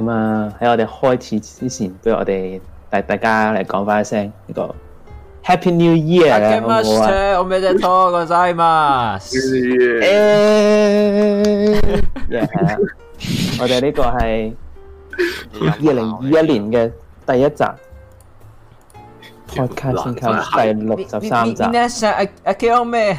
咁、嗯、啊！喺我哋開始之前，不如我哋帶大家嚟講返一聲呢、呢個 Happy New Year 啦，好唔好啊？啊 yeah, yeah, uh, 我俾只拖個西嘛～我哋呢個係二零二一年嘅第一集 Podcast 先，第六十三集。s t e r i i k i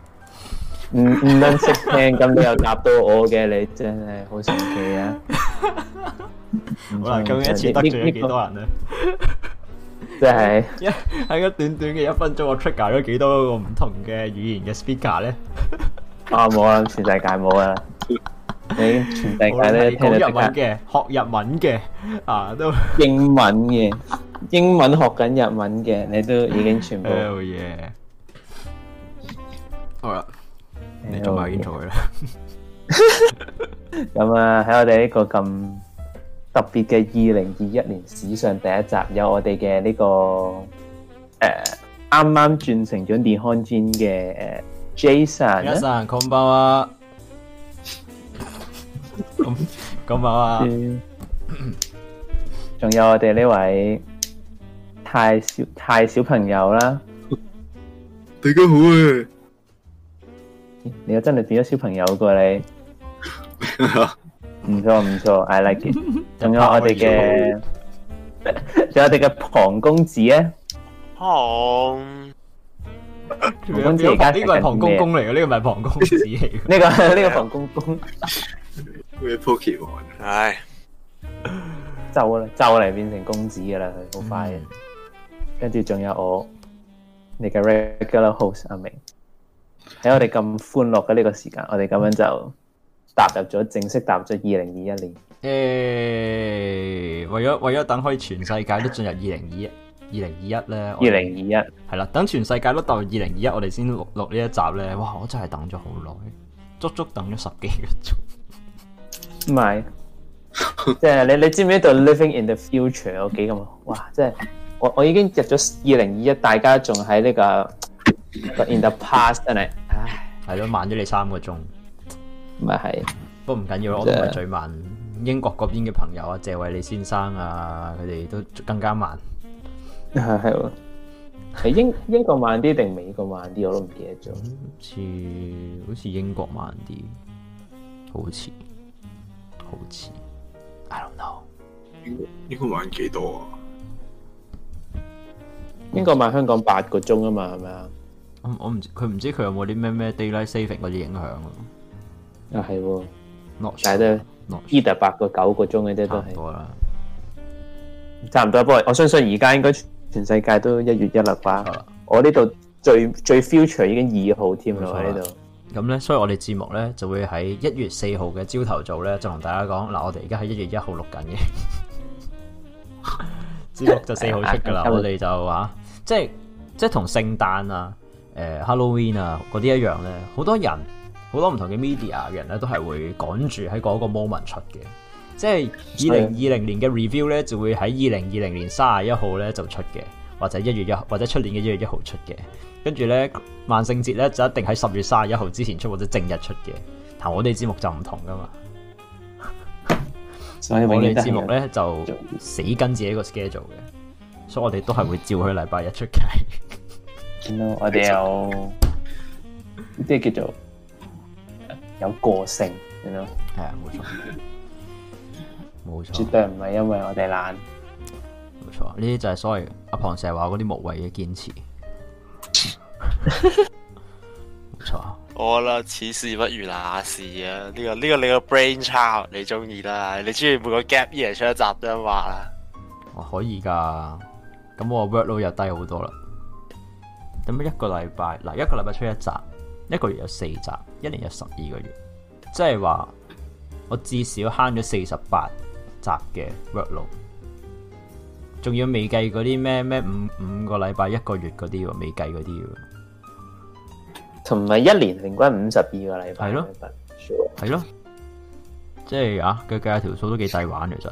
唔唔，唔識聽咁你又答到我嘅，你真係好神奇啊！唔好啦，咁一次得罪咗幾多人咧？即係一喺一短短嘅一分鐘，我 trigger 咗幾多個唔同嘅語言嘅 speaker 咧？啊，冇啊，全世界冇啊！你全世界咧聽就即刻學日文嘅，啊都英文嘅，英文學緊日文嘅，你都已經全部。好啦。你做埋呢台啦。咁啊，喺我哋呢個咁特別嘅二零二一年史上第一集，有我哋嘅呢個誒，啱啱轉成張健康尖嘅 Jason。Jason，come back 啊！咁，come back 啊！仲有我哋呢位太小太小朋友啦，大家好啊！哎、你又真係變咗小朋友過嚟？唔錯唔錯，I like it。仲有我哋嘅，仲 有我哋嘅龐公子咧。龐，龐公子，呢 個係龐公公嚟嘅，呢、這個唔係龐公子嚟嘅。呢個呢個龐公公，We poke on 唉，就啦，就嚟變成公子嘅啦，佢好快。跟住仲有我，你嘅 regular host 阿明。喺我哋咁歡樂嘅呢個時間，我哋咁樣就踏入咗正式踏入咗二零二一年。誒，hey，為咗為咗等可以全世界都進入二零二一，二零二一咧，二零二一係啦，等全世界都踏入二零二一，我哋先錄錄呢一集咧。哇，我真係等咗好耐，足足等咗十幾個鐘。唔係， 即係你你知唔知度《Living in the Future》有幾咁？哇，即係我我已經入咗二零二一，大家仲喺呢個《In the Past》真係。係咯，慢咗你三個鐘，咪係，不過唔緊要咯，我都唔係最慢。英國嗰邊嘅朋友啊、就是，謝偉利先生啊，佢哋都更加慢。係係喎，係英英國慢啲定美國慢啲，我都唔記得咗。好似好似英國慢啲，好似好似，I don't know。應該應該慢幾多啊？英國慢香港八個鐘啊嘛，係咪啊？我我唔佢唔知佢有冇啲咩咩 daylight saving 嗰啲影響啊？啊係，落晒都落，一日八個九個鐘嘅啫，都係差唔多啦。差唔多不過我相信而家應該全世界都一月一啦啩。我呢度最最 future 已經二號添啦，呢度。咁咧，所以我哋節目咧就會喺一月四號嘅朝頭早咧就同大家講，嗱、呃，我哋而家喺一月一號錄緊嘅，節 目就四號出噶啦。我哋就話、啊，即係即係同聖誕啊！誒、uh, Halloween 啊，嗰啲一樣咧，好多人好多唔同嘅 media 嘅人咧，都係會趕住喺嗰個 moment 出嘅。即係二零二零年嘅 review 咧，就會喺二零二零年三十一號咧就出嘅，或者一月一號或者出年嘅一月一號出嘅。跟住咧萬聖節咧就一定喺十月三十一號之前出或者正日出嘅。但我哋節目就唔同噶嘛 所的的，所以我哋節目咧就死跟自己一個 schedule 嘅，所以我哋都係會照去禮拜日出街。 You know, 我哋有啲叫做有個性，係 you 啊 know？哎，冇錯，冇錯，絕對唔係因為我哋懶，冇錯，呢啲就係所謂阿龐成日話嗰啲無謂嘅堅持，冇 錯 我啦，此事不如那事啊！呢、這個呢、這個你個 brain child，你中意啦，你中意每個 gap 一係出一集都一話啦、啊。我可以噶，咁我 workload 又低好多啦。咁一個禮拜，嗱一個禮拜出一集，一個月有四集，一年有十二個月，即係話我至少慳咗四十八集嘅 workload，仲要未計嗰啲咩咩五五個禮拜一個月嗰啲，未計嗰啲，同埋一年平均五十二個禮拜，係咯，係咯，即係、就是、啊，佢計下條數都幾抵玩其實。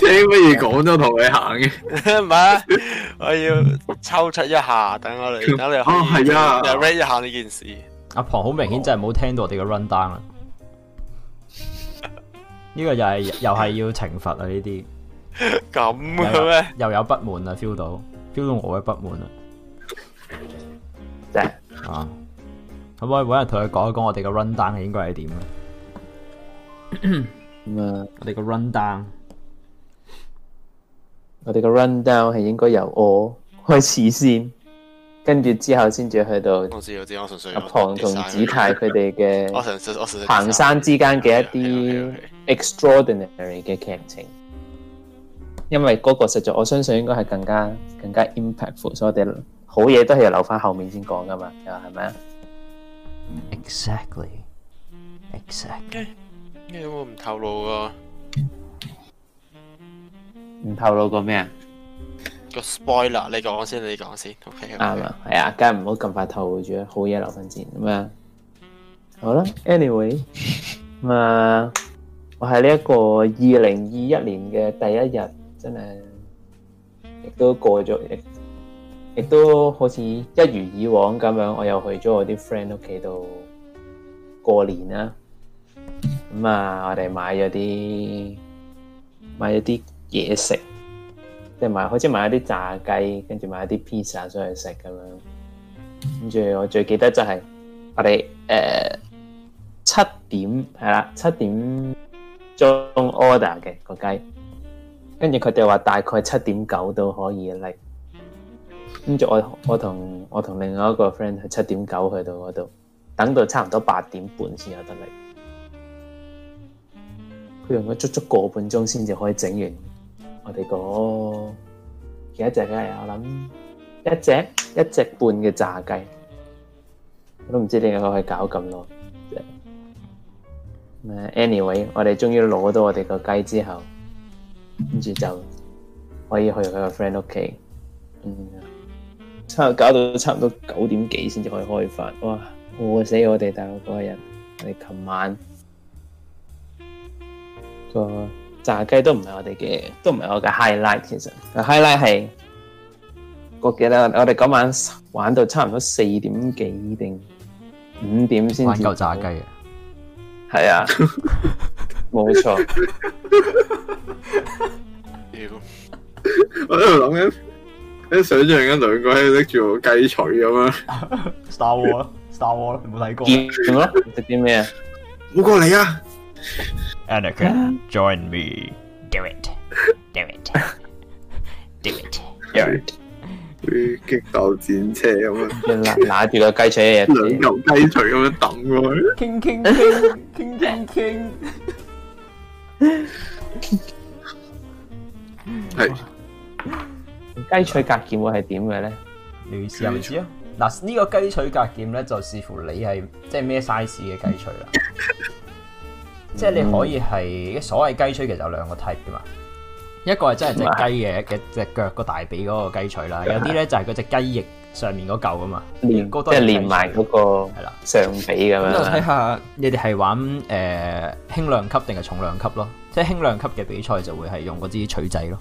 聽 不如講咗同佢行嘅。唔係，我要抽出一下，等我哋。等、哦、你啊，係啊 review 一下呢件事。阿龐好明顯真係冇聽到我哋嘅 run down 啦，呢 個又係又係要懲罰啊！呢啲咁嘅，又有不滿啊！feel 到 feel 到我嘅不滿 啊！即係啊，可唔可以每日同佢講一講我哋嘅 run down 係應該係點啊？咁啊， 我哋嘅 run down。我哋個 run down 係應該由我開始先，跟住之後先至去到阿龐同子泰佢哋嘅行山之間嘅一啲 extraordinary 嘅劇情，因為嗰個實在我相信應該係更加更加 impactful，所以我哋好嘢都係留翻後面先講噶嘛，又係咪啊？Exactly，Exactly，你有、哎、冇唔透露啊？唔透露個咩啊？個 spoiler 你講先，你講先，OK？啱啊，係啊，梗係唔好咁快透露住，好嘢留返先咁樣。好啦，anyway，咁啊，我喺呢一個二零二一年嘅第一日，真係亦都過咗，亦都好似一如以往咁樣，我又去咗我啲 friend 屋企度過年啦。咁啊，我哋買咗啲，買咗啲。嘢食，即係買，好似買一啲炸雞，跟住買一啲披薩上去食咁樣。跟住我最記得就係我哋誒七點係啦，七點鐘 order 嘅個雞，跟住佢哋話大概七點九都可以嚟。跟住我我同我同另外一個 friend 係七點九去到嗰度，等到差唔多八點半先有得嚟。佢用咗足足個半鐘先至可以整完。我哋嗰幾隻雞我諗一隻、一隻半嘅炸雞，我都唔知點解可以搞咁耐。Anyway，我哋終於攞到我哋個雞之後，跟住就可以去佢個 friend 屋企。嗯，差搞到差唔多九點幾先至可以開飯，哇！餓死我哋大陸嗰個人。我哋琴晚再。炸雞都唔係我哋嘅，都唔係我嘅 highlight。其實 highlight 係我記得我哋嗰晚玩到差唔多四點幾定五點先至夠炸雞啊！係啊，冇錯。我喺度諗緊，喺想象緊兩個喺度拎住個雞腿咁啊！Star War，Star War，你冇睇過？食咯，食啲咩啊？我過嚟啊！Anakin，join me。Do it。Do it。Do it。Do it。激鬥戰車咁樣，拿住個雞腿，兩牛雞腿咁樣等我。傾傾傾，傾傾傾。係。雞腿格劍會係點嘅咧？有意思啊！嗱，呢個雞腿格劍咧，就視乎你係即係咩 size 嘅雞腿啦。嗯、即係你可以係所謂雞鎚其實有兩個 type 噶嘛，一個係真係隻雞嘅嘅隻腳個大髀嗰個雞鎚啦，有啲咧就係嗰隻雞翼上面嗰嚿噶嘛，連，連都的即係連埋嗰個係啦，上髀咁樣。睇下你哋係玩誒輕、呃、量級定係重量級咯，即係輕量級嘅比賽就會係用嗰支鎚仔咯，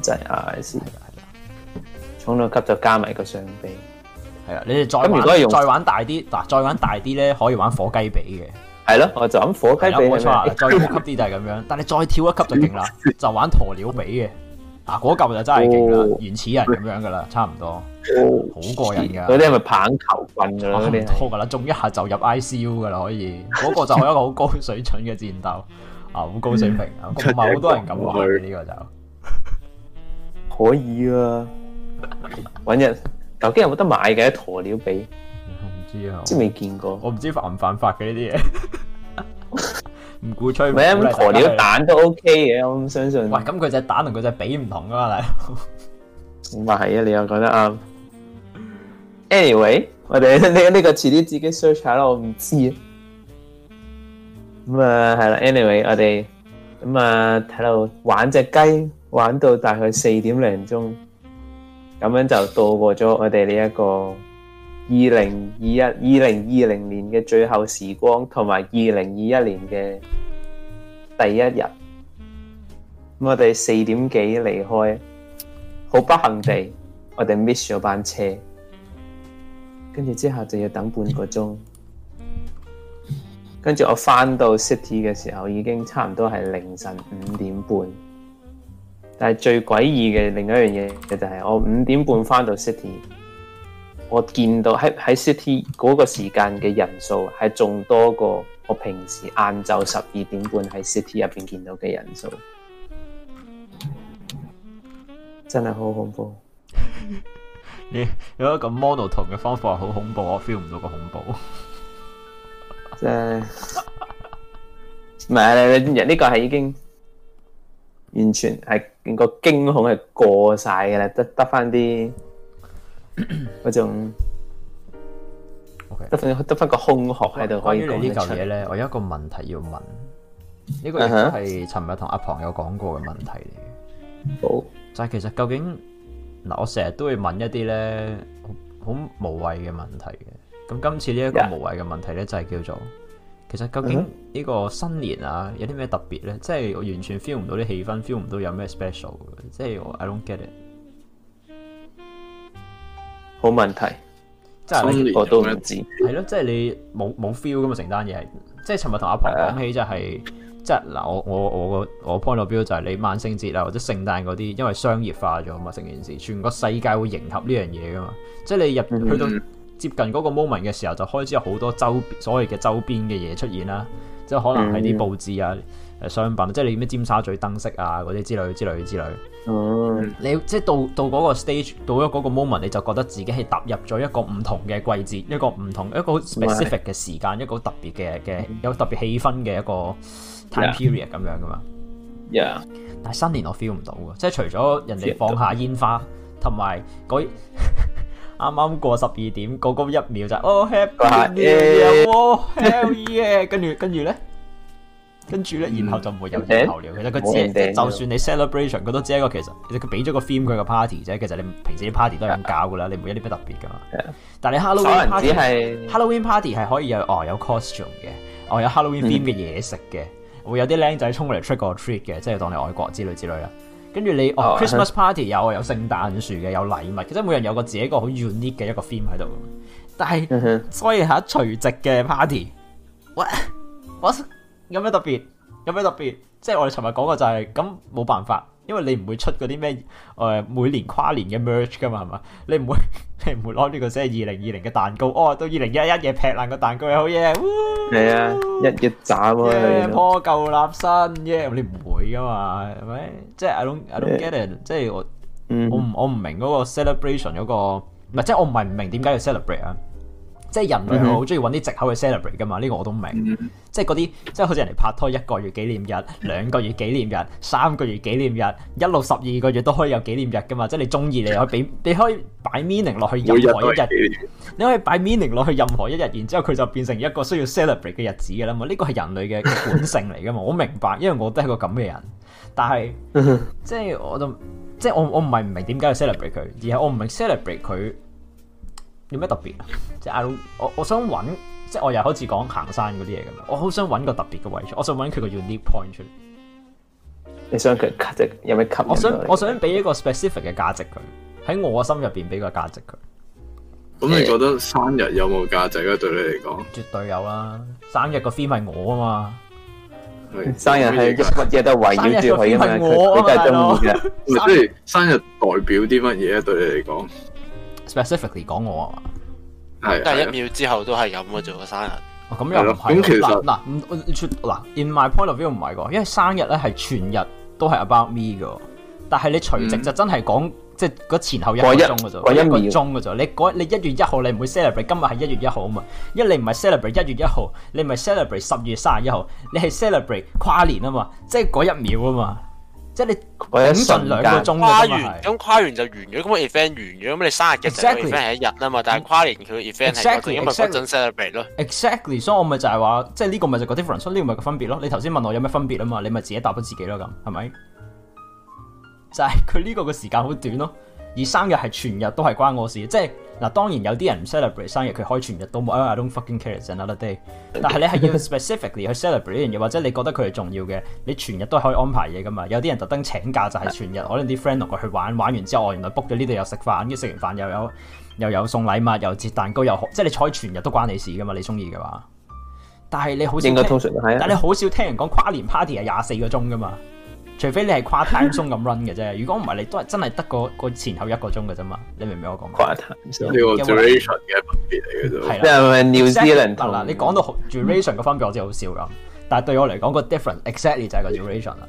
即係 I C。重量級就加埋個上髀，係啊，你哋再玩再玩大啲嗱，再玩大啲咧可以玩火雞髀嘅。係咯，我就咁火雞俾，冇錯，再高級啲就係咁樣。但你再跳一級就勁啦， 就玩鴕鳥比嘅，啊，嗰嚿就真係勁啦，原始人咁樣噶啦，差唔多，好、哦、過癮噶。嗰啲係咪棒球棍嗰啲啊？差唔多噶啦，中一下就入 ICU 噶啦，可以。嗰 個就係一個好高、， 啊、高水平嘅戰鬥，啊、嗯，好高水平啊，唔係好多人咁玩呢個就。可以啊，搵 日，究竟有冇得買嘅鴕鳥比？知即係未見過。我唔知犯唔犯法嘅呢啲嘢，唔鼓 吹。咩鴕鳥蛋都 OK 嘅，嗯，我唔相信。喂，咁佢隻蛋同佢隻髀唔同噶嘛？咁啊係啊，你又講得啱。Anyway，我哋呢呢個遲啲自己 search 下啦，我唔知啊。咁啊係啦，Anyway，我哋咁啊睇到玩隻雞玩到大概四點零鐘，咁樣就度過咗我哋呢一個。二零二一、二零二零年嘅最後時光，同埋二零二一年嘅第一日。我哋四點幾離開，好不幸地，我哋 miss 咗班車。跟住之後就要等半個鐘。跟住我翻到 city 嘅時候，已經差唔多係凌晨五點半。但係最詭異嘅另一樣嘢就係，我五點半翻到 city。我見到喺喺 City 嗰個時間嘅人數係仲多過我平時晏晝十二點半喺 City 入邊見到嘅人數，真係好恐怖 你。有有一個 model 圖嘅方法好恐怖，我 feel 唔到個恐怖真。真係唔係？呢、呢個係已經完全係個驚恐係過晒㗎喇，得得返啲。嗰種 ，OK，得翻得翻個空殼喺度可以講呢嚿嘢咧。我有一個問題要問，呢個係尋日同阿 Pong 有講過嘅問題嚟嘅。好、uh-huh.，就係其實究竟嗱，我成日都會問一啲咧，好無謂嘅問題嘅。咁今次呢一個無謂嘅問題咧，就係叫做，其實究竟呢個新年啊，有啲咩特別咧？即係我完全 feel 唔到啲氣氛，feel 唔到有咩 special，即係我 I don't get it。冇問題，就是、我都唔知道，係咯，即、就、係、是、你冇冇 feel 噶嘛？成單嘢，即係尋日同阿龐講起就係、是，即係嗱，我我我個我 point of view 就係你萬聖節啊或者聖誕嗰啲，因為商業化咗嘛，成件事，全個世界會迎合呢樣嘢噶嘛，即、就、係、是、你入去到接近嗰個 moment 嘅時候，就開始有好多周所謂嘅周邊嘅嘢出現啦，即係可能係啲布置啊。嗯誒商品，即係你咩？尖沙咀燈飾啊，嗰啲之類之類之類。Mm. 你即係到到嗰個 stage，到咗嗰個 moment，你就覺得自己係踏入咗一個唔同嘅季節，一個唔同一個好 specific 嘅時間，一個好特別嘅嘅有特別氣氛嘅一個 time period 咁、yeah. 樣噶嘛、yeah. 但係新年我 feel 唔到喎，即係除咗人哋放下煙花，同埋嗰啱啱過十二點嗰嗰一秒就是、 ，Oh happy new year, Oh happy year, 跟住跟住咧。跟住咧，然後就唔會有人頭了、嗯。其實佢只，就算你 celebration，佢都只係一個其實，佢俾咗個 theme 佢個 party 啫。其實你平時啲 party 都係咁搞噶啦、嗯，你唔會一啲特別噶嘛。嗯、但你 Halloween party 係 Halloween party 係可以有哦有 costume 嘅，哦有 Halloween theme 嘅嘢食嘅、嗯，會有啲靚仔衝過嚟 trick or treat 嘅，即係當你外國之類之類啦。跟住你哦，哦 Christmas party 有、嗯、有聖誕樹嘅，有禮物，其實每人有個自己一個好 unique 嘅一個 theme 喺度。但係、嗯嗯，所以係除夕嘅 party、嗯。What? What? 有咩特別？有咩特別？即係我哋尋日講過就係咁冇辦法，因為你唔會出嗰啲咩誒每年跨年嘅 merge 噶嘛，係嘛？你唔會你唔會攞呢個即係二零二零嘅蛋糕哦，到二零一一嘢劈爛個蛋糕係好嘢，你啊，一夜炸喎、yeah, 破舊立新，y、yeah, 你唔會噶嘛，係咪？即係 I don't I don't get it，、yeah. 即係我、嗯、我唔我唔明嗰個 celebration 嗰、嗰個，唔係即係我唔係唔明點解要 celebrate 啊？即係人類好中意揾啲藉口去 celebrate 噶嘛？呢個我都明。 即係嗰啲，即係好似人哋拍拖一個月紀念日、兩個月紀念日、三個月紀念日、一到十二個月都可以有紀念日噶嘛？即係你中意你，可以俾你可以擺 meaning 落去任何一日，一你可以擺 meaning 落去任何一日，然之後佢就變成一個需要 celebrate 嘅日子噶啦嘛？呢個係人類嘅本性嚟噶嘛？我明白，因為我都係個咁嘅人。但係 即係我就即係我我唔係唔明點解要 celebrate 佢，而係我唔明 celebrate 佢。有咩特別啊？即係我我想揾，即係我又好似講行山嗰啲嘢咁樣。我好想揾個特別嘅位置，我想揾佢個 unique point 出嚟。你想佢嘅價值？有咩吸引？我想我想俾一個 specific 嘅價值佢，喺我心入邊俾個價值佢。咁，嗯，你覺得生日有冇價值啊？對你嚟講，絕對有啦！生日個 theme 係我啊嘛，生日係乜嘢都圍繞住我啊嘛。即係生， 生日代表啲乜嘢啊？對你嚟講？Specifically 講我啊，係但係一秒之後都係咁喎，做個生日。咁、哦、又唔係，咁嗱，In my point of view 唔係個，因為生日咧係全日都係 about me 㗎。但係你除夕就真係講、嗯、即係嗰前後一個鐘嘅啫，一個鐘嘅咋！你一月一你一月一號你唔會 celebrate，今日係一月一號啊嘛。因為你唔係 celebrate 一月一號，你唔係 celebrate 十月三十一號，你係 celebrate 跨年啊嘛。即係嗰一秒啊嘛。即係你咁兩個鐘咯，咁跨完，完，完就完咗，咁個 event 完咗，咁你生日嘅 Exactly，一日啊嘛，但係跨年佢個 event 係因為不真實嘅咪咯。Exactly，所以我咪就係話，即係呢個咪就個 difference，呢個咪個分別咯。你頭先問我有咩分別啊嘛，你咪自己答翻自己咯，咁係咪？就係佢呢個嘅時間好短咯，而生日係全日都係關我事，即係。嗱，當然有啲人唔 celebrate 生日，佢開全日都冇，I don't fucking care it's another day。但係你係要 specifically 去 celebrate 呢樣嘢，或者你覺得佢係重要嘅，你全日都可以安排嘢噶嘛。有啲人特登請假就係、是、全日，可能啲 friend 同佢去玩，玩完之後我原來 book 咗呢度又食飯，跟住食完飯又有又有送禮物，又切蛋糕，又即係你彩全日都關你事噶嘛，你中意嘅話。但係你好少應該通常係啊。但係你好少聽人講跨年 party 係廿四個鐘噶嘛。除非你係跨太鐘咁 run 嘅啫。如果唔係，你都係真係得個個前後一個鐘嘅啫嘛。你明唔明我講咩？跨太呢個 duration 嘅分別嚟嘅都係啦。New Zealand 啦，你講到 duration 嘅分別，我真係好笑咁。但係對我嚟講，個 different exactly 就係個 duration 啦。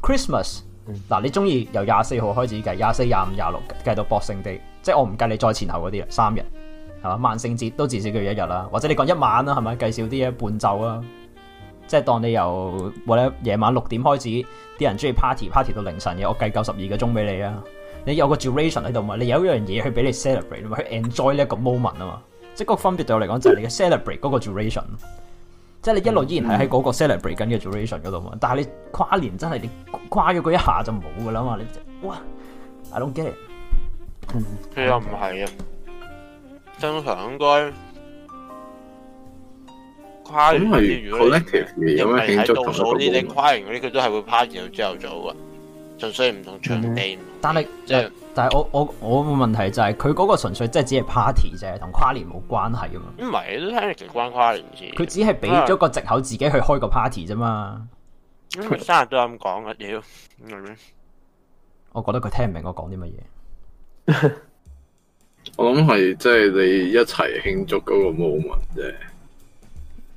Christmas 嗱，你中意由廿四號開始計廿四、廿五、廿六計到 Boxing Day，即係我唔計你再前後嗰啲啦，三日係嘛？萬聖節都至少叫一日啦，或者你講一晚啦，係咪計少啲嘅半晝啊？即係當你由或者夜晚六點開始。啲人中意 party，party 到凌晨嘅，我計夠十二個鐘俾你啊！你有個 duration 喺度嘛？你有一樣嘢去俾你 celebrate 去 enjoy 呢一個 moment 啊嘛！即係個分別對我嚟講，就係你嘅 celebrate 嗰個 duration，即係你一路依然係喺嗰個 celebrate 緊嘅 duration 嗰度嘛。但係你跨年真係你跨咗嗰一下就冇㗎喇嘛！你哇，I don't get it。其實唔係啊，正常應該。咁年如果 collective 有咩慶祝同？嗰啲你跨年嗰啲，佢都係會 party 到朝頭早噶。純粹唔同場地，但係即係，但係我我我個問題就係、是，佢嗰個純粹即係只係 party 啫，同跨年冇關係啊嘛。唔係都聽極關跨年事。佢只係俾咗個藉口，自己去開個 party 啫嘛、嗯嗯。生日都咁講啊！咩、嗯？我覺得佢聽唔明我講啲乜嘢。 我諗係即係你一齊慶祝嗰個 moment 啫。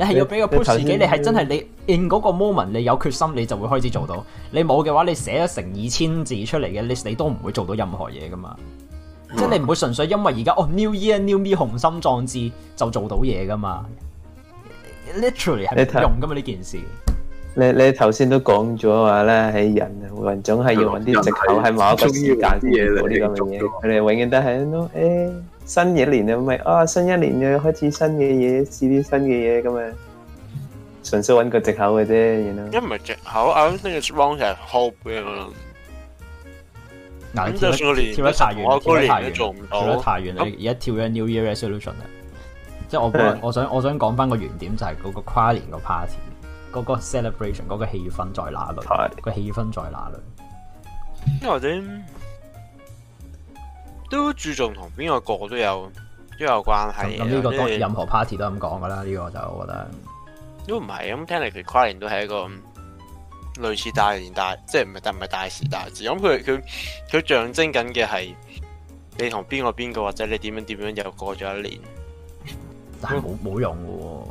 你係要俾個 push 自己，你係真係你 in 嗰個 moment，你有決心你就會開始做到。你冇嘅話，你寫咗成二千字出嚟嘅，你你都唔會做到任何嘢噶嘛。嗯、即係你唔會純粹因為而家哦 New Year New Me 雄心壯志就做到嘢噶嘛。Literally 係冇用噶嘛呢件事。你你頭先都講咗話咧，喺人云總係要揾啲借口喺某一個時間做啲咁嘅嘢。佢哋永遠都係 no。新一年啊，咪啊，新一年又開始新嘅嘢，試啲新嘅嘢咁啊，純粹揾個藉口嘅啫，因為唔係藉口，I don't think it's wrong to hope, you know? 咁就算我年都跳得太遠，跳得太遠，跳得太遠啦。咁而家跳咗、嗯、New Year Resolution 啊， 即係我我想我想講翻個原點就係嗰個跨年個 party，嗰個 celebration 嗰個氣氛在哪裏？ 個氣氛在哪裏？或者？都注重同邊個過都有都有關係嘅。咁呢個當然任何 party 都係咁講噶啦，呢、這個就我覺得都唔係。咁聽嚟佢跨年，都係一個類似大年大，即係唔係唔係大時大節，咁佢佢佢象徵緊嘅係你同邊個邊個或者你點樣點樣又過咗一年，但係冇冇用嘅、哦。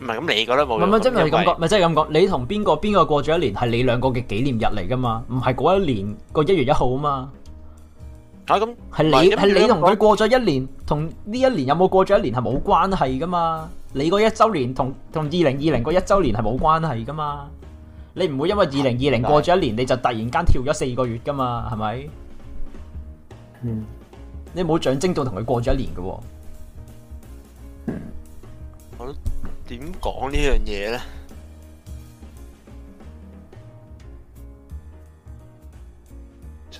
唔係咁你覺得冇？唔唔，即係咁講，唔係即係咁講。你同邊個邊個過咗一年係你兩個嘅紀念日嚟噶嘛？唔係嗰一年個一月一號啊嘛？啊咁係你係你同佢過咗一年，同呢一年有冇過咗一年係冇關係噶嘛？你個一周年同同二零二零個一周年係冇關係噶嘛？你唔會因為二零二零過咗一年，啊，你就突然間跳咗四個月噶嘛？係咪？嗯，你冇象徵到同佢過咗一年噶，啊？我點講呢樣嘢呢？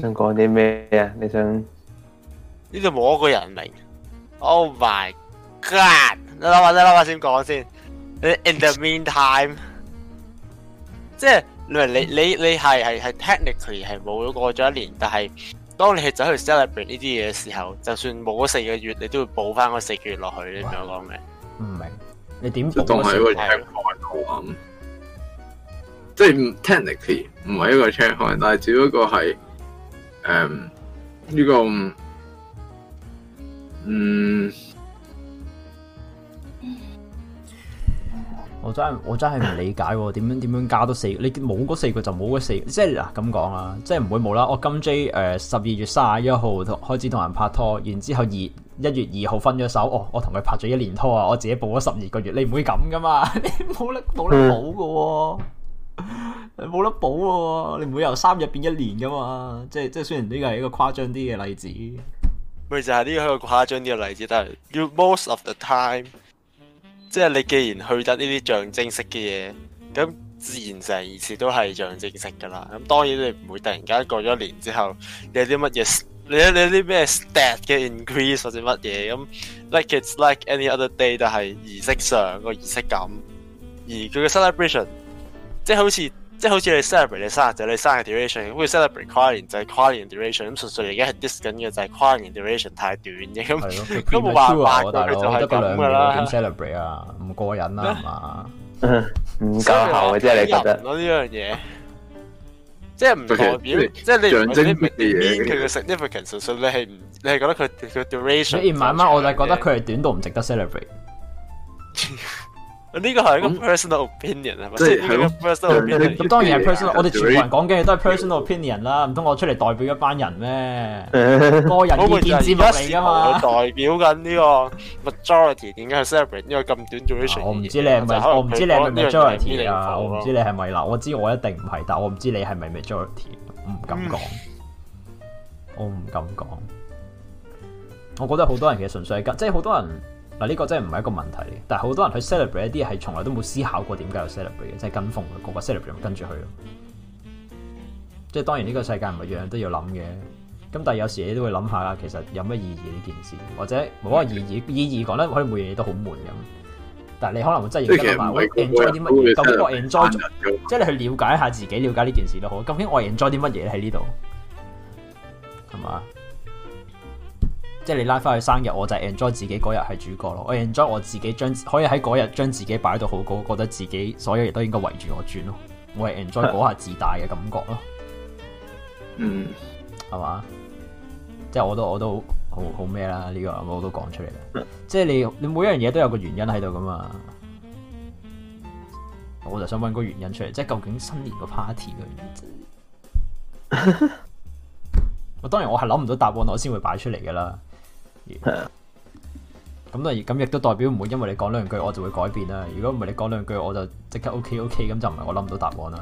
想講啲咩啊？你想呢度冇一個人名？Oh my God！你諗下，你諗下先講先。In the meantime， 即係你你你你係係係 technically 係冇咗過咗一年，但係當你係走去 sell 入邊呢啲嘢嘅時候，就算冇咗四個月，你都會補翻嗰四個月落去。你明我講咩？唔明。你點補？係個 check in，即係 technically 唔係一個 check in，但係只不過係。嗯、um, 這個，呢個嗯，我真係我真係唔理解點、哦、樣點樣加到四，你冇嗰四個就冇嗰四，即係嗱咁講啊，即係唔會冇啦。我今 J 誒十二月卅一號同開始同人拍拖，然之後二一月二號分咗手，哦，我同佢拍咗一年拖啊，我自己補咗十二個月，你唔會咁噶嘛？你冇得冇得補噶喎。你冇得補，你唔會由三日變一年噶嘛？即係即係，雖然呢個係一個誇張啲嘅例子，咪就係、是、呢個誇張啲嘅例子。但係，You most of the time 即係你既然去得呢啲象徵式嘅嘢，咁自然成件事都係象徵式噶啦。咁當然你唔會突然間過咗一年之後你有啲乜嘢，你有啲咩 stat 嘅 increase 或者乜嘢咁，like it's like any other day，就係儀式上個儀式感，而佢嘅 celebration 即係好似。即係好似你 celebrate 你生日就你生日 duration，好似 celebrate 跨年就係跨年 duration，咁純粹而家係 discuss 緊嘅就係跨年 duration 太短嘅咁，都冇 feel 啊大佬，得嗰兩秒點 celebrate 啊，唔過癮啦係嘛？唔夠喉嘅即係你覺得。呢一樣嘢，即係唔代表，即係你唔係你 mean 佢嘅 significance，純粹你係唔你係覺得佢佢 duration。所以慢慢我就覺得佢係短到唔值得 celebrate。呢個係一個 personal opinion 係咪？即係個 personal opinion。咁當然係 personal。我哋全部人講嘅嘢都係 personal opinion 啦，唔通我出嚟代表一班人咩？個人意見至得嚟啊嘛！代表緊呢個 majority 點解係 separate？因為咁短做 u r 我唔知你係咪我唔知你係咪 majority 啊？我唔知你係咪嗱？我知是是我一定唔係，但我唔知你係咪 majority？唔敢講，我唔敢講、嗯。我覺得好多人其實純粹係即係好多人。嗱，呢個真係唔係一個問題，但係好多人去 celebrate 啲嘢係從來都冇思考過點解要 celebrate 嘅，即係跟風咯，個個 celebrate 跟住去咯。即係當然呢個世界唔係樣樣都要諗嘅，咁但係有時你都會諗下，其實有咩意義呢件事，或者冇乜意義，意義講咧可以每樣嘢都好悶咁。但係你可能會真係認為話、哎，我 enjoy 啲乜嘢？究竟我 enjoy 即係你去了解一下自己，了解呢件事都好。究竟我 enjoy 啲乜嘢喺呢度？係嘛？即係你拉翻去生日，我就係 enjoy 自己嗰日係主角咯。我 enjoy 我自己將可以喺嗰日將自己擺到好高，覺得自己所有嘢都應該圍住我轉咯。我係 enjoy 嗰下自大嘅感覺咯。嗯，係嘛？即係我都我都好好咩啦？呢、這個我都講出嚟啦，嗯。即係你你每一樣嘢都有個原因喺度噶嘛？我就想搵個原因出嚟，即係究竟新年個 party 嘅原因？我 當然我係諗唔到答案，我先會擺出嚟噶啦。咁、yeah. 啊、yeah.，咁亦咁亦都代表唔會因為你講兩句我就會改變啦。如果唔係你講兩句我就即刻 OK OK，咁就唔係我諗唔到答案啦。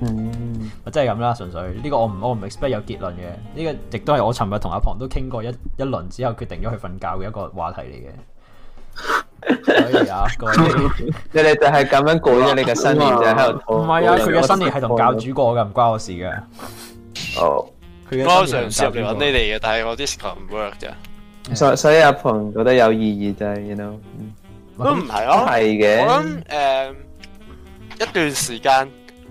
嗯、mm.，咪即係咁啦，純粹呢個我唔我唔 expect 有結論嘅。呢、這個亦都係我尋日同阿龐都傾過一一輪之後決定咗去瞓覺嘅一個話題嚟嘅。 所以啊，哥， 你哋就係咁樣過咗你嘅新年就喺度，唔係啊，佢嘅新年係同教主過嘅唔關我的事嘅。Oh. 我嘗試嚟揾你哋嘅，但係我啲事求唔 work 啫、嗯。所以所以阿彭覺得有意義就係、是、，you know，、嗯、都唔係啊，係嘅。我諗誒、uh, 一段時間，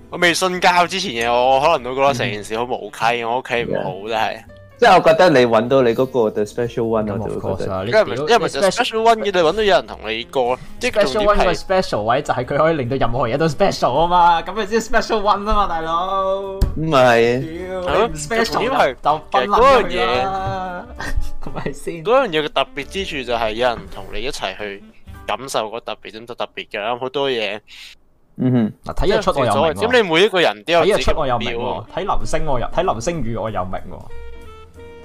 我未瞓覺之前嘅我，可能都覺得成件事好無稽、嗯、我屋企唔好真係。Yeah. 但是即係我覺得你揾到你嗰個 the special one 啊，我覺得，因為因為 special one 嘅你揾到有人同你過咯，即係 special one 個 special 位就係佢可以令到任何嘢都 special 啊嘛，咁就即係 special one 啊嘛，大佬，唔係，你唔 special 就分唔到嘢，咁係先，嗰樣嘢嘅特別之處就係有人同你一齊去感受個特別，咁就特別嘅啦，好多嘢，嗯哼，嗱睇日出我又明，咁你每一個人都有睇日出我又明，睇流星我又睇流星雨我又明。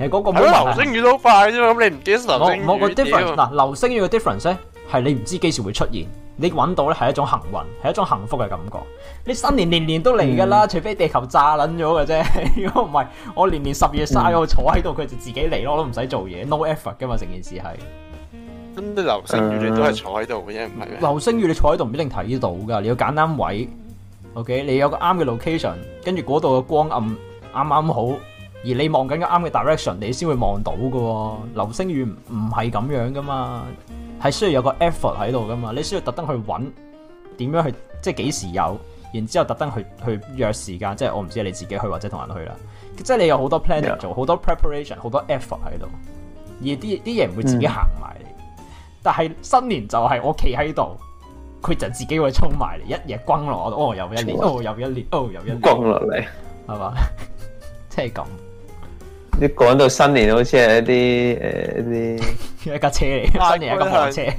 係、那、嗰個流星雨都快啫，咁你唔見流星？我我個 difference 嗱，流星雨個 difference 咧，係你唔知幾時會出現，你搵到咧係一種幸運，係一種幸福嘅感覺。你新年年年都嚟噶啦，除非地球炸捻咗嘅啫。如果唔係，我年年十月晒，我坐喺度，佢就自己嚟咯，我都唔使做嘢，no effort 噶嘛，成件事係。咁啲流星雨你都係坐喺度嘅啫，唔係咩？流星雨你坐喺度唔一定睇到噶，你要揀啱位。OK，你有個啱嘅 location，跟住嗰度嘅光暗啱啱好。而你望緊嘅啱嘅 direction，你先會望到嘅、哦。流星雨唔係咁樣嘅嘛，係需要有個 effort 喺度嘅嘛。你需要特登去揾點樣去，即係幾時有，然之後特登去去約時間。即係我唔知係你自己去或者同人去啦。即係你有好多 plan 嚟做，好多 preparation，好多 effort 喺度。而啲啲嘢唔會自己行埋嚟，但係新年就係我企喺度，佢就自己會衝埋嚟，一夜轟落。哦，又一年，哦，又一年，哦，又一年轟落嚟，係、嗯、嘛？即係咁。 啲講到新年好似係一啲誒、呃、一啲 一架車嚟、啊，新年一架貨車、啊，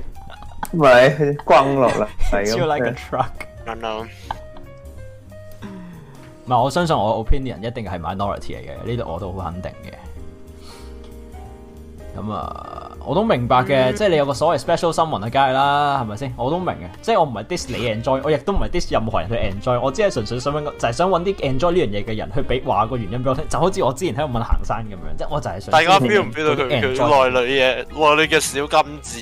唔係光落啦，超 Is  like a truck 咁咯。 唔係，我相信我 opinion 一定係 minority 嚟嘅，呢度我都好肯定嘅。咁啊，我都明白嘅、嗯，即係你有個所謂 special 新年啊，梗係啦，係咪先？我都明嘅，即係我唔係 dis 你 enjoy，我亦都唔係 dis 任何人去 enjoy，我只係純粹想搵，就係、是、想搵啲 enjoy 呢樣嘢嘅人去俾話個原因俾我聽，就好似我之前喺度問行山咁樣，即係我就係想。大家 feel 唔 feel 到佢佢內裏嘅內裏嘅小金子？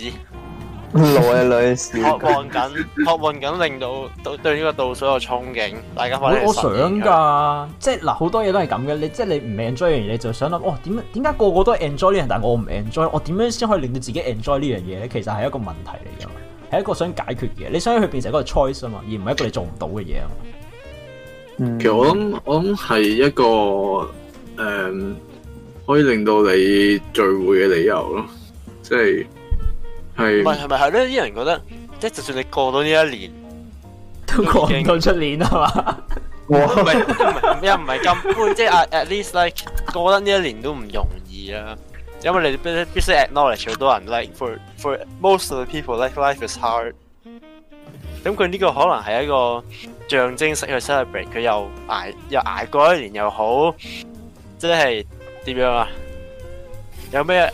老嘅女渴望緊，渴望緊，令到對呢個倒數有憧憬。大家可以，我想噶，即係嗱，好多嘢都係咁嘅。你即係你唔 enjoy，嘢，你就想諗，哦，點點解個個都 enjoy 呢樣，但係我唔 enjoy，我點樣先可以令到自己 enjoy 呢樣嘢咧？其實係一個問題嚟噶，係一個想解決嘅。你想去變成一個 choice 啊嘛，而唔係一個你做唔到嘅嘢啊。其實我諗、嗯，我諗係一個誒、嗯，可以令到你聚會嘅理由咯，即係。唔係，係咪係咧？啲人覺得即係，就算你過到呢一年，都過唔到出年啊嘛？唔係，又唔係咁，即係、 就是、at least like 過得呢一年都唔容易啊！因為你必必須 acknowledge 好多人 like for for most of the people like life is hard。咁佢呢個可能係一個象徵式去 celebrate，佢又挨又挨過一年又好，即係點樣啊？有咩挨，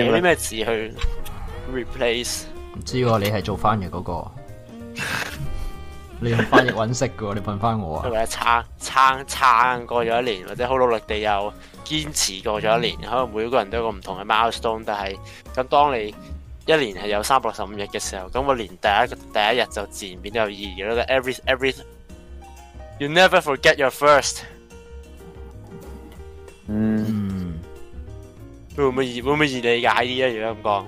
有啲咩字去？ replace 唔知喎，你係做翻譯嗰個，你用翻譯揾食嘅喎，你問翻我啊！撐撐撐過咗一年，或者好努力地又堅持過咗一年，可能每一個人都有個唔同嘅 milestone，但係咁當你一年係有三百六十五日嘅時候，咁個年第一第一日就自然變得有意義啦。Every every you never forget your first。嗯，會唔會會唔會易理解啲呀如果咁講？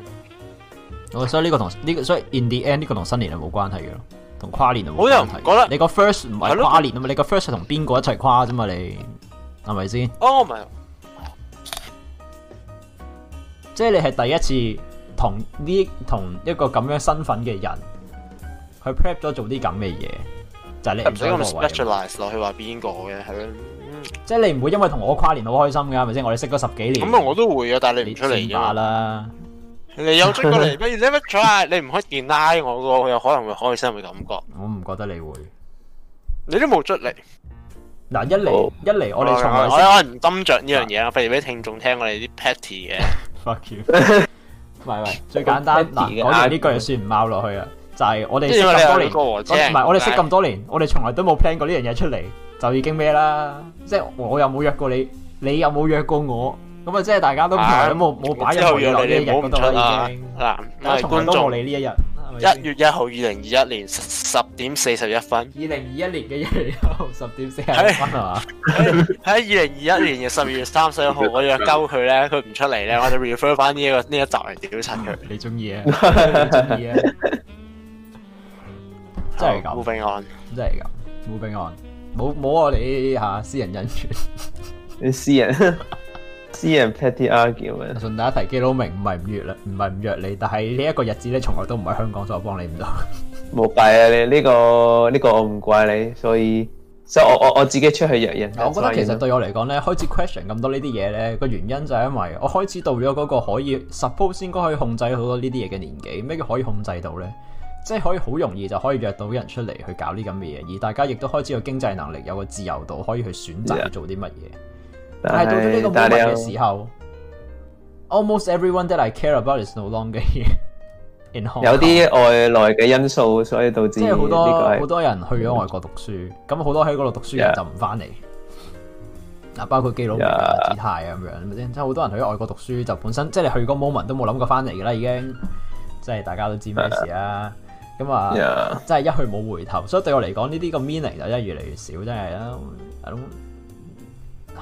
所以呢個同呢個，所以 in the end 呢個同新年係冇關係嘅咯，同跨年係冇關係。我覺得你個 first 唔係跨年啊嘛，你個 first 係同邊個一齊跨啫嘛，你係咪先？哦唔係，oh、即係你係第一次同呢同一個咁樣身份嘅人去 prep 咗做啲咁嘅嘢，就是，你唔想使咁 specialize 落去話邊個嘅係咯，即係，就是，你唔會因為同我跨年好開心噶，係咪先？我哋識咗十幾年，咁啊我都會啊，但係你唔出嚟啦。你有出過嚟，不如 never try，你唔可以變拉我噶，佢又可能會開心嘅感覺。我唔覺得你會，你都冇出嚟。嗱，一嚟一嚟，我哋從來我可能斟著呢樣嘢啦，費事俾聽眾聽我哋啲 petty 嘅。fuck you，唔係唔係，最簡單嗱，講完呢句就算唔拗落去啦。就係我哋識咁多年，唔係我哋識咁多年，我哋從來都冇 plan 過呢樣嘢出嚟，就已經咩啦？即係我又冇約過你，你又冇約過我。咁啊，即係大家都唔冇冇冇擺任何留嘅一日啦。嗱，我係觀眾，你呢一是是1 1日一月一號二零二一年十點四十一分。二零二一年嘅一月一號十點四十一分係嘛？喺二零二一年嘅十二月三十一號，我約鳩佢咧，佢唔出嚟咧，我哋 refer 翻呢一個呢一集嚟屌親佢。 你中意啊？中意啊？ 真係咁。moving on 真係咁。moving on 冇冇我哋吓私人恩怨，你私人。 私人 petty argument 順帶一提，基佬明唔係唔約啦，唔係唔約你，但係呢一個日子咧，從來都唔喺香港所以我幫你唔到。冇計啊，你呢個呢個，呢個、我唔怪你，所以所以，所以我我我自己出去約人。我覺得其實對我嚟講咧， 開始 question 咁多呢啲嘢咧，個原因就係因為我開始到咗嗰個可以 suppose 應該可以控制好多呢啲嘢嘅年紀。咩叫可以控制到咧？即係可以好容易就可以約到人出嚟去搞呢咁嘅嘢，而大家亦都開始有經濟能力，有個自由度可以去選擇做啲乜嘢。Yeah. 但係到咗呢個 moment 嘅時候，almost everyone that I care about is no longer in Hong Kong。有啲外來嘅因素， 所以導致即係好多好、這個、多人去咗外國讀書，咁 好多喺嗰度讀書人就唔翻嚟。嗱、yeah.，包括基佬啊、姿態啊咁樣，係咪先？即係好多人去咗外國讀書，就本身即係、就是、你去嗰 moment 都冇諗過翻嚟噶啦，已經即係大家都知咩事啦。咁啊，即、yeah. 係、啊 yeah. 一去冇回頭，所以對我嚟講呢啲個 meaning 就真係越嚟越少，真係啦，係咯。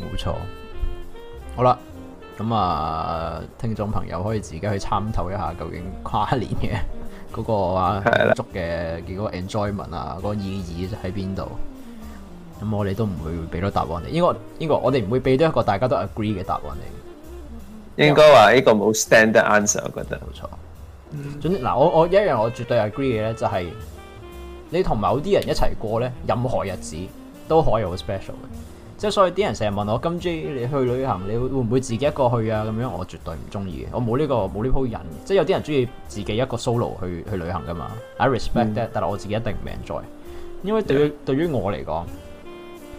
冇錯，好啦，咁啊，聽眾朋友可以自己去參透一下究竟跨年嘅嗰、那個啊足嘅幾嗰個 enjoyment 啊，嗰、那個那個意義喺邊度？咁我哋都唔會俾到答案你，應該，應該我哋唔會俾到一個大家都 agree 嘅答案你。應該話呢個冇 standard answer，我覺得冇錯。總之嗱，我我一樣我絕對 agree 嘅咧，就係、是、你同某啲人一齊過咧，任何日子都可以好 special 嘅。即係所以啲人成日問我，今次你去旅行你會唔會自己一個去啊？咁樣我絕對唔中意嘅，我冇呢、這個冇呢鋪癮。即、就、係、是、有啲人中意自己一個 solo 去去旅行噶嘛，I respect、嗯、that，但係我自己一定唔 enjoy。因為對於、yeah. 對於我嚟講，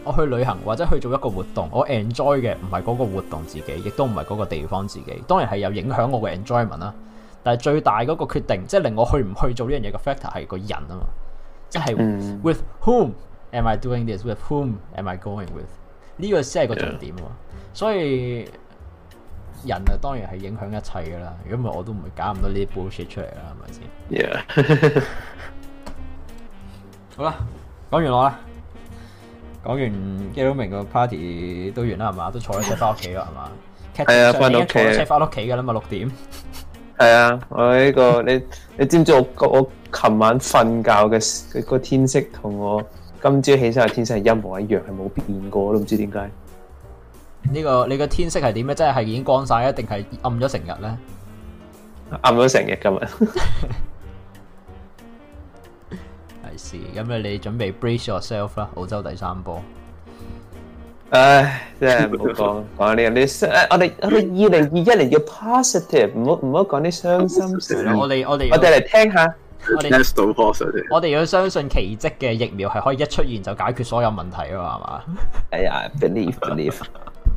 我去旅行或者去做一個活動，我 enjoy 嘅唔係嗰個活動自己，亦都唔係嗰個地方自己。當然係有影響我嘅 enjoyment 啦。但係最大嗰個決定，即、就、係、是、令我去唔去做呢樣嘢嘅 factor 係個人啊嘛，即、就、係、是嗯、with whom am I doing this？With whom am I going with？呢、這個先係個重點喎，yeah. 所以人啊當然係影響一切噶啦，如果唔係我都唔會搞咁多呢啲 bullshit 出嚟啦，係咪先？Yeah. 好啦，講完我啦，講完 Gtai 到明個 party 都完啦，係嘛？都坐車翻屋企啦，係嘛？係 啊，翻到屋企。坐車翻屋企噶啦嘛，六點。係啊，我呢、這個 你你知唔知我我琴晚瞓覺嘅嘅個天色同我。今朝起身，嘅天色係陰和一樣，係冇變過，都唔知點解。呢個你個天色係點咧？即係係已經光曬咧，定係暗咗成日咧？暗咗成日今日。I see。咁啊，你準備 brace yourself 啦，澳洲第三波。唉，真係唔好講講啲啲傷。我哋我哋二零二一年要 positive，唔好唔好講啲傷心事。我哋我哋我哋嚟聽下。我哋要相信奇跡嘅疫苗係可以一出現就解決所有問題啊嘛，係嘛？哎呀，believe，believe，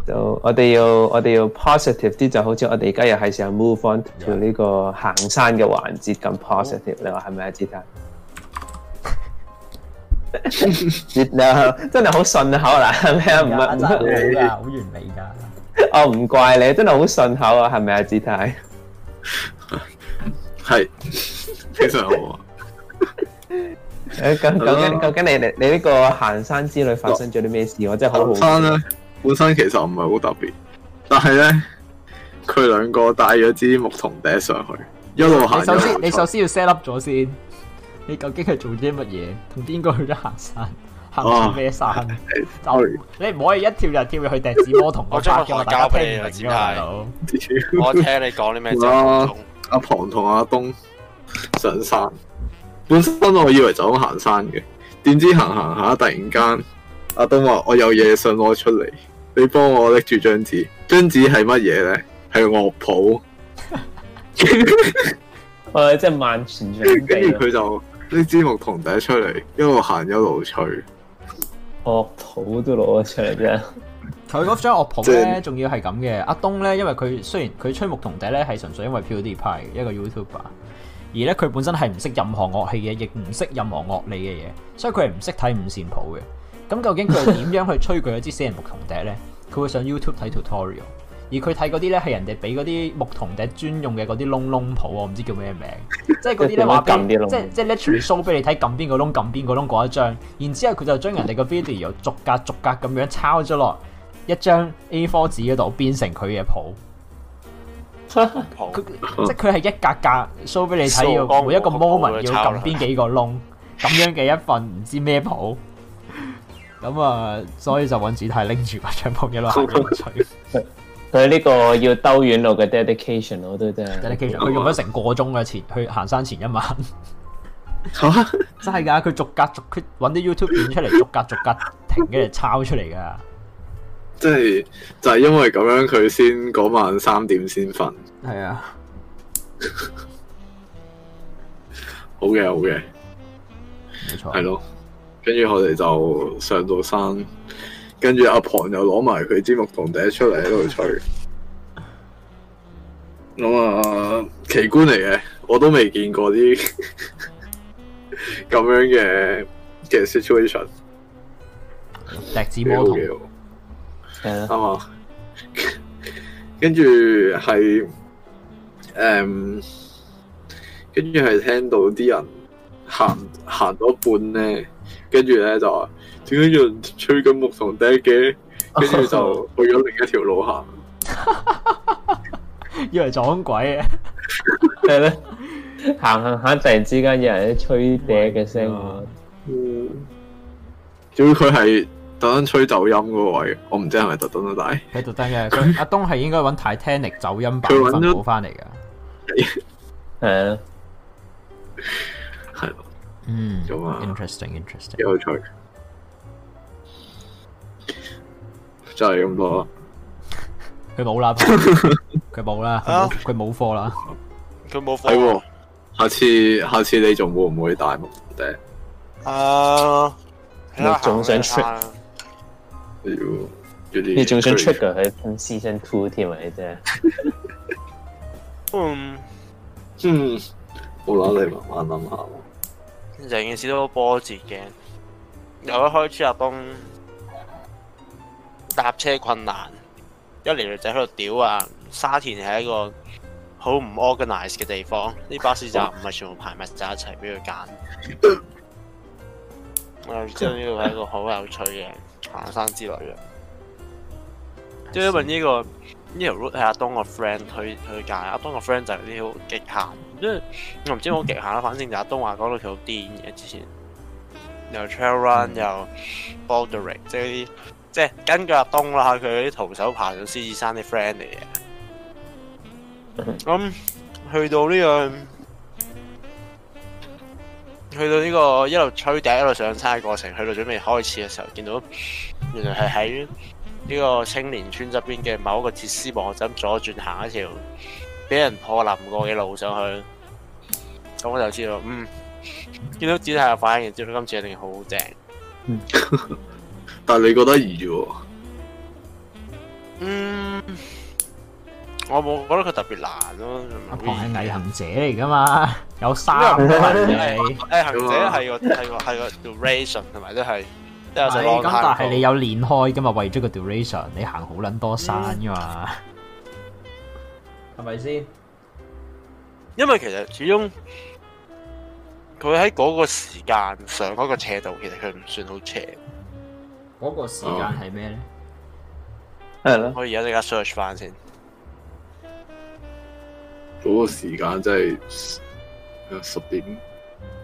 就、so, 我哋要我哋要 positive 啲，就好似我哋而家又係時候 move on to 呢、yeah. 個行山嘅環節咁 positive，你話係咪啊？姿 太 you know,？姿 態不是 真係好順口啦，係咪啊？唔係，好完美噶，好完美噶。哦，唔怪你，真係好順口啊，係咪啊？姿太？係，非常好。誒、 啊，咁究竟究竟你你你呢個行山之旅發生咗啲咩事？我真係好好奇。山咧，本身其實唔係好特別，但係咧，佢兩個帶咗支木桶頂上去，嗯、一路行。首先，你首先要 set up 咗先。你究竟係做啲乜嘢？同邊個去咗行山？行山咩山？就、啊、 你唔可以一條跳就跳入去笛子魔同我將我交俾你，唔該。我聽你講啲咩？啊阿龐同阿東上山，本身我以為就咁行山嘅，點知行行下突然間，阿東話我有嘢想攞出嚟，你幫我拎住張紙，張紙係乜嘢咧？係樂譜，哇、 哦！真係萬全準備。跟住佢就拎支牧童笛出嚟，一路行一路吹，樂譜都攞咗出嚟啫。佢嗰張樂譜咧，仲要係咁嘅。阿東咧，因為佢雖然佢吹牧童笛咧，係純粹因為 PewDiePie 一個 YouTuber 而咧佢本身係唔識任何樂器嘅，亦唔識任何樂理嘅嘢，所以佢係唔識睇五線譜嘅。咁究竟佢點樣去吹佢一支死人牧童笛咧？佢 會上 YouTube 睇 tutorial，而佢睇嗰啲咧係人哋俾嗰啲牧童笛專用嘅嗰啲窿窿譜，我唔知叫咩名， 即係嗰啲咧話， 即即咧，全 show 俾你睇撳邊個窿撳邊個窿嗰一張，然之後佢就將人哋嘅 video 逐格逐格咁樣抄咗落，一張 A4 紙嗰度編成佢嘅譜，即係佢係一格格 show 俾、啊、你睇，每一個 moment 要撳邊幾個窿，咁、啊、樣嘅一份唔知咩譜。咁 啊，uh, 所以就搵子太拎住張譜一路行佢呢個要兜遠路嘅 dedication 我都得、就是，佢、啊、用咗成個鐘嘅前去行山前一晚。 啊、真係噶、啊！佢逐格逐佢搵啲 YouTube 片出嚟，逐格逐格停嘅嚟抄出嚟噶。即係就係、是、因為咁樣佢先嗰晚三點先瞓。係啊。 好嘅好嘅。冇錯。係咯。跟住我哋就上到山，跟住阿龐又攞埋佢支木桶第一出嚟，喺度吹。咁 啊、呃、奇觀嚟嘅，我都未見過啲咁 樣嘅嘅 situation。係啊，係 嘛，跟住係誒，跟住係聽到啲人行行到一半咧，跟住咧就話點解有人吹緊牧童笛嘅，跟住就去咗另一條路行， 以為撞鬼啊！ 係咧，行行下，突然之間有人喺吹笛嘅聲，嗯，主要佢係。特登吹走音嗰個位，我唔知係咪特登都大。係特登嘅， 阿東係應該揾 Titanic 走音版翻嚟噶。係，係咯， 嗯，有啊。Interesting，interesting interesting。有才，就係、是、咁多。佢冇啦，佢冇啦，佢冇貨啦，佢冇貨。下次，下次你仲會唔會戴目鏡？啊，仲想出 tri-？ 你仲想 trigger 喺 season two 添啊？即 係、嗯， 嗯嗯，我諗你慢慢諗下咯。成件事都波折嘅，由一開始入工搭車困難，一嚟就喺度屌啊！沙田係一個好唔 organize 嘅地方，啲巴士站唔係全部排密站 一齊俾佢揀。我、 嗯、真呢要係一個好有趣嘅，行山之旅嘅，即係因為呢個呢條路係阿東個 friend 推、推介，阿東個 friend 就係啲好極限，即係我唔知好極限啦。反正就阿東話講到佢好癲嘅，之前，又 trail run 又 bouldering，即係嗰啲即係、就是、根據阿東啦，佢啲徒手爬咗獅子山啲 friend 嚟嘅。咁、嗯、去到呢、呢個。去到呢個一路吹笛一路上山嘅過程，去到準備開始嘅時候，見到原來係喺呢個青年村側邊嘅某個網一個設施旁，就咁左轉行一條俾人破林過嘅路上去，咁我就知道，嗯，見到指示牌，見到今次一定好正。 但係你覺得易啫、哦？嗯。我冇覺得佢特別難咯。阿 Pong 係毅行者嚟噶嘛？有山嘅。誒 行者係個係 個係個，個，個 duration 同埋都係。咁但係你有練開噶嘛？為咗個 duration，你行好撚多山噶嘛？係咪先？因為其實始終佢喺嗰個時間上嗰、那個斜度，其實佢唔算好斜。嗰、那個時間係咩咧？係咯，我而家即刻 search 翻先。嗰個時間真係十點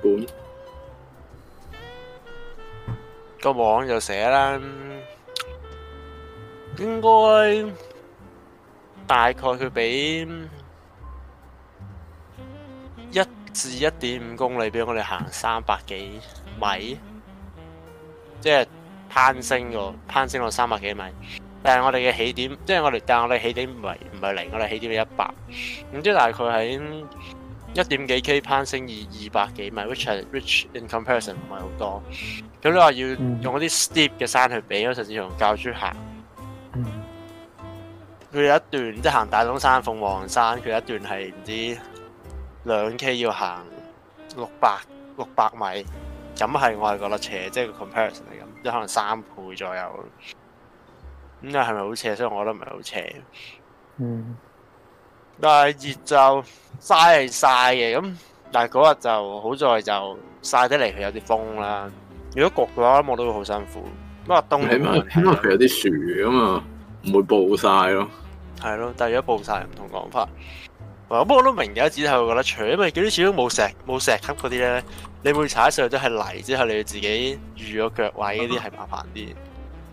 半，個網就寫啦，應該大概佢俾一至一點五公里，俾我哋行三百幾米，即係攀升個攀升到三百幾米，但係我哋嘅起點，即係我哋但係我哋起點唔係。唔係零，我哋起點一百，咁即係大概喺一點幾 K 攀升二二百幾米，which 係 rich in comparison 唔係好多。咁你話要用嗰啲 steep 嘅山去比嗰陳志雄教書行，佢有一段即係行大東山鳳凰山，佢一段係唔知兩 K 要行六百六百米，咁係我係覺得斜，即係個 comparison 嚟咁，即可能三倍左右。咁又係咪好斜？所以我覺得唔係好斜。嗯，但係熱就曬係曬嘅，咁但係嗰日就好在就曬得嚟，佢有啲風啦。如果焗嘅話，我都會好辛苦。咁啊，冬起碼起碼佢有啲樹啊嘛，唔會暴曬咯。係咯，但係如果暴曬唔同講法。不過、嗯、我都明有嘅，只係覺得除，因為佢啲始終冇石冇石級嗰啲咧，你每踩上去都係泥，之後你要自己預咗腳位嗰啲係麻煩啲。嗯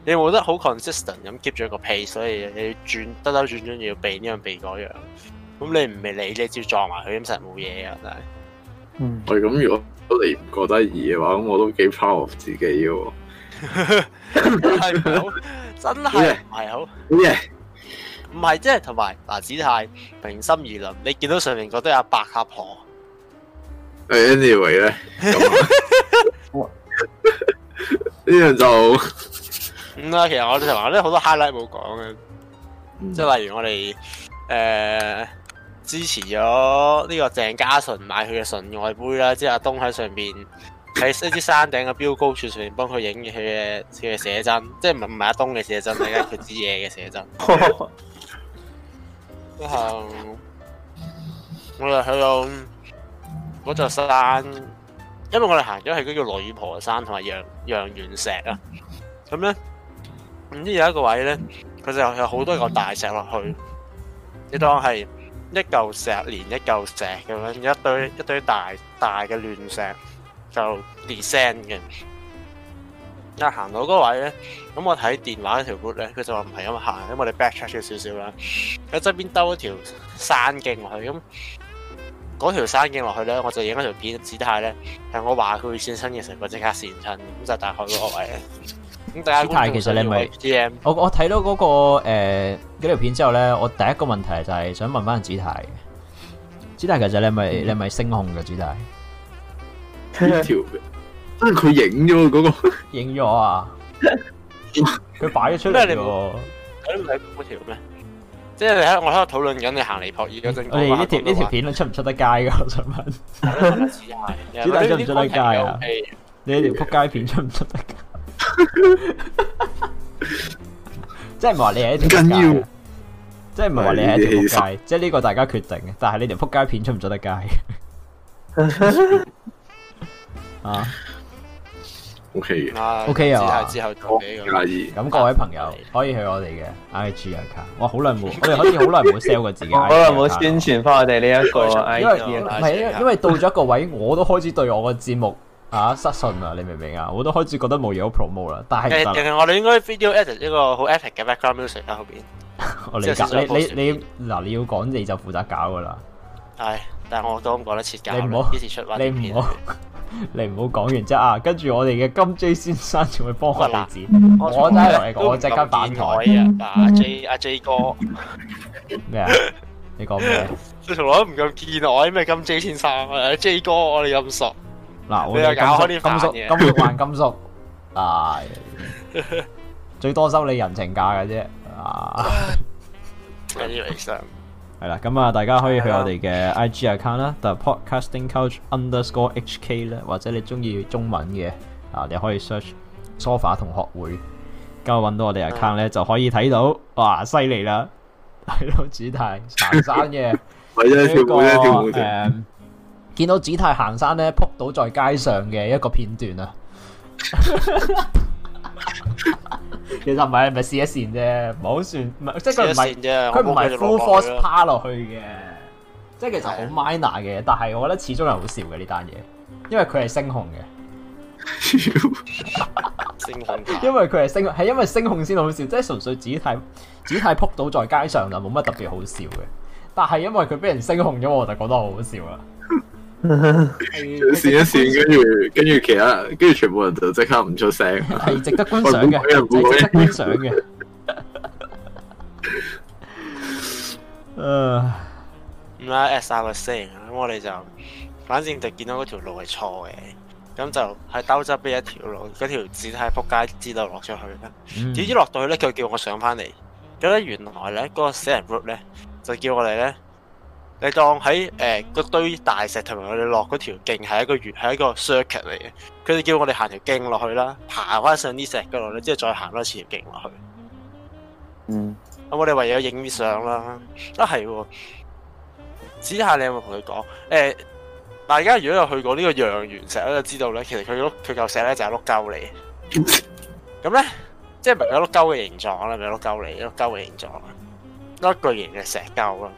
你冇得好 consistent 咁 keep 住一個 pace，所以你轉兜兜轉轉要避呢樣避嗰樣，咁你唔係你，你，只要撞埋佢咁實冇嘢噶，但嗯、 真係。係咁如果你唔覺得二嘅話，咁我都幾 power over 自己嘅。係好， 真係唔係好。唔係啫，同埋嗱，只太平心而論，你見到上面覺得阿百合婆 anyway 咧，呢樣就。咁、嗯、啦，其實我哋成日我好多 highlight 冇講嘅，即、嗯、係例如我哋誒、呃、支持咗呢個鄭家純買佢嘅純外杯啦，即係阿東喺上邊喺呢啲山頂嘅標高處上面幫佢影佢嘅嘅寫真，即係唔係唔係阿東嘅寫真，而係佢煮嘢嘅寫真。之 後我又去到嗰座山，因為我哋行咗係嗰個叫女婆山同埋陽陽元石啊，咁咧。唔知有一個位咧，佢就有好多嚿大石落去，你當係一嚿石連一嚿石咁樣，一堆一堆大大嘅亂石就 descend 嘅。一行到嗰個位咧，咁我睇電話嗰條 boot 咧，佢就話唔係咁行，因為我哋 backtrack 咗少少啦。喺側邊兜一條山徑落去，咁嗰條山徑落去咧，我就影咗條片，指得下咧，係我話佢會閃親嘅時候，佢即刻閃親，咁就大概嗰個位。子泰其實你咪我我睇到嗰個誒嗰條片之後咧，我第一個問題就係想問翻子泰。子泰其實你咪你咪聲控，嘅子泰。呢條，即係佢影咗嗰個影咗啊！佢擺咗出嚟喎。睇唔睇嗰條咩？即係喺我喺度討論緊，你行嚟撲耳。我哋呢條呢條片出唔出得街噶？我想問。子泰，子泰出唔出得街啊？你條撲街片出唔出得？ 即係唔係話你係一條扑街，即係唔係話你係一條扑街，即係呢個大家決定嘅。但係你條扑街片出唔出得街？啊，OK 嘅，OK 啊。之後就俾個咁各位朋友可以去我哋嘅 IG 啊卡, 卡。我好耐冇，我哋可以好耐冇 sell 過自己，好耐冇宣傳翻我哋呢一個，因為係因為到咗一個位， 我都開始對我個節目。啊！失信啊！你明唔明啊？我都開始覺得冇嘢好 promote 啦。但係其實我哋應該 video edit 一個好 epic 嘅 background music 啊，後邊。我理解你你你嗱，你要講你就負責搞噶啦。係，但係我都咁講得切搞，你唔好，你唔好講完即係 啊！跟住我哋嘅金 J 先生就會幫我剪。我真係我即刻反台啊！阿 J 阿、啊、J 哥咩啊？ 你講咩啊？我從來都唔敢見我，咩金 J 先生啊？J 哥，我哋咁熟。你又搞開啲金屬、金屬還金屬，啊！最多收你人情價嘅啫，啊！有啲理想。係啦，咁啊，大家可以去我哋嘅 IG account 啦，就 Podcasting Couch Underscore HK 啦，或者你中意中文嘅啊，你可以 search Sofa 同學會，咁我揾到我哋 account 咧就可以睇到，哇！犀利啦，睇到主題行山嘅，呢個誒。見到紫泰行山咧，撲倒在街上嘅一個片段啊！ 其實唔係，唔係試一試啫，唔好算，唔係即係佢唔係佢唔係 full force 趴落去嘅，即係其實好 minor 嘅。但係我覺得始終係好笑嘅呢單嘢，因為佢係聲控嘅，聲控，因為佢係聲，係因為聲控先好笑，即係純粹紫太，紫太撲倒在街上就冇乜特別好笑嘅，但係因為佢俾人聲控咗，我就覺得好好笑啦。試一試，跟住跟住其他，跟住全部人就即刻唔出聲。係值得觀賞嘅，值得觀賞嘅。唔係，as I was saying，咁我哋就反正就見到嗰條路係錯嘅，咁就係兜側邊一條路，嗰條只係仆街，只到落咗去啦。點知落到去咧，佢叫我上翻嚟，咁咧原來咧嗰個死人 group 咧就叫我哋咧。你當喺誒、呃、堆大石同埋佢哋落嗰條徑係一個月，係一個 circuit 嚟嘅。佢哋叫我哋行條徑落去啦，爬翻上啲石嗰度咧，之後再行多次條徑落去。嗯，我哋唯有影啲相啦。啊係，指下你有冇同佢講？誒、欸，大家如果有去過呢個陽元石咧，就知道咧，其實佢碌佢嚿石咧就係碌鳩嚟。咁 咧，即係咪有碌鳩嘅形狀咧？咪有碌鳩嚟，碌鳩嘅形狀，碌巨型嘅石鳩咯。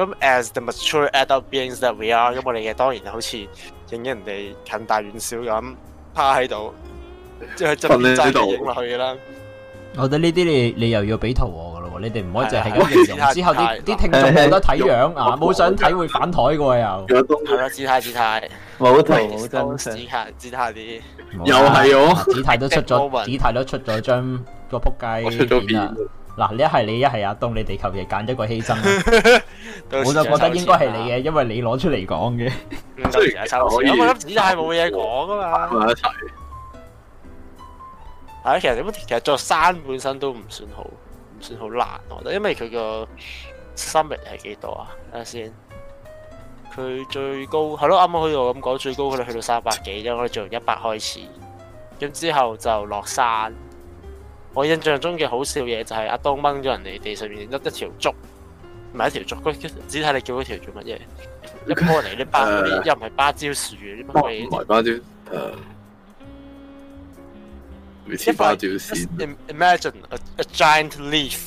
咁 as the mature adult beings that we are，咁我哋嘅當然好似影人哋近大遠小咁趴喺度，即係就就就影落去啦。我覺得呢啲你你又要俾圖我噶咯，你哋唔可以淨係咁。 之後啲啲聽眾冇 得睇樣啊，冇想睇會反台噶喎又。阿係咯，子泰子泰冇圖，冇得子泰子泰啲。又係喎、啊，子泰都出咗，子 泰都出咗張個撲街片啦。嗱，一、啊、係你一係阿東，你哋求其揀一個犧牲 我就覺得應該係你嘅，因為你攞出嚟講嘅。雖然啊，抽 錢，我諗紙袋冇嘢講噶嘛。喺埋一齊。啊，其實咁其實座山本身都唔算好，唔算好難，我覺得，因為佢個生命係幾多啊？睇下先。佢最高係咯，啱啱去到咁講，最高可能去到三百幾，因為我哋做一百開始，咁之後就落山。我印象中嘅好笑嘢就係阿東掹咗人哋地上面一一條竹，唔係一條竹，佢只睇你叫嗰條做乜嘢？Okay, 一樖嚟，啲、uh, 巴又唔係芭蕉樹，啲唔係芭蕉，呃，一樖芭蕉樹。Uh, 蕉樹 imagine a giant leaf，、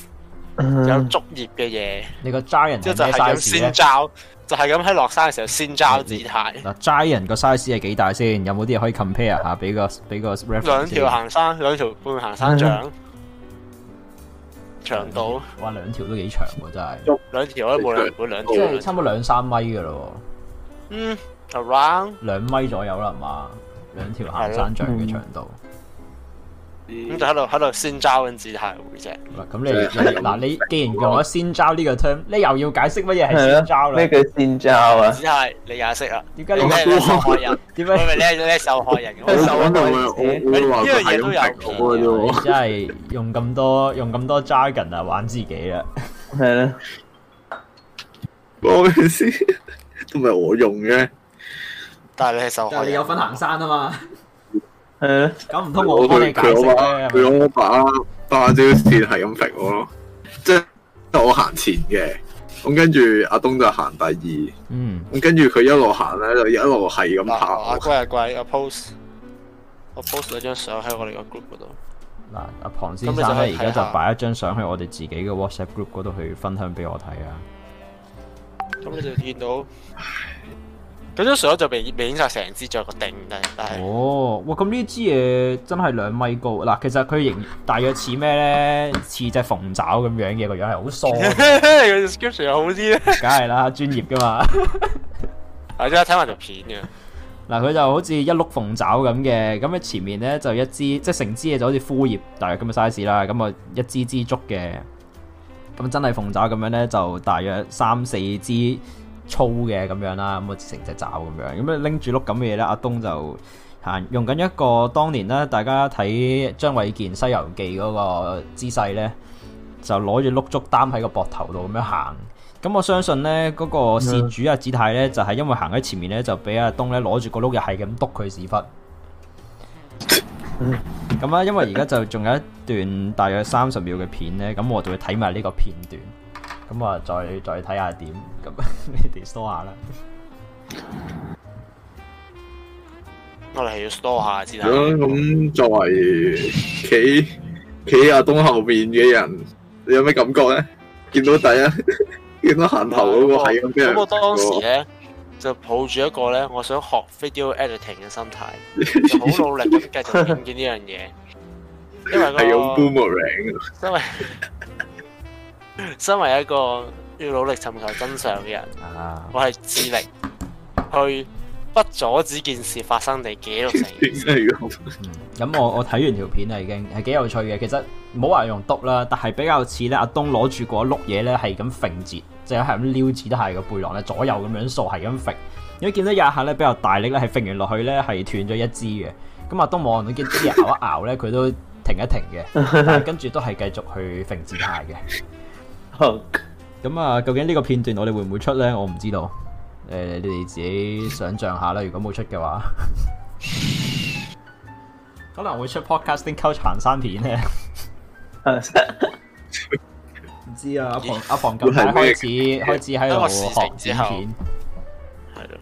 um, 有竹葉嘅嘢。你個 giant 即就係有線罩，就係咁喺落山嘅時候線罩姿態。嗱、uh, uh,，giant 個 size 係幾大先？有冇啲嘢可以 compare 下、啊？俾個俾個 reference。兩條行山，兩條半行山長。Um, 長度哇，兩條都幾長喎，真係。兩條我都冇兩，冇兩條。即係、就是、差唔多兩三米噶咯。嗯，around 兩米左右啦嘛，兩條行山杖嘅長度。咁就喺度喺度先招文字派會啫。嗱，咁你嗱你既然用咗先招呢個 term，你又要解釋乜嘢係先招咧？咩叫先招啊？只係你又識啊。點解你係受害人？點解你係受害人？我可能我我呢樣嘢都有奇啫。即係用咁多用咁多 jargon 啊玩自己啦。係啦，唔好意思，都唔係我用嘅。但係你係受害人，但係你有份行山啊嘛。誒，咁唔通我幫你解釋咧？佢我阿爸芭蕉線係咁劈我咯，即係即係我行前嘅，咁跟住阿東就行第二，嗯，咁跟住佢一路行咧，就一路係咁行。阿貴阿貴，我 post 我 post 咗張相喺我哋個 group 嗰度。嗱，阿龐先生咧而家就擺一張相喺我哋自己嘅 WhatsApp group 嗰度去分享俾我睇啊。咁你就見到？咁都最就被未整晒成支，仲有個頂，但係哦，哇！咁呢支嘢真係兩米高嗱。其實佢形大約似咩咧？似隻鳳爪咁樣嘅個樣，係 好疏嘅。description 又好啲咧，梗係啦，專業噶嘛，或者睇埋條片嘅嗱。佢就好似一碌鳳爪咁嘅，咁喺前面咧就一支，即係成支嘢就好似枯葉大約咁嘅 size 啦。咁啊一支支竹嘅，咁真係鳳爪咁樣咧，就大約三四支。粗嘅咁樣啦，咁啊成隻爪咁樣，咁啊拎住碌咁嘅嘢咧，阿東就行用緊一個當年咧，大家睇張衛健西遊記嗰個姿勢咧，就攞住碌竹擔喺個膊頭度咁樣行。咁我相信咧，嗰、嗰個事主阿紫太咧，就係、係、因為行喺前面咧，就俾阿東咧攞住個碌嘅係咁督佢屎忽。咁啊，因為而家就仲有一段大約三十秒嘅片咧，咁我就會睇埋呢個片段。咁啊，再再睇下點，咁你哋 store 下啦。我哋係要 store 下先啦。咁作為企企阿東後面嘅人，你有咩感覺咧？見到第一，見到行頭嗰個係咁樣，咁我當時咧就抱住一個咧，我想學 video editing 嘅心態，就好努力咁繼續見呢樣嘢。佢係用 Boomerang 嘅。因為身為一個要努力尋求真相嘅人，啊、我係智力去不阻止件事發生地，地記錄成件事。咁、 嗯、我我睇完條片啦，已經係幾有趣嘅。其實唔好話用篤啦，但係比較似咧，阿東攞住嗰碌嘢咧，係咁揈折，就係咁撩折下個背囊咧，左右咁樣掃，係咁揈。如果見到有一下咧比較大力咧，係揈完落去咧係斷咗一支嘅。咁阿東望到見啲人咬一咬咧，佢都停一停嘅，但係跟住都係繼續去揈折下嘅。咁啊，究竟呢個片段我哋會唔會出咧？我唔知道。誒、呃，你哋自己想象下啦。如果冇出嘅話， 可能會出 podcasting couch 行山片咧。唔 知啊，阿房阿房今日開始開始喺度學剪片，係咯，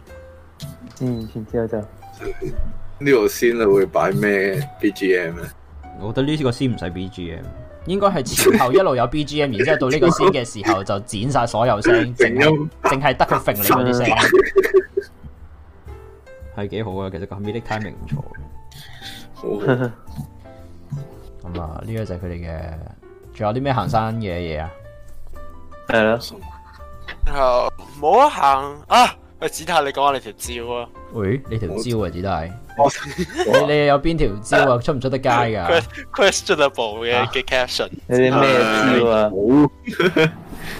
完、嗯、全之道就。 個呢個先你會擺咩 BGM 咧？我覺得呢個先唔使 BGM。應該係前後一路有 BGM，然之後到呢個先嘅時候就剪晒所有聲，淨係淨係得佢揈你嗰啲聲，係幾好嘅。其實個 music timing 唔錯嘅。好。咁 啊，呢個就係佢哋嘅。仲有啲咩行山嘅嘢啊？係啦，好唔好行啊？我 Gtai，你講下你條招啊？喂，你條招啊，Gtai？你你有邊條招啊？出唔出得街噶？Questionable 嘅 occasion。有啲咩招啊？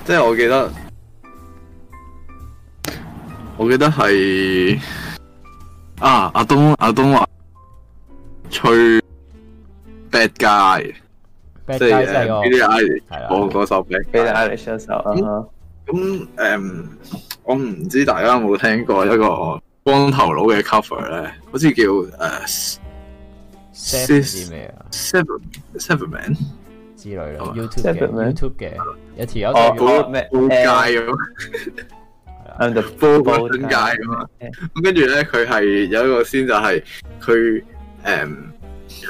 即係我記得，我記得係啊，阿東阿東話吹 bad guy，即係呢啲 Eilish，我嗰首嘅，呢啲 Eilish 嘅首啊。咁咁誒。我唔知大家有冇聽過一個光頭佬嘅 cover 咧，好似叫誒、uh, Seven Six, Seven Seven Man 之類啦。YouTube 嘅 YouTube 嘅一條有條咩烏街咁啊，係、uh, uh, okay. 啊，係啊，烏街咁啊。咁跟住咧，佢係有一個先就係佢誒，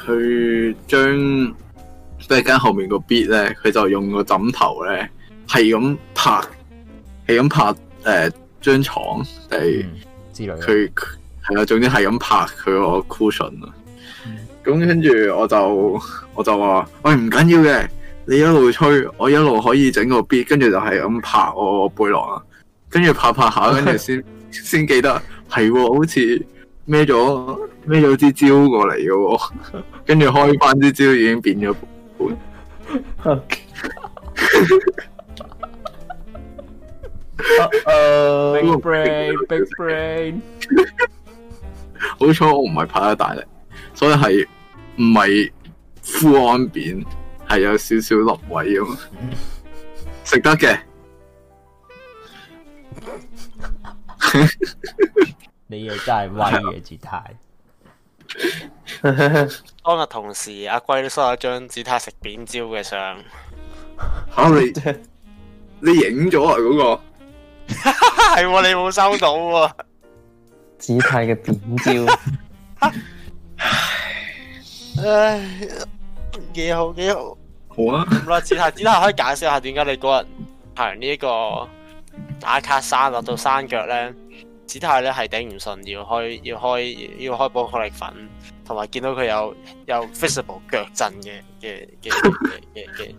佢、um, 將即係跟後面個 beat 咧，佢就用個枕頭咧，係咁拍，係咁拍。誒、呃，張床誒、就是嗯、之類的，佢係啦，總之係咁拍佢個 cushion 啊。咁跟住我就我就話，喂唔緊要嘅，你一路吹，我一路可以整個 beat，跟住就係咁拍我個背囊啊。跟住拍一拍一下，跟住先先記得係、哦，好似孭咗孭咗支蕉過嚟嘅、哦。跟 住開翻支蕉已經變咗。 b i g brain，big brain，Big brain 好彩我唔係拍得大力，所以係唔係 f 安扁，係有少少立位咁， 食得嘅的。 你又真係威嘅姿態。當 日同事阿貴都收咗張子塔食扁蕉嘅相 、啊。你，你影咗啊嗰個？係 喎、啊，你冇收到喎。子泰嘅扁招， 唉 唉，幾好幾好，好啊。唔、嗯、啦，子泰，子泰可以解釋下點解你嗰日行呢一個打卡山落到山腳咧，子泰咧係頂唔順，要開要開要開補巧克力粉，同埋見到佢有有 visible 腳震嘅嘅嘅嘅嘅。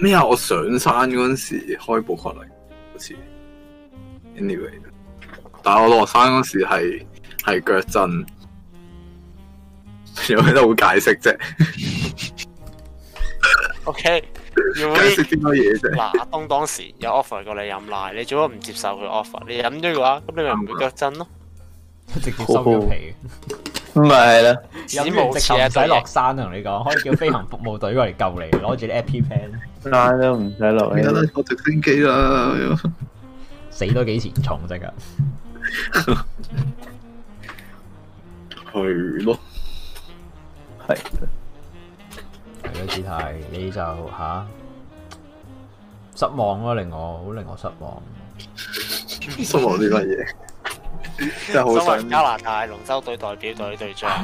唔係嗱我上山嗰陣時開補巧克力。Anyway，但係我落山嗰時係係腳震，有咩好解釋啫 ？OK，有冇解釋邊乜嘢啫？嗱、啊，阿東當時有 offer 過你飲奶，你做乜唔接受佢 offer？你飲咗嘅話，咁你咪唔會腳震咯 、啊，直接收皮唔係啦，死冇事唔使落山同你講，可以叫飛行服務隊過嚟救你，攞住啲 A P P。拉都唔使落去，我直升機啦，死多幾錢重啫？噶，係咯，係。阿志泰，你就吓失望咯，令我好令我失望。失望啲乜嘢？即係好想。蘇文加拿大龍舟隊代表隊隊長。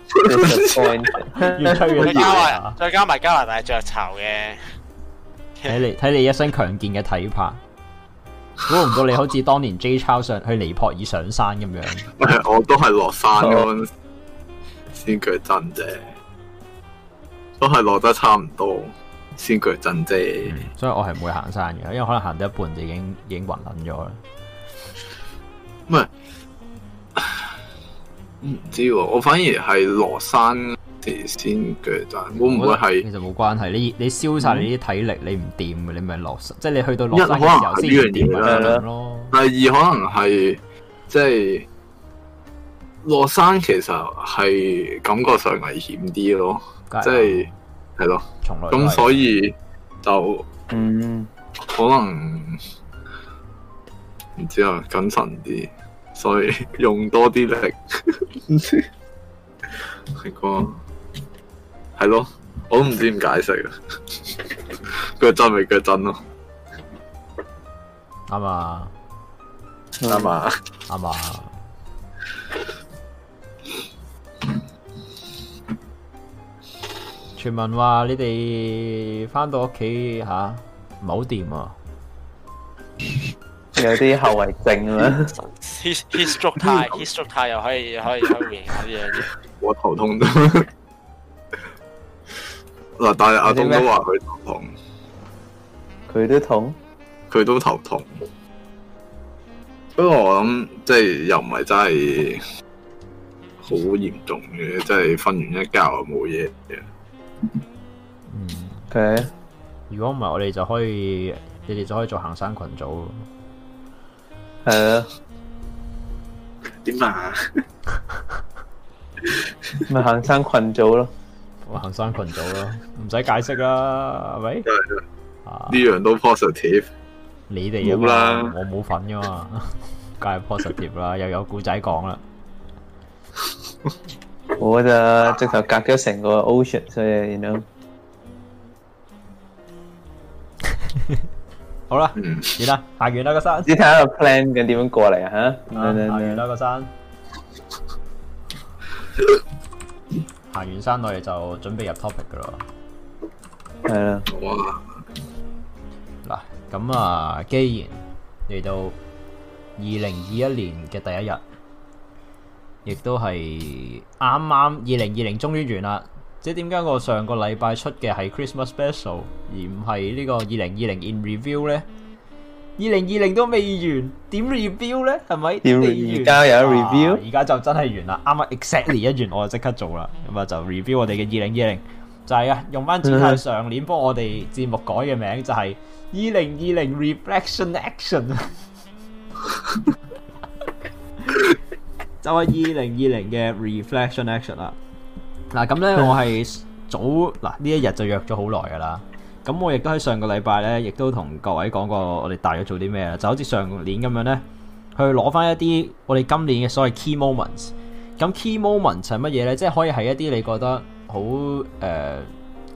要吹遠啲，再加埋加拿大雀巢嘅，睇你睇你一身強健嘅體魄，估唔到你好似當年 J 超上去尼泊爾上山咁樣，我都係落山先腳震啫，都係落得差唔多，先腳震啫，所以我係唔會行山嘅，因為可能行到一半就已經已經暈捻咗啦。 唔、嗯、知喎，我反而係落山時先嘅，但係會唔會係，其實冇關係。你你消晒你啲體力，你唔掂嘅，你咪落。即係你去到落山嘅時候先掂咪得咯。第二可能係即係落山，其實係感覺上危險啲咯，即係係咯。咁所以就嗯可能唔知啊，謹慎啲。所以用多啲力，唔知，係啩，係咯，我都唔知點解釋啊，腳震咪腳震咯，啱 啊，啱啊，啱啊，傳聞話你哋翻到屋企吓冇電啊。有啲後遺症啦。 his his drop 太，his drop 太又可以 可以出名啲嘢。我頭痛都嗱， 但係阿東都話佢頭痛，佢都痛，佢都頭痛。 就是，不過我諗即係又唔係真係好嚴重嘅，即係瞓完一覺就冇嘢嘅。嗯，OK。如果唔係，我哋就可以，你哋就可以做行山群組。係啊，點啊？咪行山群組咯，我行山群組咯，唔使解釋啦，係咪？啊，呢樣都 positive。你哋咁啦，我冇份噶嘛，梗係 positive 啦，又有古仔講啦。我就直頭隔咗成個 ocean，所以 you know。好啦，完啦，行完啦個山， 你睇下個 plan 跟點樣過嚟啊？吓，行完啦個山，行 完山我哋就準備入 topic 噶喇。係啊。嗱，咁啊，既然嚟到二零二一年嘅第一日，亦都係啱啱二零二零終於完啦。即係點解我上個禮拜出嘅係 Christmas Special，而唔係呢個二零二零 In Review 咧？二零二零都未完，點 Review 咧？係咪？點未完？而家有 Review，而家就真係完啦。啱啊，exactly 一完，我就即刻做啦。咁啊，就 Review 我哋嘅二零二零就係啊，用翻轉頭上年幫我哋節目改嘅名，就係二零二零 Reflection Action。就係二零二零嘅 Reflection Action 啦。嗱咁咧，我係早嗱呢一日就約咗好耐噶啦。咁我亦都喺上個禮拜咧，亦都同各位講過我哋大約做啲咩啦。就好似上年咁樣咧，去攞翻一啲我哋今年嘅所謂 key moments。咁 key moments 係乜嘢咧？即係可以係一啲你覺得好誒，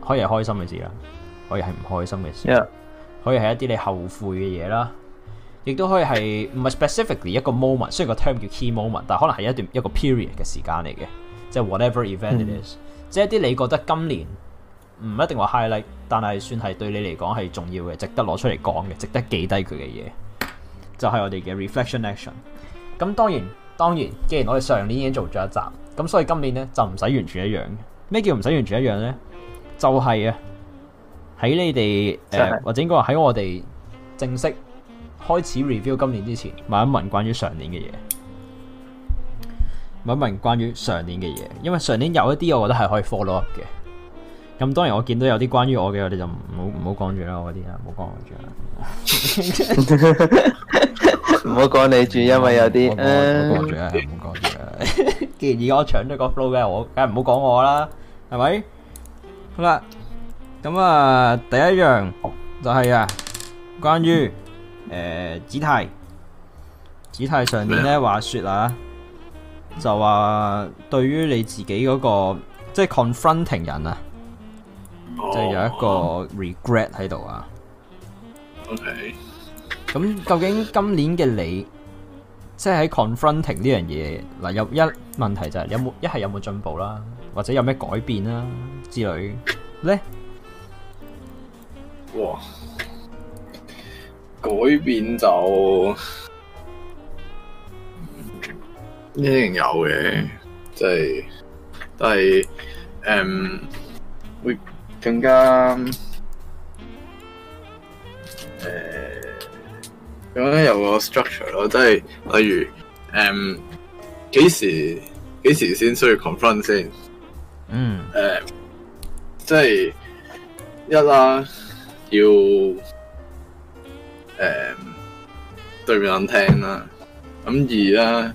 可以係開心嘅事啦，可以係唔開心嘅事，可以係、yeah. 一啲你後悔嘅嘢啦，亦都可以係唔係 specifically 一個 moment，雖然個 term 叫 key moment，但可能係一段一個 period 嘅時間嚟嘅。即係 whatever event it is，嗯、即係一啲你覺得今年唔一定話 highlight，但係算係對你嚟講係重要嘅，值得攞出嚟講嘅，值得記低佢嘅嘢，就係、是、我哋嘅 reflection action。咁當然當然，既然我哋上年已經做咗一集，咁所以今年咧就唔使完全一樣。咩叫唔使完全一樣咧？就係、是、啊，喺你哋誒或者應該話喺我哋正式開始 review 今年之前，問一問關於上年嘅嘢。問一問關於上年嘅嘢，因為上年有一啲，我覺得係可以 follow up 嘅。咁當然我見到有啲關於我嘅，我哋就唔好唔好講住啦，不了我啲啊，唔好講住啦。唔好講你住，因為有啲，唔好講住啊，唔好講住啊。嗯嗯、 既然而家我搶咗個 flow 嘅，我梗係唔好講我啦，係咪？好啦，咁啊，第一樣就係啊，關於誒主題，主題上年咧話說啊。就話對於你自己嗰、那個即係、就是、confronting 人啊，即、oh. 係有一個 regret 喺度啊。OK，咁究竟今年嘅你，即係喺 confronting 呢樣嘢嗱，有一問題就係有冇一係有冇進步啦，或者有咩改變啦之類咧？哇，改變就～一定有嘅，mm-hmm. 即係，但係，誒、um,，會更加，誒，咁樣有個 structure 咯，即係，例如，誒、um,，幾時幾時先需要 confirm 先？嗯、mm-hmm. um,，誒，即係一啦，要，誒、um,，對面人聽啦，咁二啦。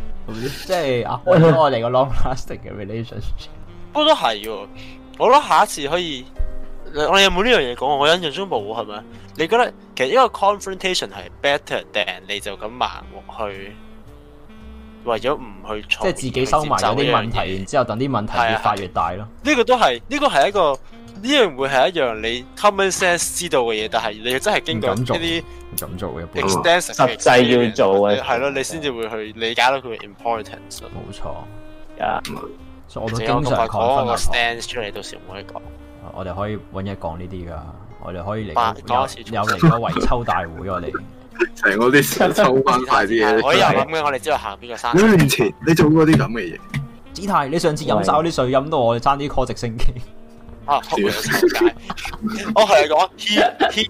咁即係維護咗我哋個 long lasting 嘅 relationship，不過都係，我諗下一次可以，我哋有冇呢樣嘢講？我印象中冇係咪？你覺得其實一個 confrontation 係 better than 你就咁瞞過去？為咗唔去錯，即係自己收埋有啲問題，然之後等啲問題越發越大咯。呢、這個都係，呢、這個係一個呢樣、這個、會係一樣你 common sense 知道嘅嘢，但係你真係經過呢啲咁做嘅，實際要做嘅係咯，你先至會去理解到佢嘅 importance。冇錯，所以，yeah. 所以我都經常講個 stance 出嚟，到時可以講。我哋可以搵日講呢啲噶，我哋可以嚟有又嚟個圍抽大會 我哋。成我啲收翻快啲嘢，我又諗嘅，我哋知道我行邊個山。兩年前你做過啲咁嘅嘢？子泰，你上次飲晒我啲水飲到，我哋爭啲 call 直升機。啊，我係講 he he。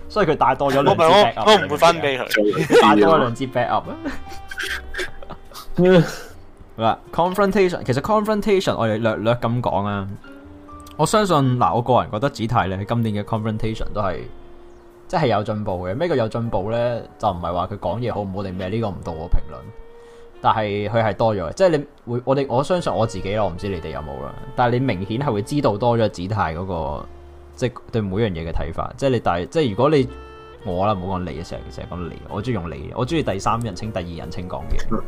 所以佢帶多咗兩支 back up，我唔會分俾佢。帶多兩支 back up。嗱 ，confrontation 其實 confrontation 我哋略略咁講啊。我相信嗱，我個人覺得子泰咧今年嘅 confrontation 都係即係有進步嘅。咩叫有進步咧？就唔係話佢講嘢好唔好定咩？呢、這個唔到我評論。但係佢係多咗，即係你會，我哋我相信我自己我唔知你哋有冇啦。但係你明顯係會知道多咗子泰嗰，那個。即係對每樣嘢嘅睇法，即係你大，即係如果你我啦，唔好講你，成日成日講你，我中意用你，我中意第三人稱、第二人稱講嘅。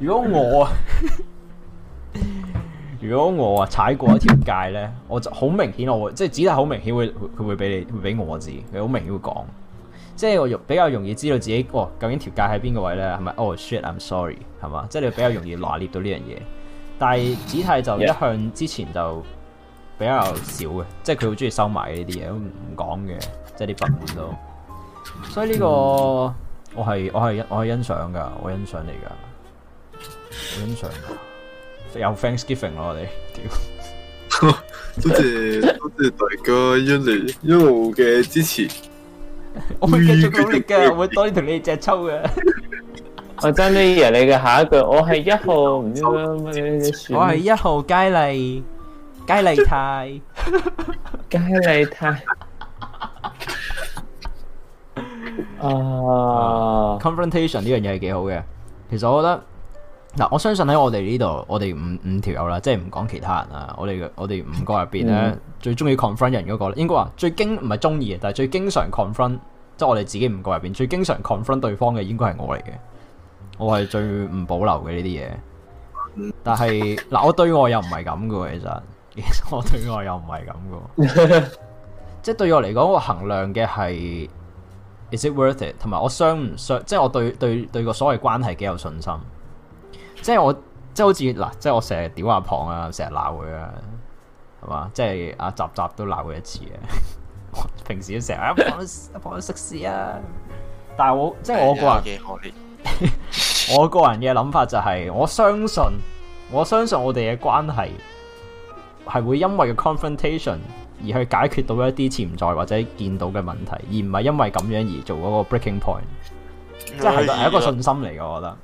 如果我， 如果我啊踩過一條界咧，我就好明顯，我會即係子泰好明顯會佢會俾你，會俾我知，佢好明顯會講，即係我比較容易知道自己哦究竟條界喺邊個位咧，係咪？哦，oh, shit，I'm sorry，係嘛？即係你比較容易拿捏到呢樣嘢。但係子泰就一向之前就。比較少嘅，即係佢好中意收埋呢啲嘢，都唔講嘅，即係啲不滿都。所以呢個我係我係我係欣賞噶，我欣賞你噶，我欣賞。有 Thanksgiving 咯，我哋屌。多謝多謝大家一年一路嘅支持，我會繼續努力噶，我會多啲同你哋接觸噶。我真係呀，你嘅下一句，我係一號唔知乜乜嘢算，我係一號佳麗。佳麗泰，佳麗泰。哦，confrontation 呢樣嘢係幾好嘅。其實我覺得，嗱，我相信喺我哋呢度，我哋五五條友啦，即係唔講其他人啊。我哋我哋五個入邊咧，mm. 最中意 confront 人嗰、嗰個咧，應該話最經唔係中意嘅，但係最經常 confront，即係我哋自己五個入邊最經常 confront 對方嘅，應該係我嚟嘅。我係最唔保留嘅呢啲嘢。但係嗱，我對我又唔係咁噶喎，其實。其實 我對我又唔係咁嘅，即係對我嚟講，我衡量嘅係 Is it worth it，同埋我相唔相，即係我對對對個所謂關係幾有信心，即係我即係好似嗱，即係我成日屌阿龐啊，成日鬧佢啊，係嘛，即係阿習集都鬧佢一次嘅。平時都成日講講食屎啊，但係我即係我個人嘅、哎、 我個人嘅諗法就係、是、我，我相信我相信我哋嘅關係。係會因為個 confrontation 而去解決到一啲潛在或者見到嘅問題，而唔係因為咁樣而做嗰個 breaking point。即係係一個信心嚟嘅。我覺得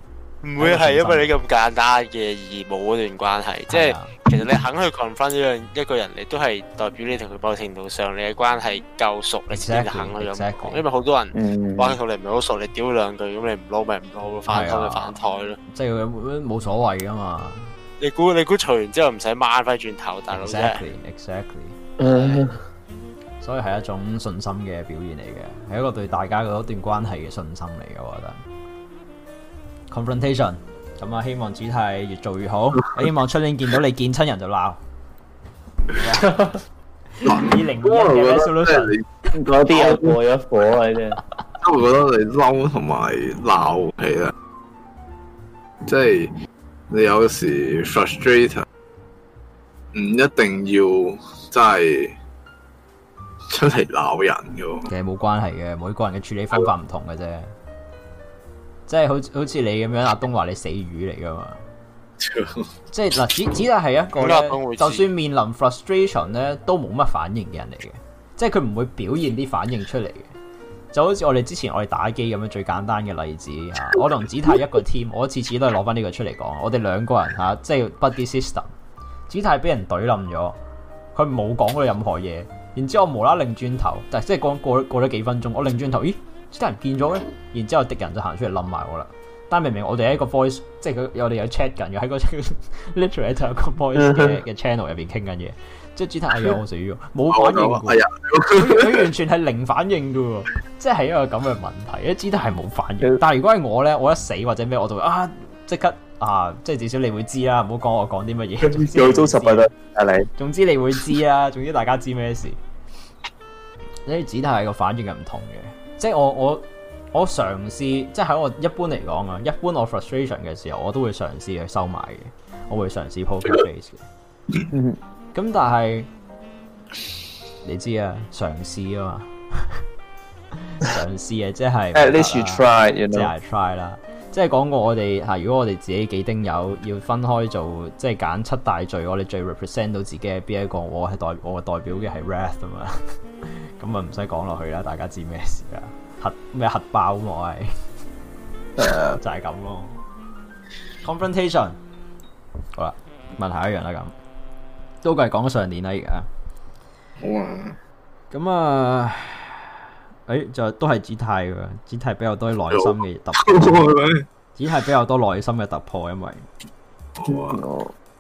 唔會係因為你咁簡單嘅而冇嗰段關係。即係、就是、其實你肯去 confront 一樣一個人，你都係代表你同佢某程度上你嘅關係夠熟，你先肯去咁講。Exactly, exactly. 因為好多人關係同你唔係好熟，嗯、你屌佢兩句咁你唔撈咪唔撈咯，反台就反台咯，即係冇所謂噶嘛。你估你估嘈完之後唔使掹翻轉頭，大佬 Exactly，exactly。Exactly, exactly, 嗯、所以係一種信心嘅表現嚟嘅，係一個對大家嗰段關係嘅信心嚟嘅，我覺得。Confrontation，咁啊，希望主題越做越好。 希望出年見到你 見親人就鬧。Yeah. 二零二零 resolution 啲又過一火啊！真係。我覺得你嬲同埋鬧係啦，即係。你有時 frustration 唔一定要真係出嚟鬧人嘅，其實冇關係嘅，每個人嘅處理方法唔同嘅啫。即係好好似你咁樣，阿東話你死魚嚟噶嘛？ 即係嗱，只只係一個咧，就算面臨 frustration 咧，都冇乜反應嘅人嚟嘅，即係佢唔會表現啲反應出嚟嘅。就好似我哋之前我哋打機咁樣最簡單嘅例子，我同紫太一個 team，我次次都係攞翻呢個出嚟講，我哋兩個人即係 buddy system，紫太俾人隊冧咗，佢冇講過任何嘢，然之後無啦啦擰轉頭，但係即係過過咗幾分鐘，我擰轉，轉頭，咦，紫太人見咗咧？然之後敵人就行出嚟冧埋我啦，但係明明我哋喺一個 voice，即係佢我哋有 chat 緊，又喺個 literature 有個 voice 嘅 channel 入面傾緊嘢。即係子彈，哎呀，我死咗，冇反應嘅，佢佢、哎、完全係零反應嘅， 即係一個咁嘅問題。一子彈係冇反應，但係如果係我咧，我一死或者咩，我就會啊即刻啊，即係至少你會知啦，唔好講我講啲乜嘢。又糟十啊，你，總之你會知啊， 總之大家知咩事？呢啲子彈係個反應係唔同嘅，即係我我我嘗試，即係喺我一般嚟講啊，一般我 frustration 嘅時候，我都會嘗試去收埋嘅，我會嘗試 poke face 嘅。 咁但係你知啊，嘗試啊嘛，嘗試啊即係 at least you try，即係 try 啦，即係講 you know？過我哋吓，如果我哋自己幾丁友要分開做，即係揀七大罪，我哋最 represent 到自己係邊一個，我係代我代表嘅係 Rath 啊嘛，咁啊唔使講落去啦，大家知咩事啊，核咩核爆啊嘛係， 就係咁咯，confrontation，好啦，問下一樣啦咁。都係講上年啦，而家好啊。咁、哎、啊，誒，就都係 Gtai 嘅，Gtai 比較多內心嘅突破。Gtai 比較多內心嘅突破，因為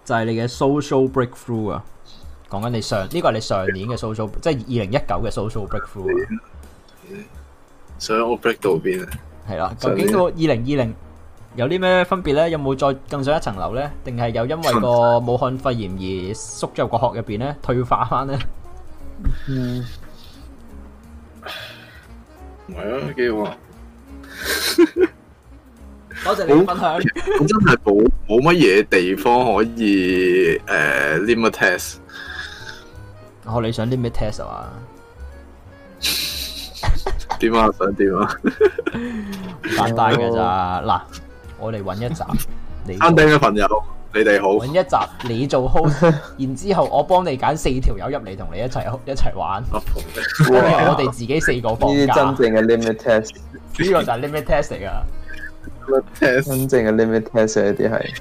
就係、是，你嘅 social breakthrough 啊。講緊你上呢個係你上年嘅 social，即係二零一九嘅 social breakthrough 啊。想、嗯、break 到邊啊？係啦，究竟過二零二零。有啲咩分別咧？有冇再更上一層樓咧？定係又因為個武漢肺炎而縮咗入個殼入邊咧？退化翻咧？唔係啊，幾好啊，多謝你分享。真係冇冇乜嘢地方可以誒 limit test。哦，你想啲咩 test 啊？點啊？想點啊？簡單嘅咋嗱。我哋揾一集，餐廳嘅朋友，你哋好。揾一集，你做 host， 然之後我幫你揀四條友入嚟同你一齊一齊玩。 我哋自己四個方，呢啲真正嘅 limit test，呢個就係 limit test 啊！limit test 真正嘅 limit test 呢啲係，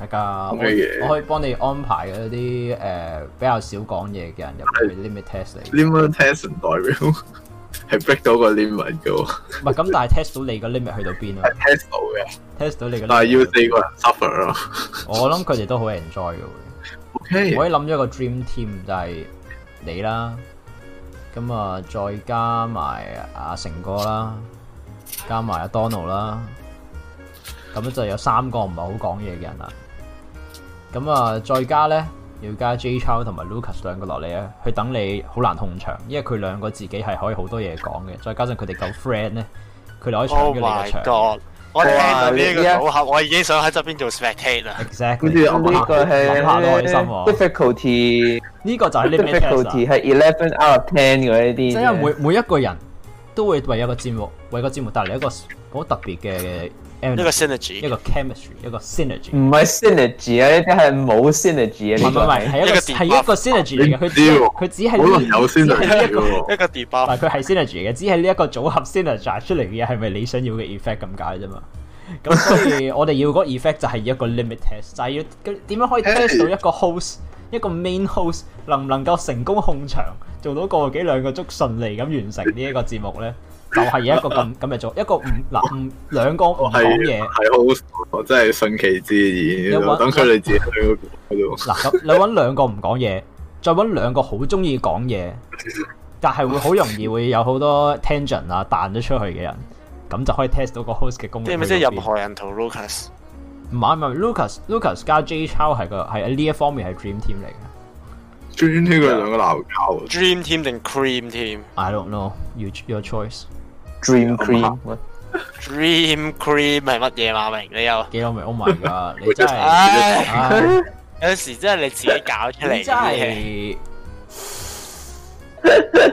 大家我，我可以幫你安排嗰啲誒比較少講嘢嘅人入嚟 limit test limit test 代表。係 break 到個 limit 噶喎，唔係咁，但係 test 到你個 limit 去到邊咯？係 test 到嘅，test 到你個 limit。但係要四個人 suffer 咯。我諗佢哋都好 enjoy 嘅。O K，我可以諗咗個 dream team 就係你啦，咁啊再加埋阿成哥啦，加埋阿 Donald 啦，咁樣就有三個唔係好講嘢嘅人啦。咁啊再加咧。要加 Jay 同埋 Lucas 兩個落嚟啊！去等你好難控場，因為佢兩個自己係可以好多嘢講嘅，再加上佢哋夠 friend 咧，佢哋可以搶嘅場。Oh my God, 我聽到呢一個組合，我已經想喺側邊做 spectator。Exactly。跟住呢個係諗下開心喎。Difficulty 呢個就係、啊、Difficulty 係 eleven out of ten 嘅呢啲。即、就、係、是、每每一個人都會為一個節目為個節目帶嚟一個好特別嘅。一個 synergy，一個 chemistry，一個 synergy。唔係 synergy 啊，呢啲係冇 synergy 啊。唔係唔係，係一個係一個 synergy 嚟嘅。佢佢只係好有 synergy。一個一個 debuff。但係佢係 synergy 嘅，只係呢一個組合 synergy 出嚟嘅嘢，係咪你想要嘅 effect 咁解啫嘛？咁所以我哋要嗰 effect 就係要一個 limit test，就係要點樣可以 test 到一個 host，一個 main host 能唔能夠成功控場，做到個幾兩個鐘順利咁完成呢一個節目咧？就係一個咁咁嘅做，一個唔嗱唔兩個唔講嘢，係 host，我真係順其自然，等佢哋自己嗰嗰度。嗱咁你揾兩個唔講嘢，再揾兩個好中意講嘢，但係會好容易會有好多 tangent 啊彈咗出去嘅人，咁就可以 test 到個 host 嘅功能。即係咪即係任何人同 Lucas？唔係唔係，Lucas Lucas 加 J Charles 係個係呢一方面係 dream team 嚟嘅。dream 呢個兩個籃球，dream team 定 cream team？I don't know，you your choice。Dream cream，Dream cream 係乜嘢馬明？你有幾多，多名？Oh my god！ 你真係是、 哎、有時真係你自己搞出嚟，真係, 啊、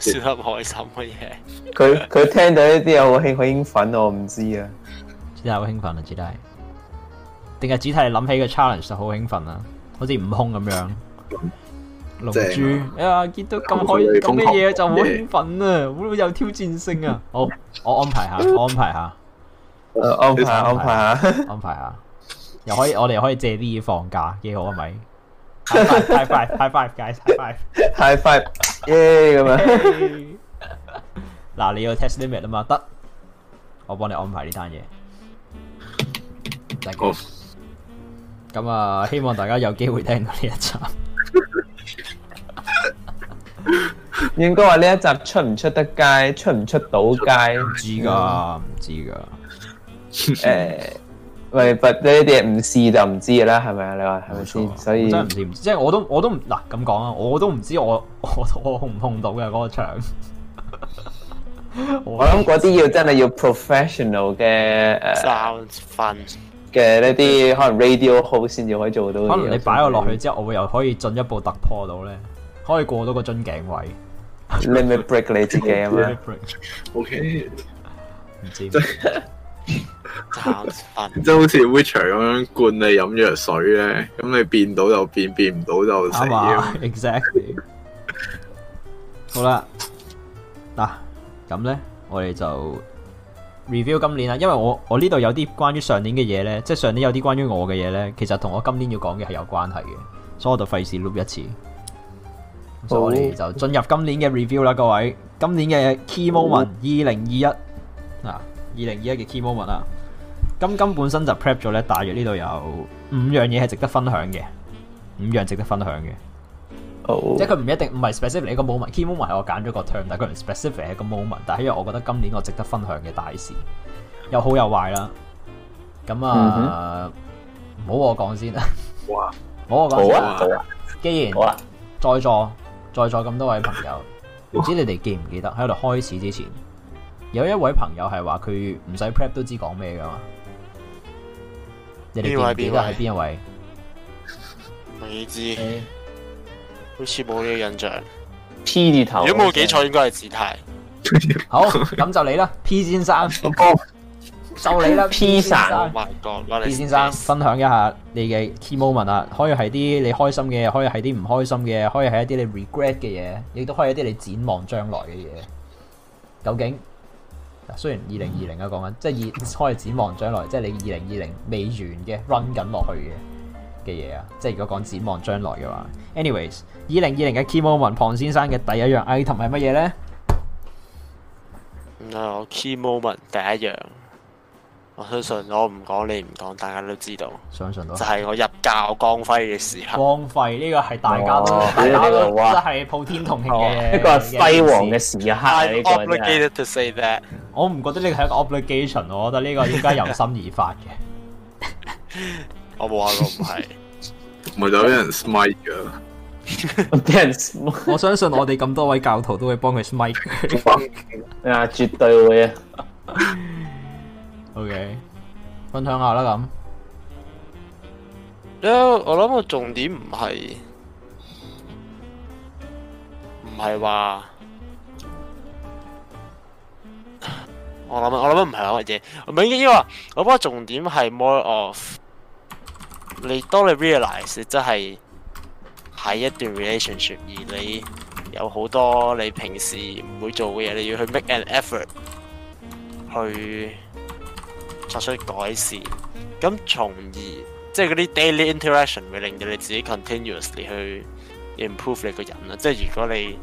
笑得開心嘅嘢。佢 佢聽到呢啲好興好興奮？我唔知 啊。真係好興奮啊！只係定係只係諗起個 challenge 就好興奮啊？好似悟空咁樣。 龍珠啊、哎！見到咁開咁嘅嘢就好興奮啊！好有挑戰性啊！ 好，我安排下，我安排下，安排安排下，安排下， 又可以我哋可以借啲嘢放假，幾好係咪？High five，High five，High five，High five 耶咁啊！嗱 guys, yeah, yeah. 你要 test 啲咩啊嘛？得，我幫你安排呢單嘢。Let's go！咁啊，希望大家有機會聽到呢一集。應該話呢一集出唔出得街，出唔出到街？唔、嗯、知噶唔知噶誒、欸，喂， 呢啲唔試就唔知嘅啦，係咪啊？你話係咪先？所以真係唔知，即係、就是、我都我都唔嗱咁講啊！我都唔、啊、知道我我我碰唔碰到嘅嗰、那個場 我諗嗰啲要真係要 professional 嘅誒 sounds fun 嘅呢啲可能 radio hole 先至可以做到。可能你擺我落去之後，我又可以進一步突破到咧。可以過到個樽頸位，你咪 break 你自己啊嘛？O K，唔知，即 係好似 Witcher 咁樣灌你飲藥水咧，咁你變到就變，變唔到就死。Exactly 好。好啦，嗱，咁咧，我哋就 review 今年啦，因為我我呢度有啲關於上年嘅嘢咧，即係上年有啲關於我嘅嘢咧，其實同我今年要講嘅係有關係嘅，所以我就費事碌一次。我就進入今年嘅 review 啦，各位，今年嘅 key moment 二零二一嗱，二零二一嘅 key moment 啊，今今本身就 prep 咗咧，大約呢度有五樣嘢係值得分享嘅，五樣值得分享嘅，oh. 即係佢唔一定唔係 specifically 一個 moment，key moment 係、oh. moment 我揀咗個 term，但係佢唔 specific 係個 moment，但係因為我覺得今年我值得分享嘅大事，又好又壞啦，咁啊，唔、mm-hmm. 好我講先，好、wow. 啊，唔好我講先，好啊，既然好啦，在、wow. 座。在座咁多位朋友，唔知你哋記唔記得喺度開始之前，有一位朋友係話佢唔使 prep 都知講咩噶嘛？你哋記得係邊一位？未知，A. 好似冇呢個印象。P 字頭，如果冇記錯，應該係 Gtai。好，咁就你啦，P 先生。Oh. 就你啦，P、Oh、P 先生。P 先生，God. 分享一下你嘅 key moment 啊，可以係啲你開心嘅，可以係啲唔開心嘅，可以係一啲你 regret 嘅嘢，亦都可以一啲你展望將來嘅嘢。究竟，雖然二零二零啊，講緊，即係以可以展望將來，即係你二零二零未完嘅 run 緊落去嘅嘅嘢啊，即係如果講展望將來嘅話，anyways，二零二零嘅 key moment，龐先生嘅第一樣 item 係乜嘢呢？No, key moment 第一樣。我相信我唔講你唔講，大家都知道。相信到就係、是、我入教光輝嘅時候。光輝呢、這個係大家都係、哦、普天同慶嘅一個輝煌嘅時刻。這個、I am obligated to say that。我唔覺得呢個係一個 obligation，我覺得呢個應該由心而發嘅。 我冇話 我唔係，咪就俾人 smile。俾 人我相信我哋咁多位教徒都會幫佢 smile 他。 啊，絕對會啊！ O.K.，分享下啦咁，no，我諗個重點唔係，唔係話，我諗我諗唔係啦，或者唔係因為，我諗個重點係 more of，你當你 realize，你真係喺一段 relationship，而你有好多你平時唔會做嘅嘢，你要去 make an effort 去。作出改善，咁從而即係嗰啲 daily interaction 會令到你自己 continuously 去 improve 你個人啦。即係如果你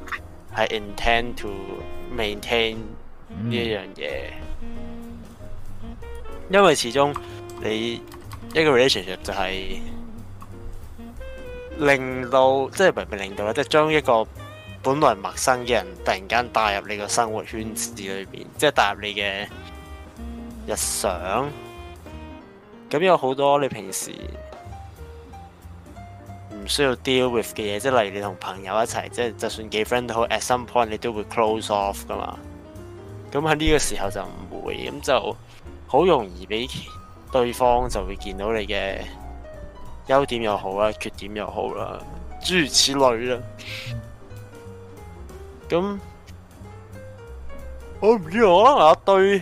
係 intend to maintain 呢一樣嘢，因為始終你一個 relationship 就係令到，即係唔係令到咧，即係將一個本來陌生嘅人突然間帶入你個生活圈子裏邊，即係帶入你嘅。日常，咁有好多你平時唔需要 deal with 嘅嘢，即係例如你同朋友一齊，即係就算幾 friend 都好，at some point 你都會 close off 噶嘛。咁喺呢個時候就唔會，咁就好容易俾對方就會見到你嘅優點又好啦，缺點又好啦，諸如此類啦。咁我唔知我一堆。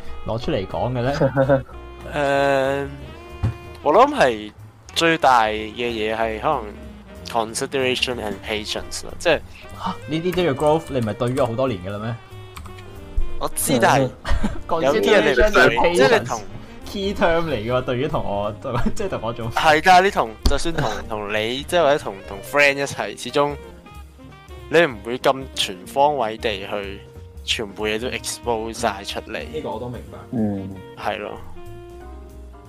攞出嚟講嘅咧，誒、uh,，我諗係最大嘅嘢係可能 consideration and patience 即係吓呢啲都要 growth，你唔係對咗好多年嘅啦咩？我知，uh, 但係 有啲人嚟講，即係你同 key term 嚟嘅喎，對於同我，即係同我做係㗎。你同就算同同你，即 係或者同同 friend 一齊，始終你唔會咁全方位地去。全部嘢都 expose 曬出嚟，呢個我都明白。嗯，係咯。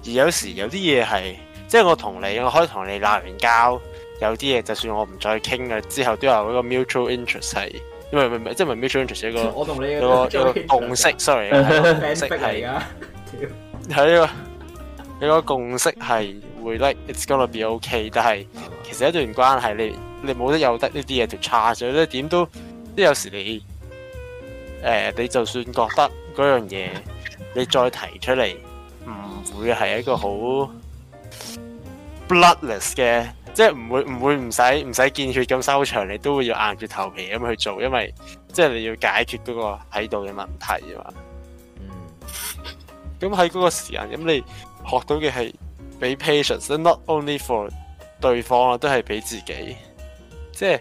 而有時有啲嘢係，即係我同你，我可以同你鬧完交，有啲嘢就算我唔再傾喇之後，都有一個 mutual interest 係，因為即係唔 mutual interest 一個，我同你一個,一,個 一個共識 ，sorry，係 一 是、 這個呢個 friendship 嚟噶。睇啊，一個共識係會 like it's gonna be ok，但係、嗯、其實一段關係你你冇得有得呢啲嘢就差咗咧，點都即有時你。誒，你就算覺得嗰樣嘢，你再提出嚟，唔會係一個好 bloodless 嘅，即係唔會唔會唔使唔使見血咁收場，你都會要硬住頭皮咁去做，因為即係你要解決嗰個喺度嘅問題啊嘛。嗯。咁喺嗰個時間，咁你學到嘅係俾 patience，not only for 對方啦，都係俾自己，即係。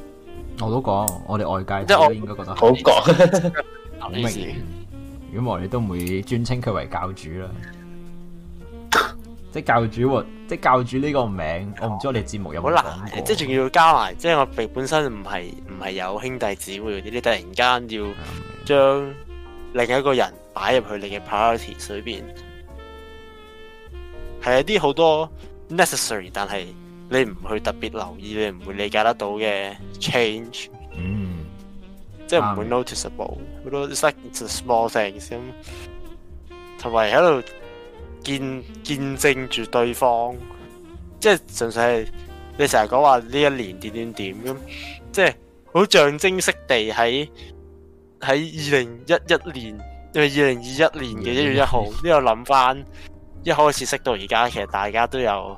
我都講，我哋外界即係我都應該覺得好講，好明。 如果我哋都唔會尊稱佢為教主啦， 即係教主，即係教主呢個名， 我唔知道我哋節目有冇難嘅，即係仲要加埋，即係我哋本身唔係唔係有兄弟姊妹嗰啲，你突然間要將另一個人擺入去你嘅 priority 裏邊，係一啲好多 necessary，但係。你唔去特別留意，你唔會理解得到嘅 change，即係唔會 noticeable，好多。It's like it's a small thing 先，同埋喺度見見證住對方，即係純粹係你成日講話呢一年點點點咁，即係好象徵式地喺喺二零一一年，二零二一年嘅一月一號，呢度諗翻一開始識到而家，其實大家都有。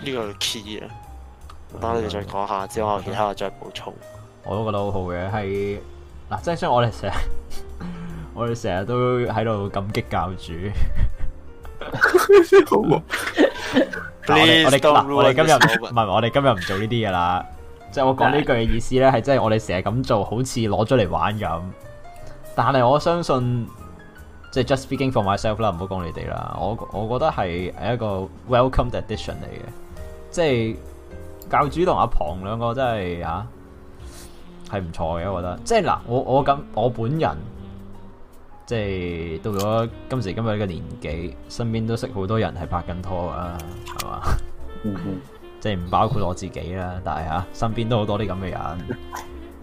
呢、這個是 key 啊，我等你再講下之、mm-hmm. 後，我其他我再補充。我都覺得好好嘅，係嗱，即係雖然我哋成，我哋成日都喺度感激教主。 好，我哋我哋今日唔，唔，我哋今日唔做呢啲嘢啦。即係我講呢句嘅意思咧，係即係我哋成日咁做好似攞咗嚟玩咁。但係我相信，即、就、係、是、just speaking for myself 啦，唔好講你哋啦。我我覺得係係一個 welcome 的 addition 嚟嘅。即係教主同阿龐兩個真係啊，係唔錯嘅，我覺得。即係嗱、啊，我我咁我本人，即係到咗今時今日呢個年紀，身邊都識好多人係拍緊拖啊，係嘛？ 即係唔包括我自己啦，但係吓、啊、身邊都好多啲咁嘅人。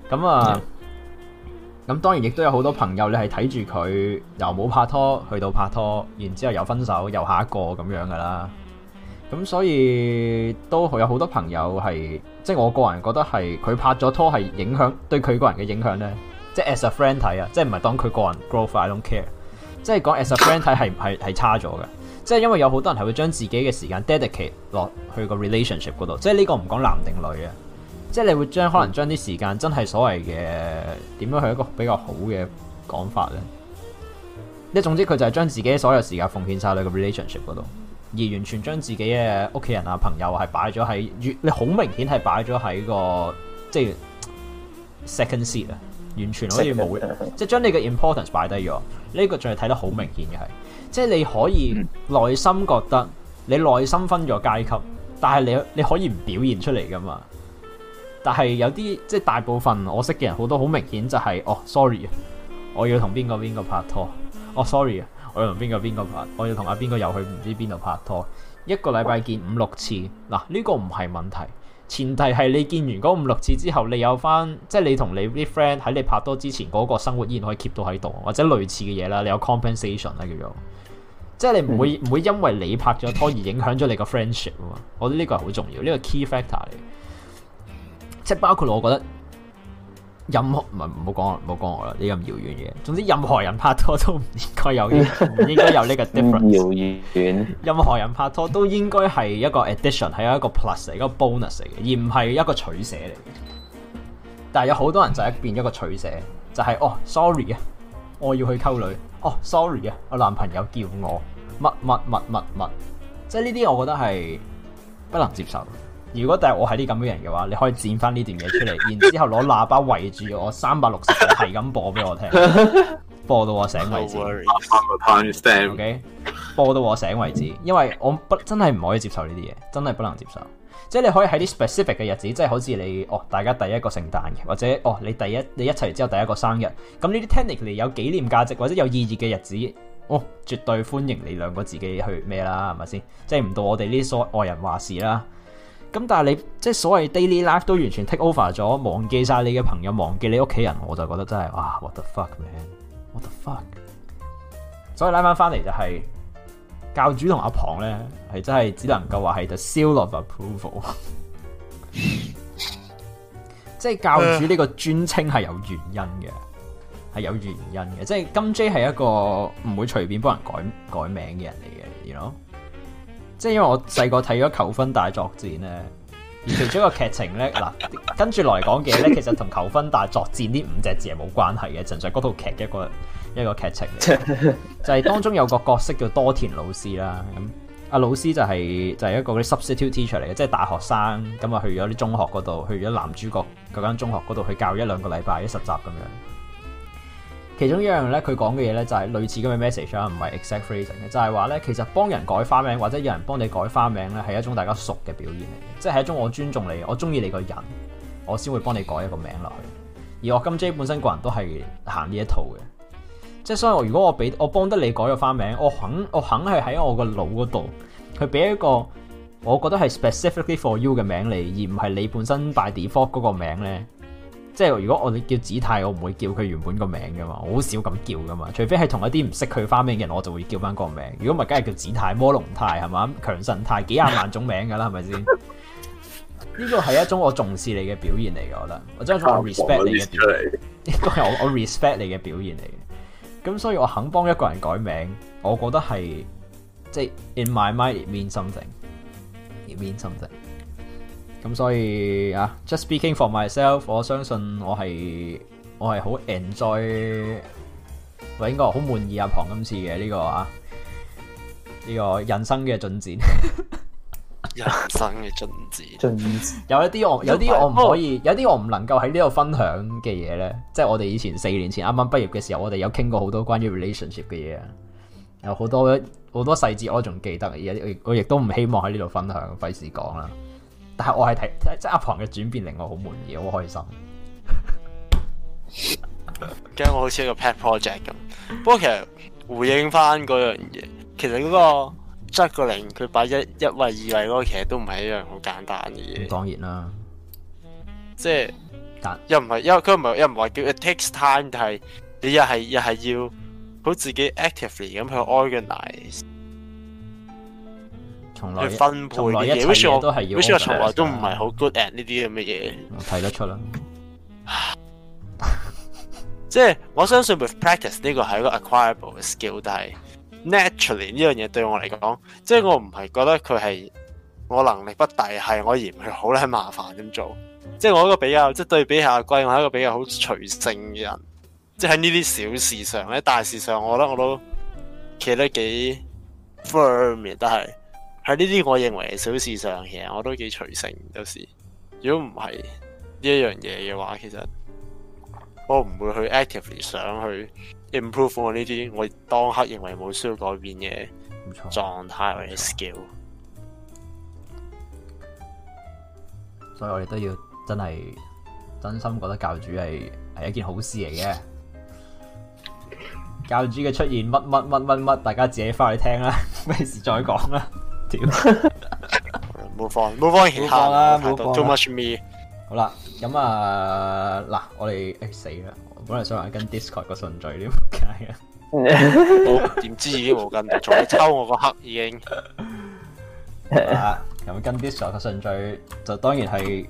咁啊，咁當然亦都有好多朋友你係睇住佢由冇拍拖去到拍拖，然之後又分手又下一個咁樣噶啦。咁所以都有好多朋友係，即係我個人覺得係佢拍咗拖係影響對佢個人嘅影響咧，即係 as a friend 睇啊，即係唔係當佢個人 growth，I don't care，即係講 as a friend 睇係係係差咗嘅，即係因為有好多人係會將自己嘅時間 dedicate 落去個 relationship 度，即係呢個唔講男定女啊，即係你會將可能將啲時間真係所謂嘅點樣去一個比較好嘅講法咧，即係總之佢就係將自己所有時間奉獻晒喺個 relationship 度。而完全將自己嘅屋企人啊、朋友係擺咗喺越，你好明顯係擺咗喺個即係 second seat 啊，完全可以冇，即係將你嘅 importance 擺低咗。呢個仲係睇得好明顯嘅係，即係你可以內心覺得你內心分咗階級，但係你你可以唔表現出嚟噶嘛。但係有啲即係大部分我識嘅人好多好明顯就係、是、哦，sorry 啊，我要同邊個邊個拍拖，哦，sorry 啊。我要同邊個邊個拍，我要同阿邊個又去唔知邊度拍拖，一個禮拜見五六次，嗱，呢個唔係問題，前提係你見完嗰五六次之後，你有翻即係你同你啲 friend 喺你拍拖之前嗰個生活依然可以 keep 到喺度，或者類似嘅嘢啦，你有 compensation 啦叫做，即係你唔會，嗯，唔會因為你拍咗拖而影響咗你個 friendship 啊嘛，我覺得呢個係好重要，呢個 key factor 嚟，即係包括我覺得。任何唔係唔好講我唔好講我啦呢咁遙遠嘢。總之任何人拍拖都唔應該有呢， 應該有呢個 difference 遙遠。任何人拍拖都應該係一個 addition，係一個 plus 嚟，一個 bonus 嚟，而唔係一個取捨嚟。但係有好多人就變一,一個取捨，就係、是、哦，sorry 啊，我要去溝女，哦，sorry 啊，我男朋友叫我，乜乜乜乜乜，即係呢啲，我覺得係不能接受。如果第日我係啲咁嘅人嘅話，你可以剪翻呢段嘢出嚟，然後之後攞喇叭圍住我三百六十度係咁播俾我聽， 播到我醒為止。o、no、k、okay? 播到我醒為止， 因為我不真係唔可以接受呢啲嘢，真係不能接受。即係你可以喺啲 specific 嘅日子，即係好似你哦，大家第一個聖誕嘅，或者哦你第一你一齊之後第一個生日，咁呢啲 technically 有紀念價值或者有意義嘅日子，哦絕對歡迎你兩個自己去咩啦，係咪先？即係唔到我哋呢啲外人話事啦。咁但係你即係所謂 daily life 都完全 take over 咗，忘記晒你嘅朋友，忘記你屋企人，我就覺得真係哇 what the fuck man，what the fuck。所以拉翻翻嚟就係、是、教主同阿龐咧，係真係只能夠話係 the seal of approval 。 即係教主呢個專稱係有原因嘅，係有原因嘅。即係金 J 係一個唔會隨便幫人改改名嘅人嚟嘅，you know。即係因為我細個睇咗《求婚大作戰》咧，而其中一個劇情咧，嗱、啊、跟住來講嘅咧，其實同《求婚大作戰》呢五隻字係冇關係嘅，純粹嗰套劇一個一個劇情嚟 就係當中有個角色叫多田老師啦。咁、啊、阿老師就係、是、就係、是、一個啲 substitute teacher 嚟嘅，即、就、係、是、大學生咁啊去咗啲中學嗰度，去咗男主角嗰間中學嗰度去教一兩個禮拜啲實習咁樣。其中一樣咧，佢講嘅嘢咧就係、是、類似咁嘅 message，唔係 exact phrasing 嘅，就係話咧，其實幫人改花名或者有人幫你改花名咧，係一種大家熟嘅表現嚟，即係一種我尊重你，我中意你個人，我先會幫你改一個名落去。而我金 J 本身個人都係行呢一套嘅，即係所以，如果我俾我幫得你改個花名，我肯我肯係喺我個腦嗰度，佢俾一個我覺得係 specifically for you 嘅名嚟，而唔係你本身 by default 嗰個名咧。即係如果我哋叫紫太，我唔會叫佢原本個名噶嘛，好少咁叫噶嘛。除非係同一啲唔識佢花名嘅人，我就會叫翻個名。如果唔係，梗係叫紫太、魔龍太係嘛，強神太，幾廿萬種名噶啦，係咪先？呢個係一種我重視你嘅表現嚟嘅，我覺得，我真係一種我 respect 你嘅表，呢個係我我 respect 你嘅表現嚟嘅。咁 所以我肯幫一個人改名，我覺得係即係 in my mind it mean something，it mean something。咁所以啊，just speaking for myself，我相信我係我係好 enjoy，喂，應該好滿意阿 Pong 今次嘅呢、這個啊，呢、這個人生嘅進展，展， 展，人生嘅進展，進展有一啲我有啲我唔可以，有啲我唔能夠喺呢度分享嘅嘢咧，即、就、係、是、我哋以前四年前啱啱畢業嘅時候，我哋有傾過好多關於 relationship 嘅嘢啊，有好多好多細節我仲記得，而我亦都唔希望喺呢度分享，費事講啦。但係我係睇，即阿 Pong 嘅轉變令我好滿意，好開心。驚 我好似一個 pet project 咁。不過其實回應翻嗰樣嘢，其實嗰個執個零，佢擺一一位二位嗰個，其實都唔係一樣好簡單嘅嘢。當然啦，即係又唔係，因為佢唔係又唔係話，叫 it takes time，但係你又係又係要好自己 actively 咁去 organize。去分配嘅嘢，好似我，都係，好似我從來都唔係好 good at 呢啲咁嘅嘢。睇得出啦 即係我相信 with practice 呢個係一個 acquirable 嘅 skill，但係 naturally 呢樣嘢對我嚟講，即係我唔係覺得佢係我能力不大，係我嫌佢好咧麻煩咁做。即係我一個比較，即係對比下貴，我係一個比較好隨性嘅人，即係喺呢啲小事上呢，喺大事上，我覺得我都企得幾 firm 嘅都係。喺呢啲我認為嘅小事上，其實我都幾隨性。有時如果唔係呢一樣嘢嘅話，其實我唔會去 actively 想去 improve 我呢啲我當刻認為冇需要改變嘅狀態或者 skill。所以我哋都要真係真心覺得教主係係一件好事嚟嘅。 教主嘅出現乜乜乜乜乜，大家自己翻去聽啦，費事再講啦。冇放，冇放其他啦。Too much me。好啦，咁啊嗱，我哋唉，死啦！本來想話跟 Discord 個順序，點解啊？點知已經冇跟，仲抽我個黑已經。咁跟 Discord 個順序，就當然係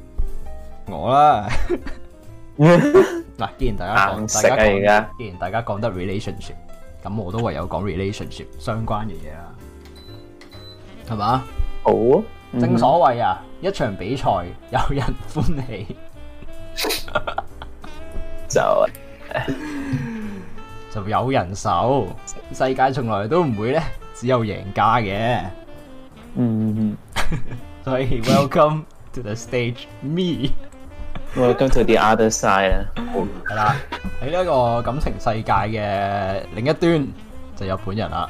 我啦。嗱，既然大家講，大家講，既然大家講得 relationship，咁我都唯有講 relationship 相關嘅嘢啦。係嘛？好，正所謂啊，一場比賽有人歡喜，就就有人愁。世界從來都唔會咧，只有贏家嘅。嗯，所以 Welcome to the stage, me。Welcome to the other side。係啦，喺呢一個感情世界嘅另一端，就有本人啦。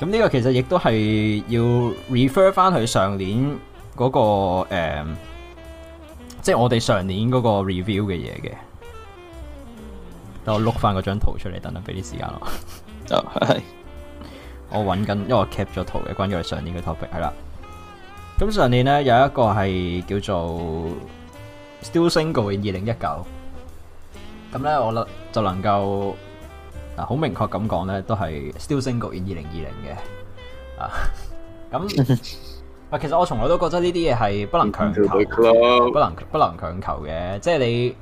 咁呢個其實亦都係要 refer 翻去上年嗰、嗰個誒，即、uh，係我哋上年嗰個 review 嘅嘢嘅。等我碌返翻嗰張圖出嚟，等等俾啲時間囉。啊，我揾緊，因為我 cap 咗圖嘅，關於上年嘅 topic 係啦。咁上年呢有一個係叫做 Still Single in 二零一九。咁咧我就能夠。嗱、啊，好明確咁講咧，都係 still single in 二零二零嘅啊。咁，唔， 其實我從來都覺得呢啲嘢係不能強求，不能不能強求嘅。即係你，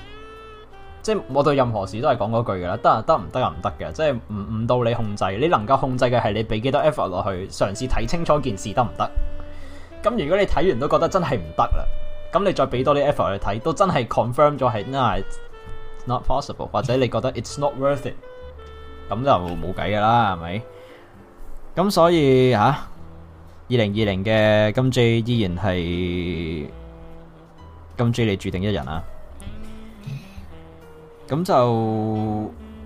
即係我對任何事都係講嗰句噶啦，得啊，得唔得啊，唔得嘅。即係唔唔到你控制，你能夠控制嘅係你俾幾多 effort 落去嘗試睇清楚件事得唔得？咁如果你睇完都覺得真係唔得啦，咁你再俾多啲 effort 去睇，都真係 confirm 咗係，嗱，not possible，或者你覺得 it's not worth it。咁就冇計噶啦，係咪？咁所以吓，二零二零嘅金 J 依然係金 J，你注定一人啊！咁就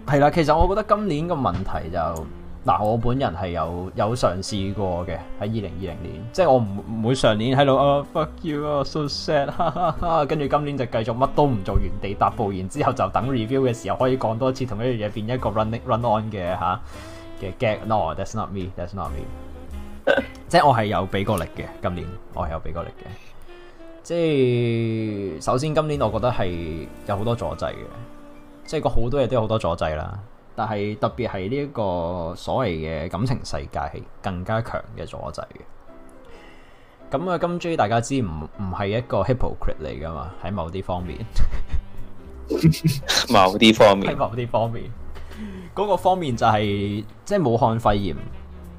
係啦。其實我覺得今年個問題就。嗱、啊，我本人係有有嘗試過嘅，喺二零二零年，即係我唔唔會上年喺度啊 fuck you 啊、oh, so sad，跟住今年就繼續乜都唔做，原地踏步，然之後就等 review 嘅時候可以講多次同一樣嘢，變一個 running run on 嘅吓，嘅、啊、get no that's not me that's not me， 即係我係有俾過力嘅，今年我係有俾過力嘅。即係首先今年我覺得係有好多阻滯嘅，即係個好多嘢都有好多阻滯啦。但係特別係呢一個所謂嘅感情世界係更加強嘅阻滯嘅。咁啊，今集大家知唔唔係一個 hypocrite 嚟噶嘛喺某啲方面， 某啲方面某啲方面，嗰、嗰個方面就係即係武漢肺炎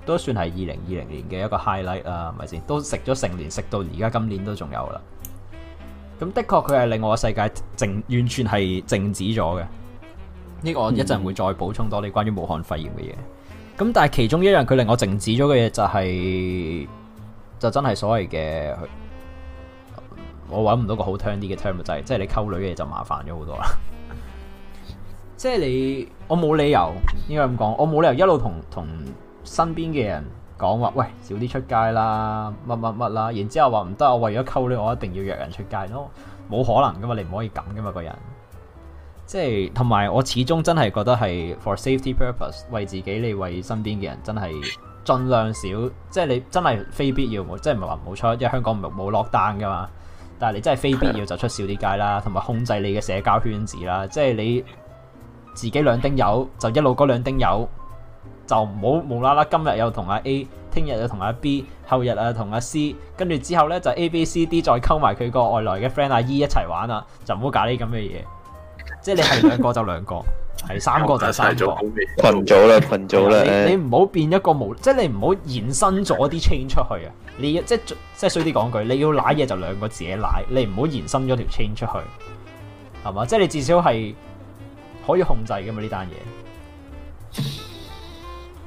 都算係二零二零年嘅一個 highlight 啊，係咪先？都食咗成年食到而家今年都仲有啦。咁的確佢係令我世界靜完全係靜止咗嘅。呢、這個我一陣會再補充多啲關於武漢肺炎嘅嘢，咁但係其中一樣佢令我靜止咗嘅嘢就係、是，就真係所謂嘅，我搵唔到一個好聽啲嘅 term 就係、是，即係你溝女嘅嘢，就麻煩咗好多啦，即係你我冇理由應該咁講，我冇理由一路同同身邊嘅人講話，喂，少啲出街啦，乜乜乜啦，然之後話唔得，我為咗溝女，我一定要約人出街咯，冇可能噶嘛，你唔可以咁噶嘛，個人。即係同埋，我始終真係覺得係 for safety purpose，為自己你為身邊嘅人真係盡量少。即係你真係非必要，即係唔係話唔好出，因為香港唔冇 lockdown 㗎嘛。但係你真係非必要就出少啲街啦，同埋控制你嘅社交圈子啦。即係你自己兩丁友就一路嗰兩丁友，就唔好無啦啦今日又同阿 A，聽日又同阿 B，後日又同阿 C，跟住之後呢，就 A B C D 再溝埋佢個外來嘅 friend 阿 E 一齊玩啊，就唔好搞呢啲咁嘅嘢。 即係你係兩個就兩個，係 三個就三個，群組啦，群組啦。你你唔好變一個模， 即係你唔好延伸咗啲 chain 出去啊！你即係即係衰啲講句，你要舐嘢，就兩個自己舐，你唔好延伸咗條 chain 出去，係嘛？即係你至少係可以控制噶嘛呢單嘢。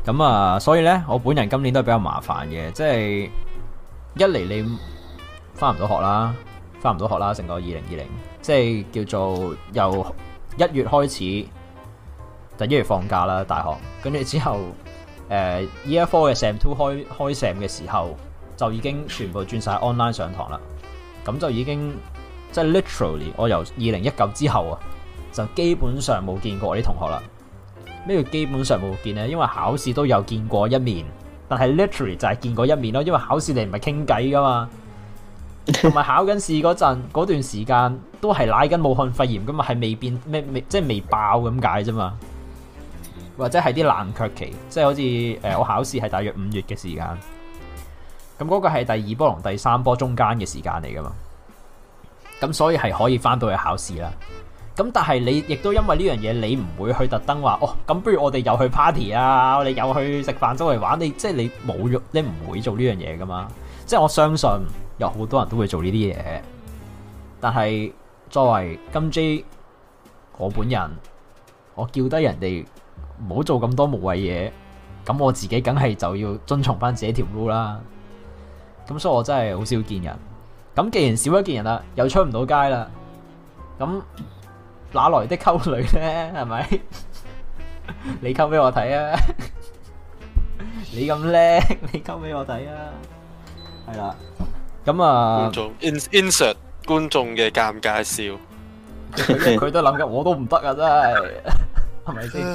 咁 啊，所以咧，我本人今年都係比較麻煩嘅，即係一嚟你翻唔到學啦，翻唔到學啦，成個二零二零，即係叫做又。一月開始，就一、是、月放假啦，大學，跟住之後，誒、呃，依一科嘅 Sam Two 開開 Sam 嘅時候，就已經全部轉晒 online 上堂啦。咁就已經即係、就是、literally，我由二零一九之後啊，就基本上冇見過我啲同學啦。咩叫基本上冇見呢？因為考試都有見過一面，但係 literally 就係見過一面咯。因為考試你唔係傾偈噶嘛。同 埋考緊試嗰陣，嗰段時間都係拉緊武漢肺炎噶嘛，係未變咩？即係未爆咁解啫嘛，或者係啲冷卻期，即係好似誒、呃、我考試係大約五月嘅時間，咁嗰個係第二波同第三波中間嘅時間嚟，噶嘛，咁所以係可以翻到去考試啦。咁但係你亦都因為呢樣嘢，你唔會去特登話哦，咁，不如我哋又去 party 啊，你又去食飯周圍玩，你即係你冇做，你唔會做呢樣嘢噶嘛。即係我相信。有好多人都會做呢啲嘢，但係作為金 J，我本人，我叫低人哋唔好做咁多無謂嘢，咁我自己梗係就要遵從翻自己條路啦。咁所以我真係好少見人。咁既然少咗見人啦，又出唔到街啦，咁哪來的溝女呢？係咪、 啊？ 你溝俾我睇啊！你咁叻，你溝俾我睇啊！係啦。咁啊觀 In，insert 觀眾嘅尷尬笑，佢 都諗緊，我都唔得啊，真係，係咪先？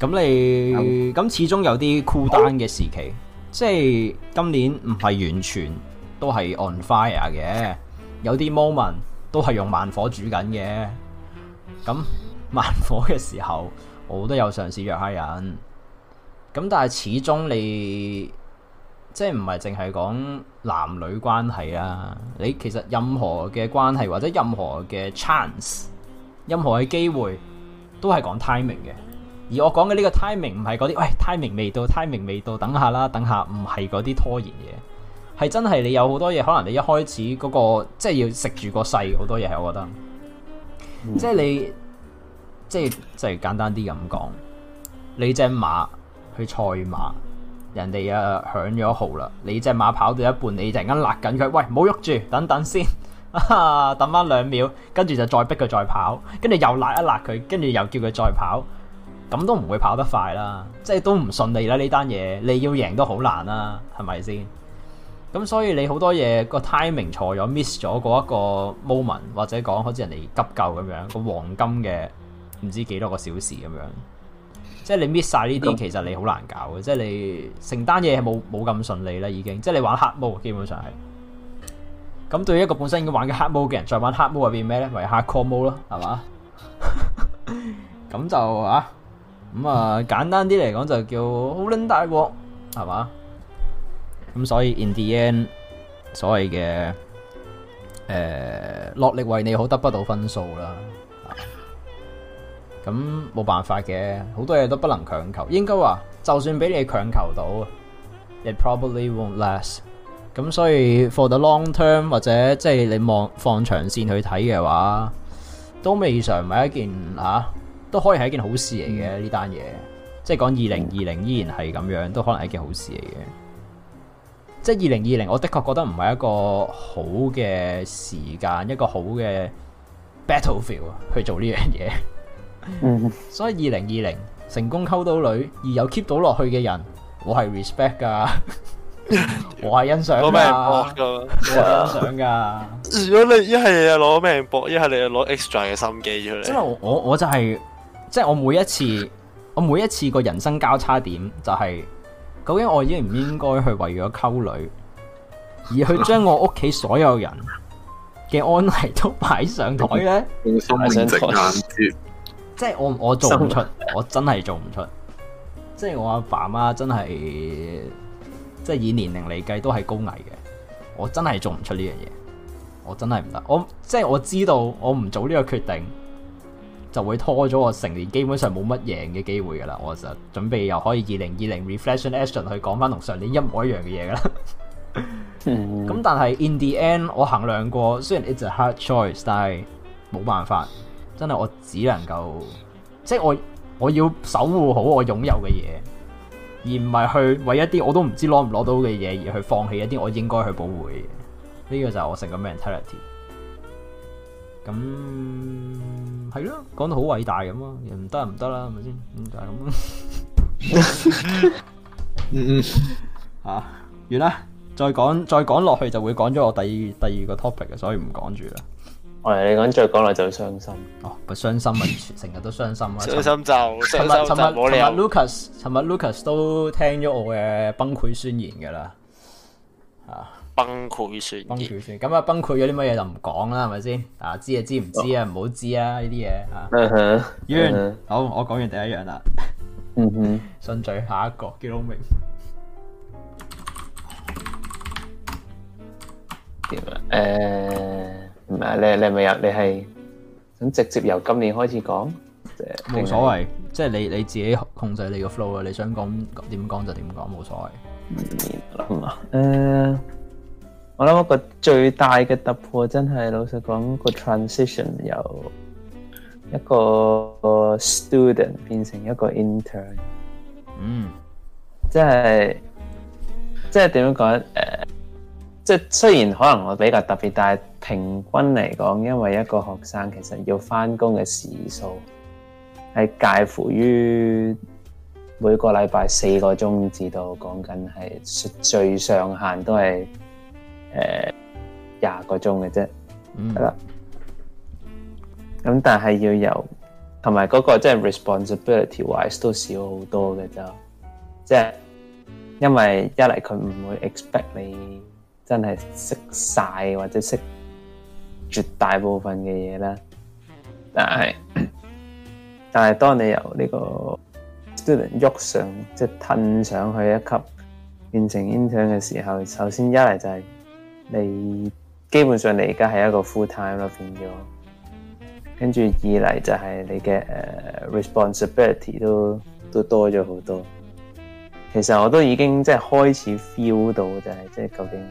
咁 你咁始終有啲孤單嘅時期，即係今年唔係完全都係 on fire 嘅，有啲 moment 都係用慢火煮緊嘅。咁慢火嘅時候，我都有嘗試約下人，咁但係始終你。即係唔係淨係講男女關係啦？你其實任何嘅關係或者任何嘅 chance，任何嘅機會都係講 timing 嘅。而我講嘅呢個 timing 唔係嗰啲喂 timing 未到，timing 未到，等下啦，等下，唔係嗰啲拖延嘢，係真係你有好多嘢，可能你一開始嗰個即係要食住個勢，好多嘢係我覺得。嗯、即係你，即係即係簡單啲咁講，你隻馬去賽馬。人哋啊，響咗號啦，你隻馬跑到一半，你突然間勒緊佢，喂，唔好喐住，等等先，啊，等翻兩秒，跟住就再逼佢再跑，跟住又勒一勒佢，跟住又叫佢再跑，咁都唔會跑得快啦，即係都唔順利啦呢單嘢，你要贏都好難啦，啊，係咪先？咁所以你好多嘢個 timing 錯咗，miss 咗嗰一個 moment，或者講好似人哋急救咁樣個黃金嘅唔知幾多個小時咁樣。即係你搣晒呢啲，其實你好難搞嘅。即係你成單嘢係冇冇咁順利啦，已經。即係你玩 hard mode，基本上係。咁對於一個本身已經玩嘅 hard mode 嘅人，再玩 hard mode 入變咩咧？咪 hardcore mode 咯，係 嘛？ 咁就啊，咁啊簡單啲嚟講就叫好撚大鑊，係嘛？咁所以 in the end 所謂嘅，誒，落力為你好得不到分數啦。咁冇辦法嘅，好多嘢都不能強求。應該話，就算俾你強求到，it probably won't last。咁所以，for the long term 或者即係你望放長線去睇嘅話，都未嘗唔係一件啊，都可以係一件好事嚟嘅呢單嘢。即係講二零二零依然係咁樣，都可能係一件好事嚟嘅。即係二零二零，我的確覺得唔係一個好嘅時間，一個好嘅 battlefield 去做呢樣嘢。嗯、所以二零二零成功溝到女而又 keep 到落去嘅人，我係 respect 噶，我係欣賞。攞命博噶，我係欣賞噶。我欣賞，我欣賞 如果你一係就攞命博，一係你就攞 extra 嘅心機出嚟。因為我我，我就係即係我每一次，我每一次個人生交叉點就係、是、究竟我應唔應該去為咗溝女而去將我屋企所有人嘅安危都擺上台咧？嗯，就是即係我我做唔出，我真係做唔出。即係我阿爸阿媽真係，即係以年齡嚟計都係高危嘅。我真係做唔出呢樣嘢，我真係唔得。我即係我知道，我唔做呢個決定，就會拖咗我成年，基本上冇乜贏嘅機會噶啦。我就準備又可以二零二零 Reflection Action 去講返同上年一模一樣嘅嘢噶啦。咁、嗯、但係 in the end，我衡量過，雖然 it's a hard choice，但係冇辦法。真係我只能夠，即係我我要守護好我擁有嘅嘢，而唔係去為一啲我都唔知攞唔攞到嘅嘢而去放棄一啲我應該去保護嘅嘢。呢個就係我成個 mentality。咁係咯，講到好偉大咁咯，唔得又唔得啦，係咪先？就係咁咯。嗯嗯，吓，完啦，再講再講落去就會講咗我第二第二個 topic 嘅，所以唔講住啦。我哋你講再講落就傷心哦，傷心啊，成日都傷心啊，傷 心就，傷心就冇尋日 Lucas，尋日，日 Lucas 都聽咗我嘅崩潰宣言噶啦，啊，崩潰宣言，崩潰宣言，咁啊崩潰咗啲乜嘢就唔講啦，係咪先啊？知啊知唔知、哦、知啊？唔好知啊，呢啲嘢啊。好，我講完第一樣啦。嗯哼，順序下一個叫咩？叫誒。嗯唔係你你係咪你係咁直接由今年開始講？冇所謂，即係你你自己控制你個 flow 啊！你想講點講就點講，冇所謂。諗啊，誒，我諗、呃、一個最大嘅突破真係老實講個 transition 由一個 student 變成一個 intern。嗯，即係即係點樣講？誒、呃。即雖然可能我比較特別，但係平均嚟講，因為一個學生其實要翻工嘅時數係介乎於每個禮拜四個鐘至到講緊係最上限都係誒廿個鐘嘅啫，係啦。咁、嗯嗯、但係要由同埋嗰個即係 responsibility wise 都少好多嘅啫，即係因為一嚟佢唔會 expect 你。真係識曬或者識絕大部分嘅嘢啦，但係但係當你由呢個 student 喐上即係吞上去一級變成 intern 嘅時候，首先一嚟就係你基本上你而家係一個 full time 咯，變咗，跟住二嚟就係你嘅、uh, responsibility 都都多咗好多。其實我都已經即係開始 feel 到就係、是、即係究竟。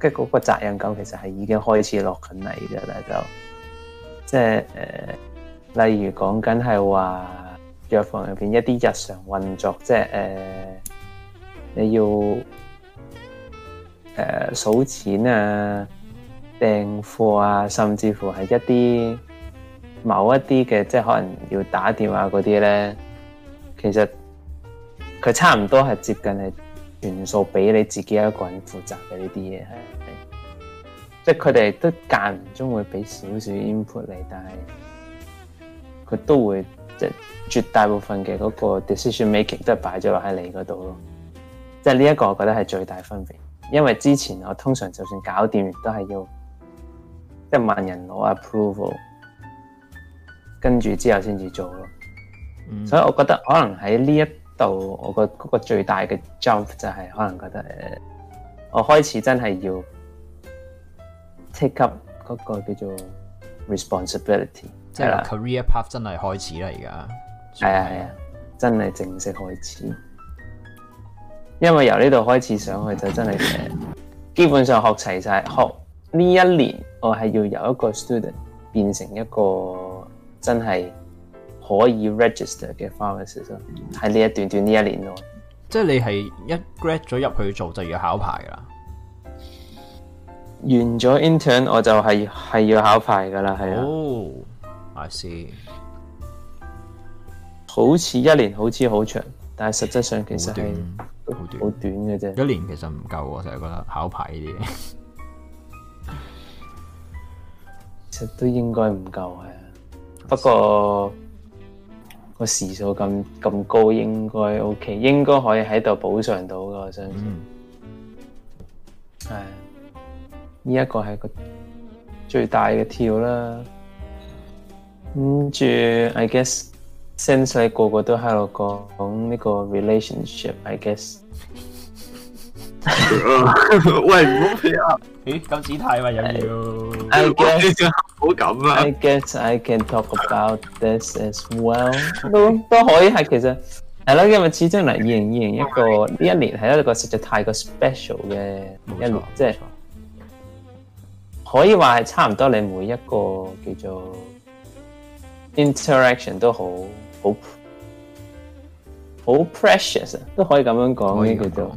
跟、那、嗰個責任感其實係已經開始落緊嚟㗎喇，就即係誒、呃，例如講緊係話藥房入邊一啲日常運作，即係誒、呃，你要誒、呃、數錢啊、訂貨啊，甚至乎係一啲某一啲嘅，即係可能要打電話嗰啲咧，其實佢差唔多係接近係。全數俾你自己一個人負責嘅呢啲嘢係，即係佢哋都間唔中會俾少少 input 你，但係佢都會即係、即係、絕大部分嘅嗰個 decision making 都係擺咗落喺你嗰度咯。即係呢一個，我覺得係最大分別。因為之前我通常就算搞掂，亦都係要即係萬人攞 approval，跟住之後先至做咯、嗯。所以，我覺得可能喺呢一到我個嗰個最大嘅 jump 就係可能覺得誒、呃，我開始真係要 take up、嗰個叫做 responsibility，即係 career path 真係開始啦而家，係啊，係啊，真係正式開始。因為由呢度開始上去就真係誒， 基本上學齊晒，學呢一年我係要由一個 student 變成一個真係。可以 register 嘅 pharmacist 啦，喺呢一段段呢一年咯。即係你係一 grad 咗入去做，就要考牌噶啦。完咗 intern，我就係、是、係要考牌噶啦，係、哦、啊。哦，I see。好似一年好似好長，但係實質上其實都好短，好短嘅啫。一年其實唔夠，我成日覺得考牌呢啲嘢， 其實都應該唔夠啊，啊，不過。啊個時數咁咁高應該 OK，應該可以喺度補償到噶，我相信。係，呢一個係個最大嘅跳啦。跟住，I guess since 你個個都喺度講呢個 relationship，I guess。 喂，唔好變啊！咦、欸，咁姿態係咪有嘢？我唔好咁啊！I guess I can talk about this as well 都。都都可以係，其實係咯，因 為始終嚟二零二零一個呢 一年係一個實在太過 special 嘅一年，即係、就是、可以話係差唔多你每一個叫做 interaction 都好好好 precious 啊，都可以咁樣講呢叫做。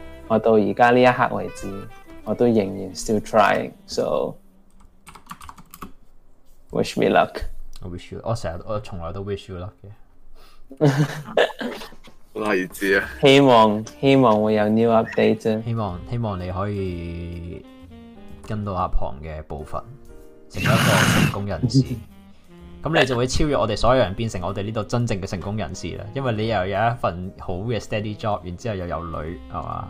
我到而家呢一刻為止，我都仍然 still trying。So wish me luck。I wish you 我。我成日我從來都 wish you luck 嘅。 希望希望會有 new update 啫。希望希望你可以跟到阿 Pong 嘅部分，成一個成功人士。咁 你就會超越我哋所有人，變成我哋呢度真正嘅成功人士啦。因為你又有一份好嘅 steady job，然之後又有女，係嘛？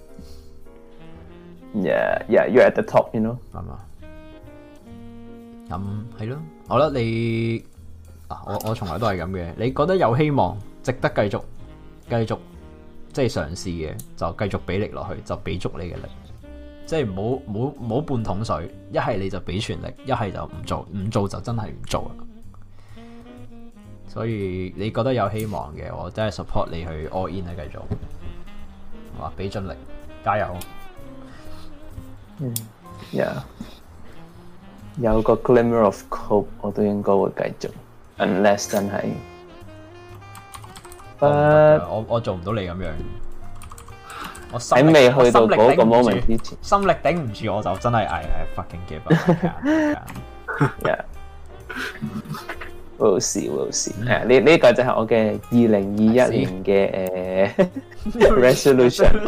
yeah yeah you at the top you know 係嘛？咁係咯。我諗你啊，我我從來都係咁嘅，你覺得有希望值得繼續繼續即係嘗試嘅就繼續俾力落去，就俾足你嘅力。即係唔好唔好唔好半桶水，一係你就俾全力，一係就唔做唔做，就真係唔做啦。所以你覺得有希望嘅我真係 support 你去 all in 啊，繼續，哇，俾盡力加油！嗯，呀，有個 glimmer of hope，我都應該會繼續，unless 真係，我我做唔到你咁樣，我喺未去到嗰個 moment 之前，心力頂唔住，我就真係唉，係 fucking give up。呀，we'll see，we'll see，誒，呢呢個就係我嘅二零二一年嘅 resolution。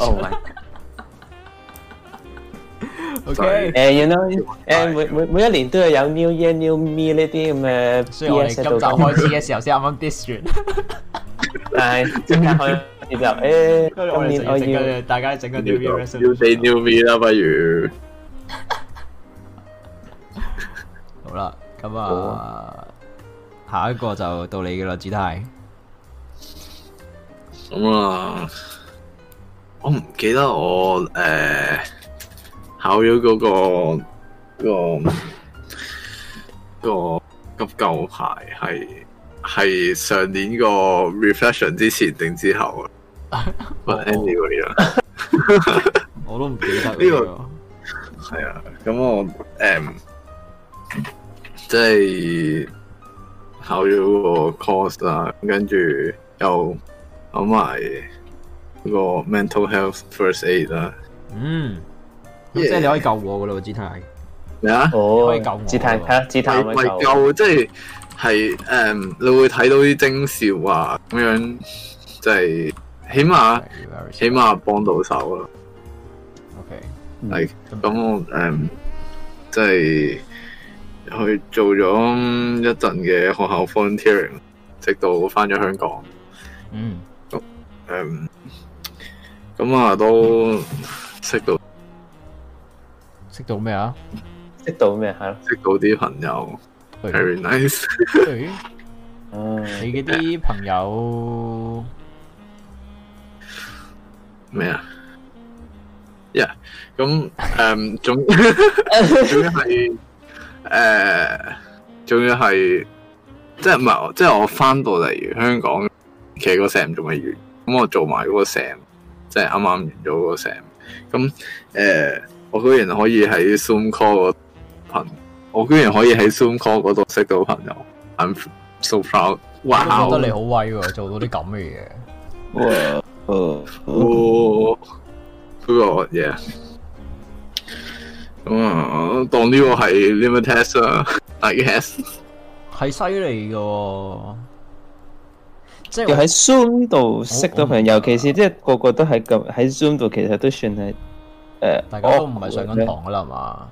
O K，誒，you know，誒，每每每一年都係有 New Year New Me 呢啲咁嘅，所以我哋今集開始嘅時候先啱啱啲完，係，今集開始就誒，我哋整個大家整個 New Year Resolution，New Year New Me 啦，不如，好啦，咁啊，下一個就到你嘅啦，子泰，咁啊，我唔記得我誒。考咗嗰、那個、那個那個急救牌係係上年個 reflection 之前定之後啊，唔係 anyway 啦，我都唔記得呢個係啊，咁我誒即係考咗個 course 啦，跟住又學埋嗰個 mental health first aid 啦、啊，嗯、mm.。Yeah. 即係你可以救我噶啦喎，Gtai 咩啊？哦、yeah?，Gtai 係啊，Gtai 唔係救即係係誒，就是 um, 你會睇到啲徵兆話咁樣，即係起碼、okay. mm. 起碼幫到手啦。OK，係、mm. 咁、yeah, 嗯、我即係去做咗一陣嘅學校 volunteering，直到翻咗香港。嗯、mm.，咁咁啊，都識到。識到咩啊？識到咩？係咯，識到啲朋友，very nice。哦，你嗰啲朋友咩啊？yeah，咁誒，仲，仲要係誒，仲要係即係唔係？即係我翻到嚟香港，其實個 Sam 仲未完。咁我做埋嗰個 Sam，即係啱啱完咗嗰個 Sam。咁誒。我居然可以喺 Zoom call 朋，我居然可以喺 Zoom call 嗰度識到朋友。I'm so proud！哇，我覺得你好威喎、啊， 做到啲咁嘅嘢。哇，哦，好啊，yes。咁啊，當呢個係 limiter 啊，I guess。係犀利噶，即係要喺 Zoom 度識到朋友，尤其是即係個個都係咁喺 Zoom 度，其實都算係。大家都唔係上緊堂噶啦，係嘛？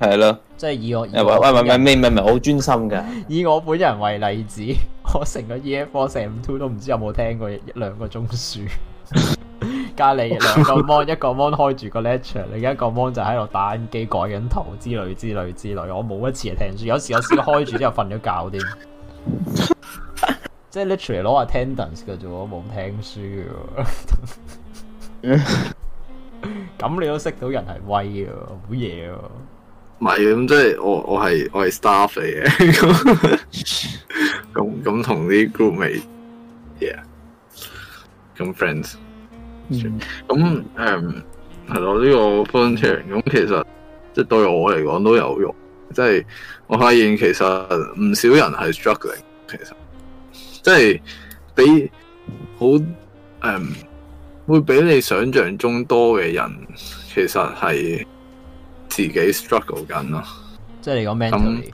係 咯樂，即係以我，喂，喂，喂，係咩？係唔係好專心嘅。以我本人為例子，我成個 E F Four 成五 Two 都唔知有冇聽過一兩個鐘書，隔籬兩個 Mon， 一個 Mon 開住個 lecture，另一個 Mon 就喺度打機改緊圖之類之類之類，我冇一次係聽書，有時有試開住之後瞓咗覺添。 即係 lecture 攞下 attendance 嘅啫，我冇聽書。 咁你都識到人係威嘅，好嘢哦！唔係咁，即係我我係我係 staff 嚟嘅，咁咁 同啲 group 咪，yeah，咁 friends、嗯。咁誒，係咯呢個 function，咁其實即係、就是、對我嚟講都有用。即、就、係、是、我發現其實唔少人係 struggling，其實即係俾好誒。就是會比你想象中多嘅人，其實係自己 struggle 緊咯。即係你講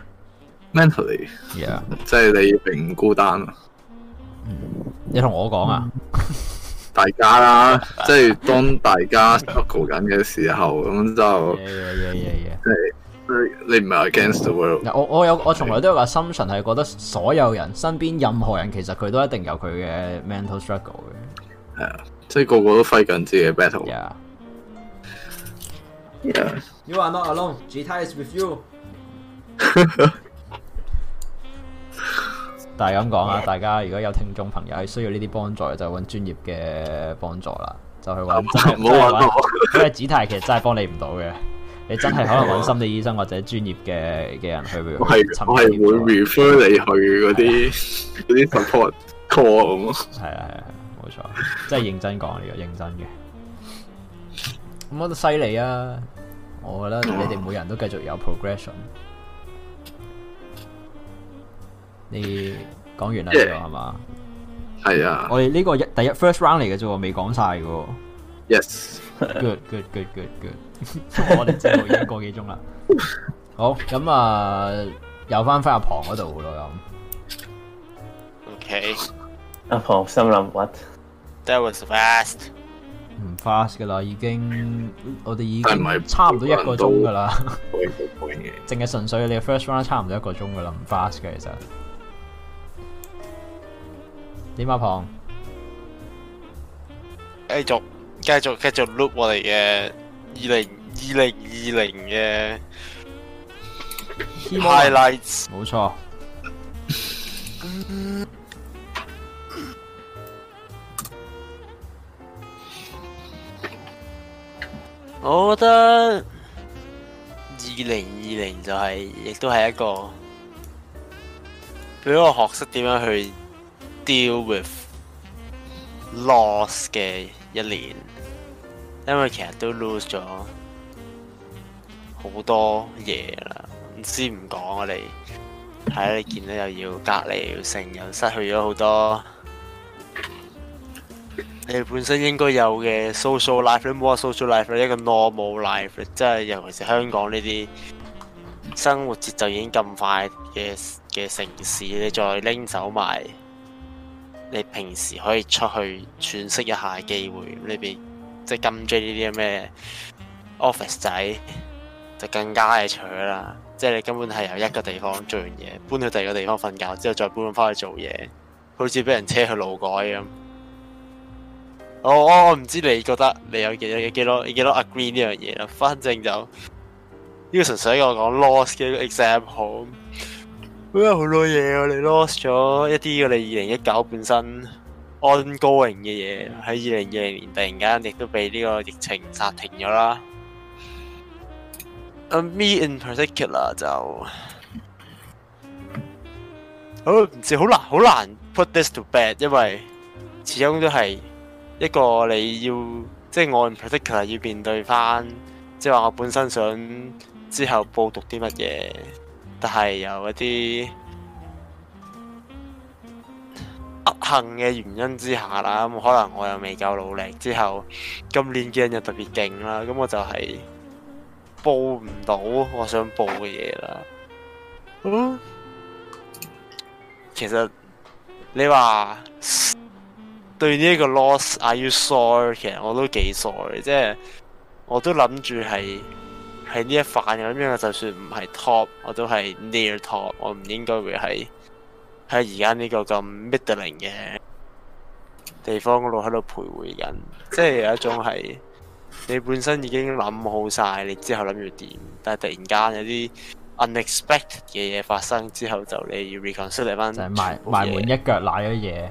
mentally，mentally，yeah，即係你並唔孤單啊！你同我講啊，大家啦，即係當大家 struggle 緊嘅時候，咁就，即係你唔係 against the world。我我有我從來都話，心神係覺得所有人身邊任何人，其實佢都一定有佢嘅 mental struggle 嘅，係啊。即係個個都揮緊自己嘅 battle。Yeah. yeah. You are not alone. G 太 is with you. 但係咁講啊，大家如果有聽眾朋友係需要呢啲幫助，就揾專業嘅幫助啦。就去揾 真係唔好揾，因為 G 太其實真係幫你唔到嘅。你真係可能揾心理醫生或者專業嘅嘅人去。係 我係會 refer 你去嗰啲嗰啲 support call 咁。係啊。冇錯，真係認真講呢個認真嘅。咁我都犀利啊！我覺得你哋每人都繼續有 progression。你講完啦，係嘛？係啊。我哋呢個一第一 first round 嚟嘅啫，未講晒㗎。Yes，good，good，good，good，good。我哋節目已經個幾鐘啦。好，咁啊，又翻翻阿 Pong 嗰度咯咁。Okay，阿 Pong 心諗 what？That was fast，唔 fast 噶啦，已經、嗯、我哋已經差唔多一個鐘噶啦，淨係純粹你嘅 first round 差唔多一個鐘噶啦，唔 fast 嘅其實。點呀 Pong，繼續繼續繼續 look 我哋嘅二零二零二零嘅 highlights，冇錯。 我覺得二零二零就係亦都係一個俾我學識點樣去 deal with loss 嘅一年，因為其實都 lose 咗好多嘢啦，唔知唔講我哋睇你見到，又要隔離要成，又失去咗好多。你本身應該有嘅 social life 都冇啊，social life 一個 normal life，即係尤其是香港呢啲生活節奏已經咁快嘅嘅城市，你再拎走埋你平時可以出去喘息一下嘅機會，呢邊即係禁 J 呢啲咩 office 仔就更加係蠢啦！即係你根本係由一個地方做完嘢，搬去第二個地方瞓覺，之後再搬翻去做嘢，好似俾人車去勞改咁。我我我唔知你覺得你有幾多幾多你幾多 agree 呢樣嘢啦，反正就呢個純粹一個講 loss 嘅 example，咁樣好多嘢啊！你 lost 咗一啲我哋二零一九本身 ongoing 嘅嘢，喺二零二零年突然間亦都被呢個疫情殺停咗啦。啊，me in particular 就，哦唔知好難好難 put this to bed，因為始終都係。一個你要即係我唔 practical 要面對翻，即係話我本身想之後報讀啲乜嘢，但係有一啲不幸嘅原因之下啦，咁可能我又未夠努力，之後今年嘅人又特別勁啦，咁我就係報唔到我想報嘅嘢啦。嗯，其實你話。對呢一個 loss are you sore，其實我都幾 sore，即係我都諗住係係呢一範咁樣，就算唔係 top，我都係 near top，我唔應該會喺喺而家呢個咁 middling 嘅地方嗰度喺度徘徊緊，即係有一種係你本身已經諗好晒你之後諗住點，但係突然間有啲 unexpected 嘅嘢發生之後，就你要 reconcile 返，就係、是、埋埋門一腳瀨咗嘢。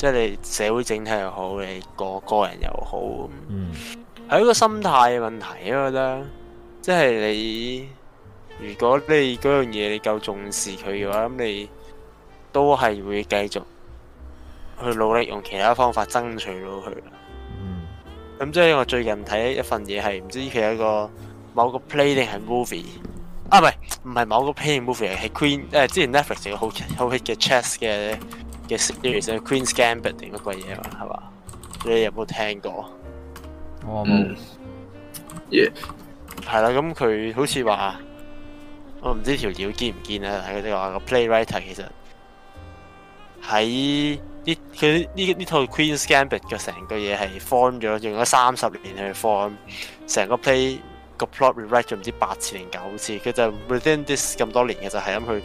即係你社會整體又好，你個個人又好，係、嗯、一個心態嘅問題我覺得。即係你如果你嗰樣嘢你夠重視佢嘅話，咁你都係會繼續去努力用其他方法爭取到佢。咁、嗯、即係我最近睇一份嘢，係唔知佢係一個某個 play 定係 movie 啊？唔係唔係某個 play movie，係 Queen 誒、呃，之前 Netflix 好好 hit 嘅 Chess 嘅。嘅，例如上《Queen’s Gambit》定乜鬼嘢嘛，係嘛？你有冇聽過？我、um, 冇、yeah. 係啦，咁佢好似話，我唔知條料見唔見啊？係佢哋話個 playwriter 其實喺呢佢呢呢套《Queen’s Gambit》嘅成個嘢係 form 咗用咗三十年去 form 成個 play 個 plot rewrite 咗唔知八次定九次，佢就 within this 咁多年嘅就係咁去。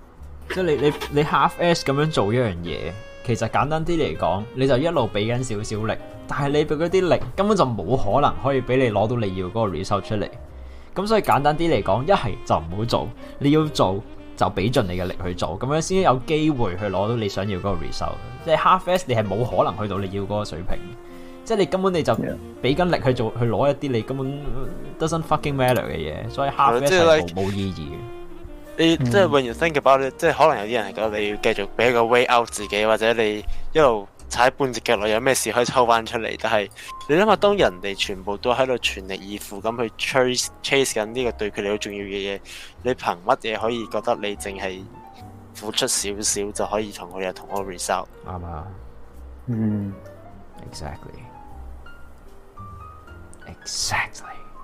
即係你你你 half ash 咁樣做一樣嘢，其實簡單啲嚟講，你就一路俾緊少少力，但係你俾嗰啲力根本就冇可能可以俾你攞到你要嗰個 result 出嚟。咁所以簡單啲嚟講，一係就唔好做，你要做就俾盡你嘅力去做，咁樣先有機會去攞到你想要嗰個 result。即係 half ash，你係冇可能去到你要嗰個水平，即係你根本你就俾緊力去做去攞一啲你根本 doesn't fucking matter 嘅嘢，所以 half ash 就冇意義你即係永遠 think about 即係可能有啲人係覺得你要繼續俾一個 way out 自己，或者你一路踩半隻腳落，有咩事可以抽翻出嚟。但係你諗下，當人哋全部都喺度全力以赴咁去 chase chase 緊呢個對佢哋好重要嘅嘢，你憑乜嘢可以覺得你淨係付出少少就可以同佢哋有同一個 result，啱、right。啊？嗯、mm-hmm.，exactly，exactly。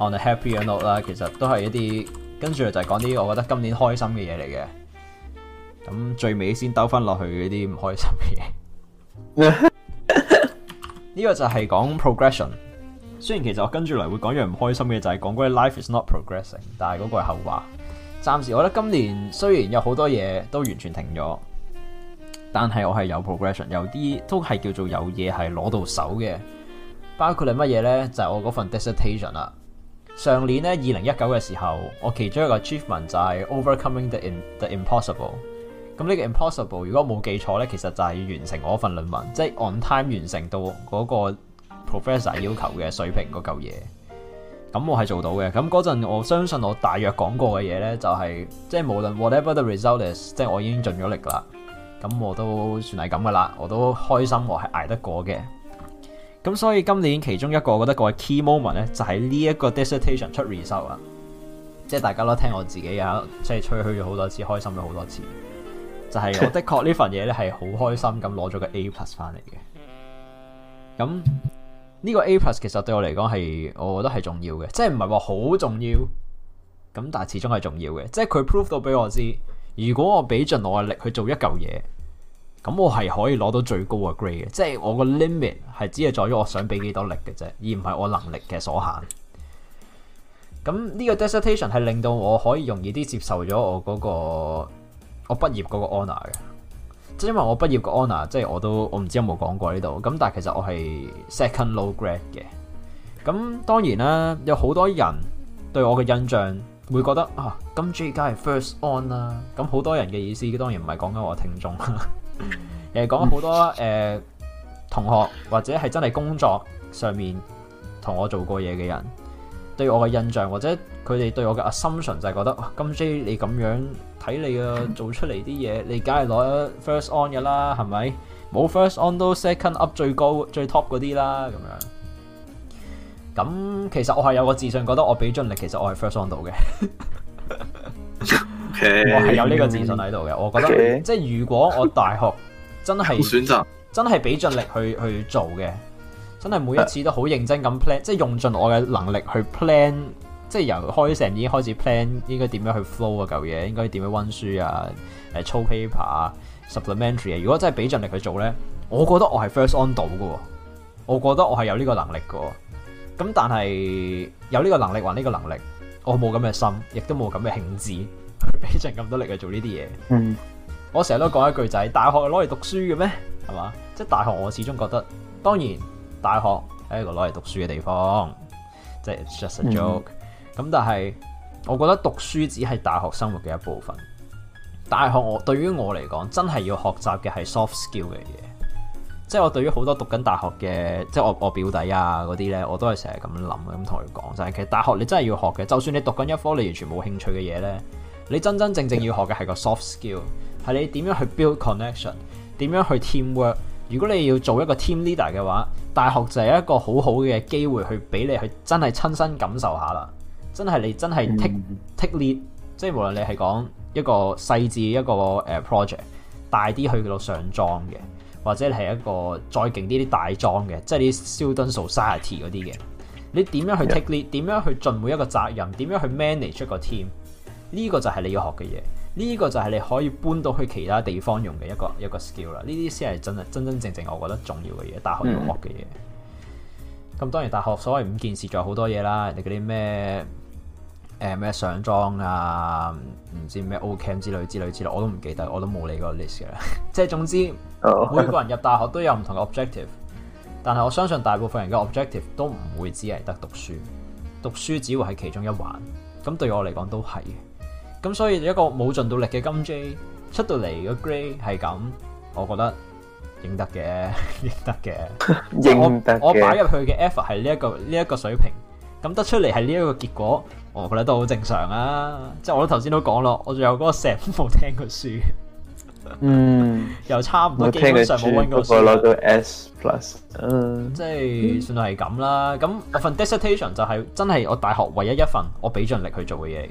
On a happy note 啦，其實都係一啲跟住就係講啲我覺得今年開心嘅嘢嚟嘅。咁最尾先兜翻落去嗰啲唔開心嘅嘢。呢 個就係講 progression。雖然其實我跟住嚟會講樣唔開心嘅，就係講嗰啲 life is not progressing。但係嗰個係後話。暫時我覺得今年雖然有好多嘢都完全停咗，但係我係有 progression，有啲都係叫做有嘢係攞到手嘅。包括係乜嘢呢？就係、是，我嗰份 dissertation 啦。上年咧，二零一九嘅時候，我其中一個 achievement 就係 overcoming the, in, the impossible。咁呢個 impossible，如果冇記錯咧，其實就係要完成我份論文，即係 on time 完成到嗰個 professor 要求嘅水平嗰嚿嘢。咁我係做到嘅。咁嗰陣，我相信我大約講過嘅嘢咧，就係即係無論 whatever the result is，即係我已經盡咗力噶啦。咁我都算係咁噶啦，我都開心，我係捱得過嘅。咁所以今年其中一個我覺得個 key moment 咧，就係呢一個 dissertation 出 result 啊，即係大家都聽我自己啊，即係吹噓咗好多次，開心咗好多次，就係、是、我的確呢份嘢咧係好開心咁攞咗個 A plus 翻嚟嘅。咁呢個 A plus 其實對我嚟講係，我覺得係重要嘅，即係唔係話好重要，咁但係始終係重要嘅，即係佢 prove 到俾我知，如果我俾盡我嘅力去做一嚿嘢。咁我係可以攞到最高嘅 grade 嘅，即係我個 limit 係只係在於我想俾幾多力嘅啫，而唔係我能力嘅所限。咁呢個 dissertation 係令到我可以容易啲接受咗我嗰個我畢業嗰個 honor 嘅，即係因為我畢業個 honor 即係我都我唔知有冇講過呢度。咁但係其實我係 second low grade 嘅。咁當然啦，有好多人對我嘅印象會覺得啊，咁 Jay 係 first on 啦。咁好多人嘅意思當然唔係講緊我聽眾。誒，講咗好多誒，同學或者係真係工作上面同我做過嘢嘅人，對我嘅印象或者佢哋對我嘅 assumption 就係覺得哇金 J 你咁樣睇你嘅做出嚟啲嘢，你梗係攞 first on 嘅啦，係咪？冇 first on 都 second up 最高最 top 嗰啲啦，咁樣。咁其實我係有個自信，覺得我俾盡力，其實我係 first on 到嘅。 Okay. 我係有呢個自信喺度嘅。我覺得、okay. 即係如果我大學真係 選擇真係俾盡力去去做嘅，真係每一次都好認真咁 plan，即係用盡我嘅能力去 plan，即係由開成已經開始 plan 應該點樣去 flow 啊，嚿嘢，應該點樣溫書啊，誒，操 paper 啊，supplementary 啊。如果真係俾盡力去做呢，我覺得我係 first on 到嘅。我覺得我係有呢個能力嘅。咁但係有呢個能力還呢個能力，我冇咁嘅心，亦都冇咁嘅興致。佢俾盡咁多力去做呢啲嘢，嗯、mm.，我成日都講一句仔，就係大學攞嚟讀書嘅咩，係嘛？即係大學，我始終覺得，當然大學係一個攞嚟讀書嘅地方，即係 just a joke、mm-hmm.。咁但係，我覺得讀書只係大學生活嘅一部分。大學我對於我嚟講，真係要學習嘅係 soft skill 嘅嘢，即係我對於好多讀緊大學嘅，即係我我表弟啊嗰啲呢，我都係成日咁諗，咁同佢講。但係其實大學你真係要學嘅，就算你讀緊一科你完全冇興趣嘅嘢呢。你真真正正要學嘅係個 soft skill，係你點樣去 build connection，點樣去 team work。如果你要做一個 team leader 嘅話，大學就係一個好好嘅機會去俾你去真係親身感受一下啦。真係你真係 take take lead，即係無論你係講一個細緻一個 project，大啲去到上莊嘅，或者係一個再勁啲啲大莊嘅，即係啲 student society 嗰啲嘅，你點樣去 take lead？點樣去盡每一個責任？點樣去 manage 個 team？呢、這個就係你要學嘅嘢，呢、這個就係你可以搬到去其他地方用嘅一個一個 skill 啦。呢啲先係真係真真正正我覺得重要嘅嘢，大學要學嘅嘢。咁、嗯、當然大學所謂五件事仲有好多嘢啦，人哋嗰啲咩誒咩上莊啊，唔知咩 O Camp 之，之類之類之類，我都唔記得，我都冇理過 list 嘅。即 係總之每個人入大學都有唔同嘅 objective，但係我相信大部分人嘅 objective 都唔會只係得讀書，讀書只會係其中一環。咁對我嚟講都係。咁所以一個冇盡到力嘅金 J 出到嚟個 grade 係咁，我覺得認得嘅認得嘅，我我擺入去嘅 effort 係呢一個呢一個水平，咁得出嚟係呢一個結果，我覺得都好正常啊！即係我頭先都講咯，我仲有嗰個 set 冇聽過書，嗯，又差唔多基本上冇溫過書，攞到 S plus，嗯，即係算係咁啦。咁我份 dissertation 就係真係我大學唯一一份我俾盡力去做嘅嘢嘅。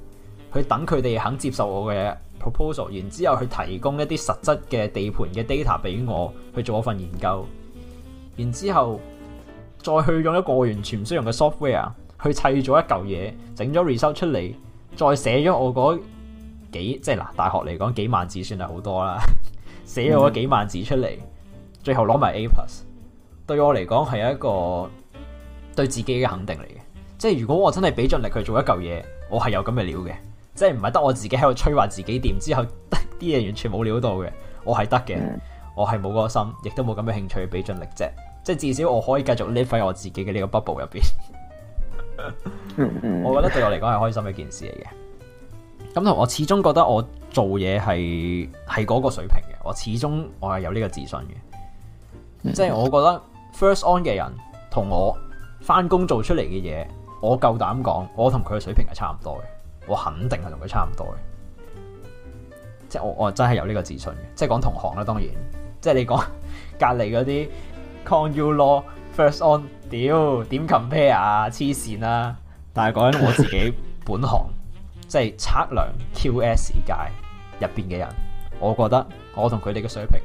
去等佢哋肯接受我嘅 proposal，然之後去提供一啲實質嘅地盤嘅 data 俾我去做一份研究，然之後再去用一個完全唔需要用嘅 software 去砌咗一嚿嘢，整咗 result 出嚟，再寫咗我嗰幾即係嗱大學嚟講幾萬字算係好多啦，寫咗幾萬字出嚟，嗯、最後攞埋 A plus，對我嚟講係一個對自己嘅肯定嚟嘅，即係如果我真係俾盡力去做一嚿嘢，我係有咁嘅料嘅。即係唔係得我自己喺度吹，話自己掂之後啲嘢完全冇料到嘅。我係得嘅，我係冇嗰個心，亦都冇咁嘅興趣俾盡力啫。即係至少我可以繼續匿喺我自己嘅呢個 bubble 入邊。 我覺得對我嚟講係開心嘅一件事嚟嘅。咁同我始終覺得我做嘢係係嗰個水平嘅。我始終我係有呢個自信嘅。即 係我覺得 first on 嘅人同我翻工做出嚟嘅嘢，我夠膽講，我同佢嘅水平係差唔多嘅。我肯定係同佢差唔多嘅，即係我我真係有呢個自信嘅。即係講同行啦、啊，當然，即係你講隔籬嗰啲 Con U Law First On，屌點 compare 啊，黐線啦！但係講緊我自己本行， 即係測量 QS 世界入邊嘅人，我覺得我同佢哋嘅水平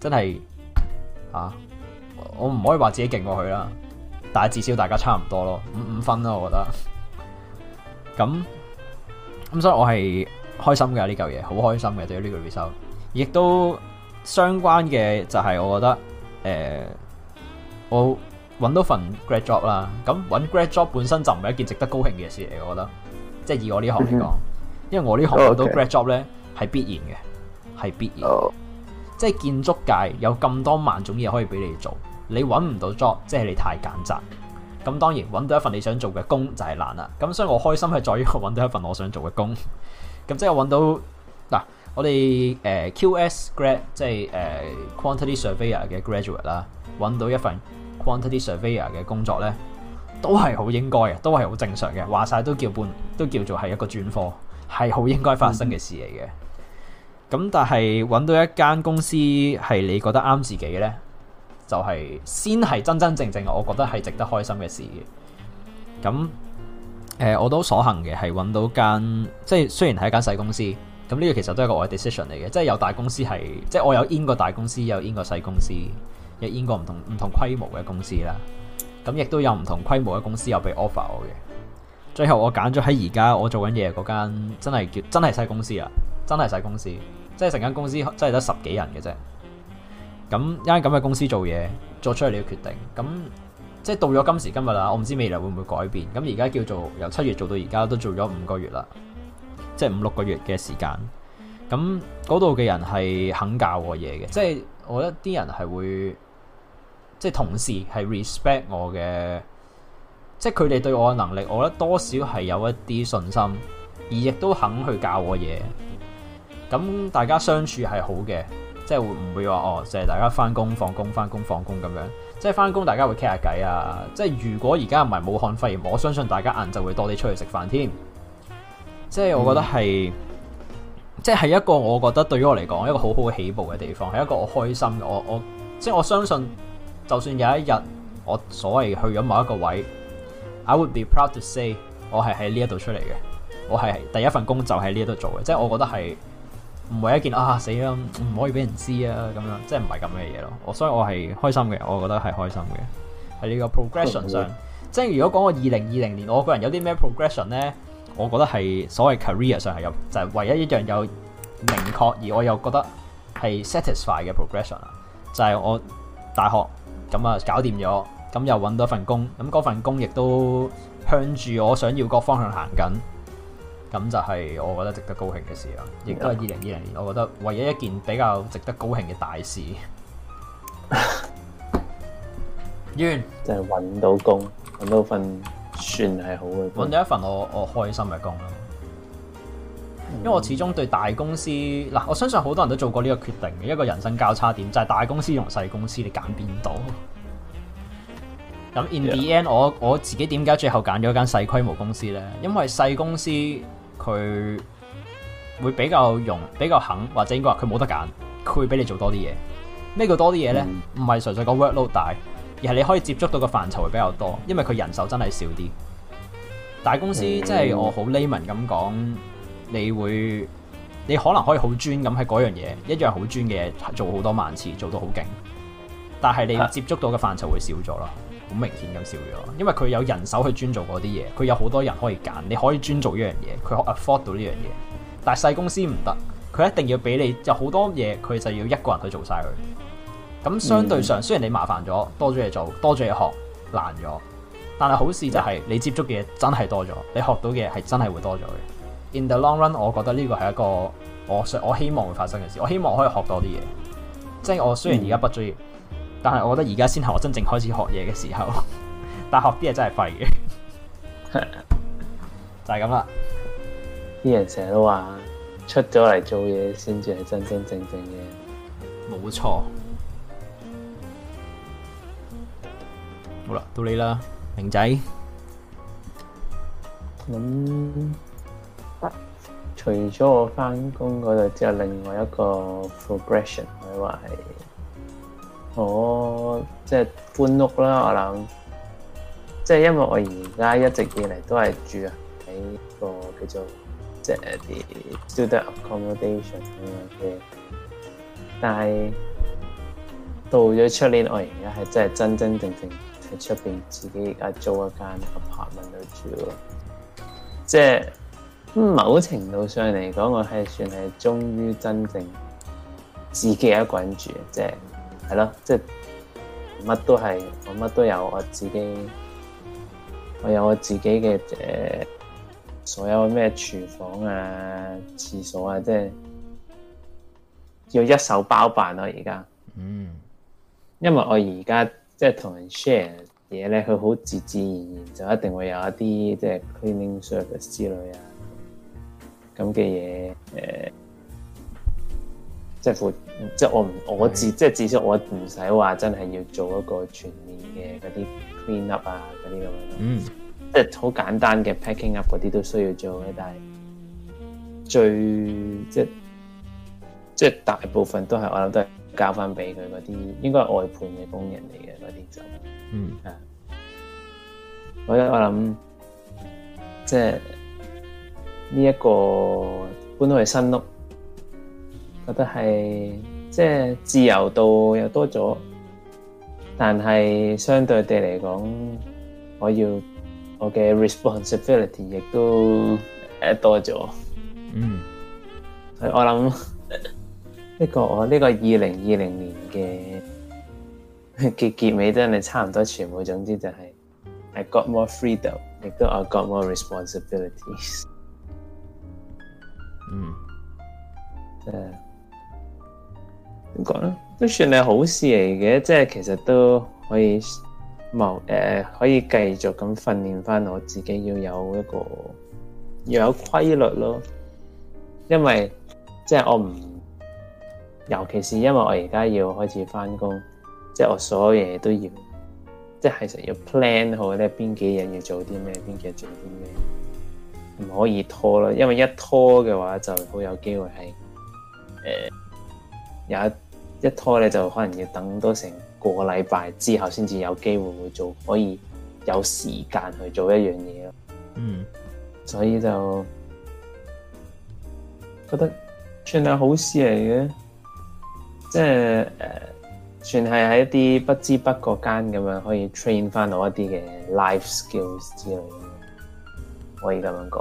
真係啊，我唔可以話自己勁過佢啦，但係至少大家差唔多咯，五五分啦，我覺得。咁咁所以我係開心嘅呢嚿嘢，好開心嘅。對於呢個 reflection，亦都相關嘅就係我覺得，誒、呃、我搵到一份 grad job 啦。咁、嗯、搵 grad job 本身就唔係一件值得高興嘅事嚟，我覺得。即係以我呢行嚟講、嗯，因為我呢行、oh, okay. 我呢行搵到 grad job 咧係必然嘅，係必然的。Oh. 即係建築界有咁多萬種嘢可以俾你做，你搵唔到 job，即係你太揀擇。咁當然揾到一份你想做嘅工就係難啦，咁所以我開心係在於我揾到一份我想做嘅工。咁即係揾到嗱、啊，我哋誒、呃、QS grad 即係誒、呃、quantity surveyor 嘅 graduate 啦，揾到一份 quantity surveyor 嘅工作呢，都係好應該嘅，都係好正常嘅。話晒都叫半，都叫做係一個轉科，係好應該發生嘅事嚟嘅。咁、嗯、但係揾到一間公司係你覺得啱自己嘅呢，就係先係真真正正，我覺得係值得開心嘅事嘅。咁、呃、我都所幸嘅係揾到間，即係雖然係一間細公司。咁呢個其實都係個我嘅 decision 嚟嘅。即係有大公司係，即係我有 in 過大公司，有 in 過細公司，有 in 過唔同唔同規模嘅公司啦。咁亦都有唔同規模嘅公司有俾 offer 我嘅。最後我揀咗喺而家我做緊嘢嗰間，真係叫真係細公司啊！真係細公司，即係成間公司真係得十幾人嘅啫。咁一間咁嘅公司做嘢，做出嚟嘅個決定，咁即係到咗今時今日啦。我唔知未來會唔會改變。咁而家叫做由七月做到而家，都做咗五個月啦，即係五六個月嘅時間。咁嗰度嘅人係肯教我嘢嘅，即係、就是、我覺得啲人係會，即、就、係、是、同事係 respect 我嘅，即係佢哋對我嘅能力，我覺得多少係有一啲信心，而亦都肯去教我嘢。咁大家相處係好嘅。即係會唔會話哦？即係大家翻工放工翻工放工咁樣，即係翻工大家會傾下偈啊！即係如果而家唔係武漢肺炎，我相信大家晏晝會多啲出去食飯添。即係我覺得係、嗯，即係一個我覺得對於我嚟講一個好好嘅起步嘅地方，係一個我開心嘅。我我即係我相信，就算有一日我所謂去咗某一個位，I would be proud to say 我係喺呢一度出嚟嘅，我係第一份工就喺呢一度做嘅。即係我覺得係。唔係一件啊，死啦，唔可以俾人知啊，咁樣，即係唔係咁嘅嘢咯。所以我係開心嘅，我覺得係開心嘅。喺呢個 progression 上，嗯嗯，即係如果講我二零二零年，我個人有啲咩 progression 呢？我覺得係所謂 career 上係有，就係、係、唯一一樣有明確而我又覺得係 satisfied 嘅 progression 啦。就係我大學咁啊，搞掂咗，咁又揾到一份工，咁嗰份工亦都向住我想要個方向行緊。咁就係我覺得值得高興嘅事啦，亦都係二零二零年我覺得唯一一件比較值得高興嘅大事。冤， 就係、是、揾到工，揾到份算係好嘅，揾到一份，一份我我開心嘅工啦。因為我始終對大公司嗱，我相信好多人都做過呢個決定嘅，一個人生交叉點就係、是、大公司同細公司，你揀邊度？咁 in the end，我我自己點解最後揀咗間細規模公司呢？因為細公司。佢會比較容，比較肯，或者應該話佢冇得揀，佢會俾你做多啲嘢。咩叫多啲嘢呢？唔、嗯、係純粹個 workload 大，而係你可以接觸到嘅範疇會比較多，因為佢人手真係少啲。大公司、嗯、即係我好 layman 咁講，你會你可能可以好專咁喺嗰樣嘢一樣好專嘅嘢做好多萬次，做到好勁。但係你接觸到嘅範疇會少咗啦。好明顯咁少咗，因為佢有人手去專做嗰啲嘢，佢有好多人可以揀，你可以專做呢樣嘢，佢可以 afford 到呢樣嘢。但係細公司唔得，佢一定要俾你有好多嘢，佢就要一個人去做晒佢。咁相對上、嗯，雖然你麻煩咗，多咗嘢做，多咗嘢學，難咗，但係好事就係你接觸嘅嘢真係多咗，你學到嘅嘢係真係會多咗嘅。In the long run，我覺得呢個係一個我我我希望會發生嘅事，我希望我可以學多啲嘢。即係我雖然而家畢咗業。嗯但係我覺得而家先係我真正開始學嘢嘅時候的的， 大學啲嘢真係廢嘅，就係咁啦。啲人成日都話出咗嚟做嘢先至係真真正正嘅，冇錯。好啦，到你啦，明仔，咁、嗯、除咗我返工嗰度之後，另外一個 progression 可以話係。我、oh，即係搬屋啦，我諗，即係因為我而家一直以嚟都係住啊喺個叫做即係啲 student accommodation 咁樣嘅，但係到咗出年我而家係真係真真正正喺出邊自己而家租一間 apartment 度住咯，即係某程度上嚟講，我係算係終於真正自己一個人住，即係。係咯，即係乜都係，我乜都有我自己，我有我自己嘅誒、呃，所有咩廚房啊、廁所啊，即係要一手包辦咯、啊。而家，嗯，因為我而家即係同人 share 嘢咧，佢好自自然然就一定會有一啲即係 cleaning service 之類啊，咁嘅嘢，誒、呃，即係即係我唔，我自，即係至少我唔使話真係要做一個全面嘅嗰啲 clean up 啊，嗰啲咁樣咯。嗯，即係好簡單嘅 packing up 嗰啲都需要做嘅，但係最即係即係大部分都係我諗都係交翻俾佢嗰啲，應該係外判嘅工人嚟嘅嗰啲就嗯係、啊，我覺得我諗即係呢一個搬去新屋。覺得係即係自由度又多咗，但係相對地嚟講，我要我嘅 responsibility 亦都誒多咗。嗯，所以我諗呢個我呢個二零二零年嘅結結尾真係差唔多全部。總之就係 I got more freedom，亦都 I got more responsibilities。嗯，誒。點講咧，都算係好事嚟嘅，即係其實都可以謀誒、呃，可以繼續咁訓練翻我自己，要有一個要有規律咯。因為即係我唔，尤其是因為我而家要開始翻工，即係我所有嘢都要，即係其實要 plan 好咧，邊幾日要做啲咩，邊幾日做啲咩，唔可以拖咯。因為一拖嘅話就好有機會係誒。呃有一,一拖咧，就可能要等多成個禮拜之後，先至有機會會做，可以有時間去做一樣嘢咯。嗯，所以就覺得算係好事嚟嘅，即係誒，算係喺一啲不知不覺間咁樣可以 train 翻到一啲嘅 life skills 之類嘅。可以咁樣講，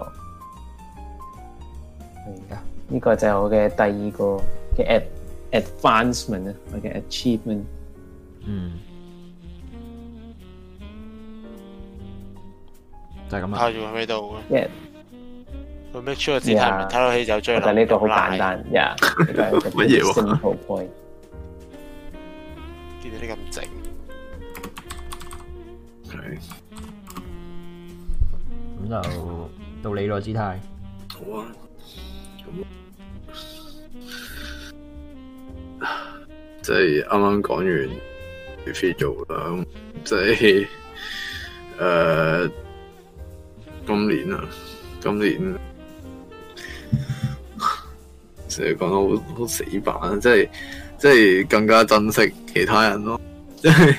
而家呢個就係我嘅第二個嘅 app。advancement 啊，或者 achievement，嗯，就係咁啊，派住去邊度？因為佢 make sure 姿態睇落去就最難，但係呢個好簡單呀，乜嘢喎？Simple point，見到你咁整，係，咁就到你咯，Gtai。即係啱啱講完 if you do 啦，即係誒，今年啊，今年即係講到好好死板，即係即係更加珍惜其他人咯，即係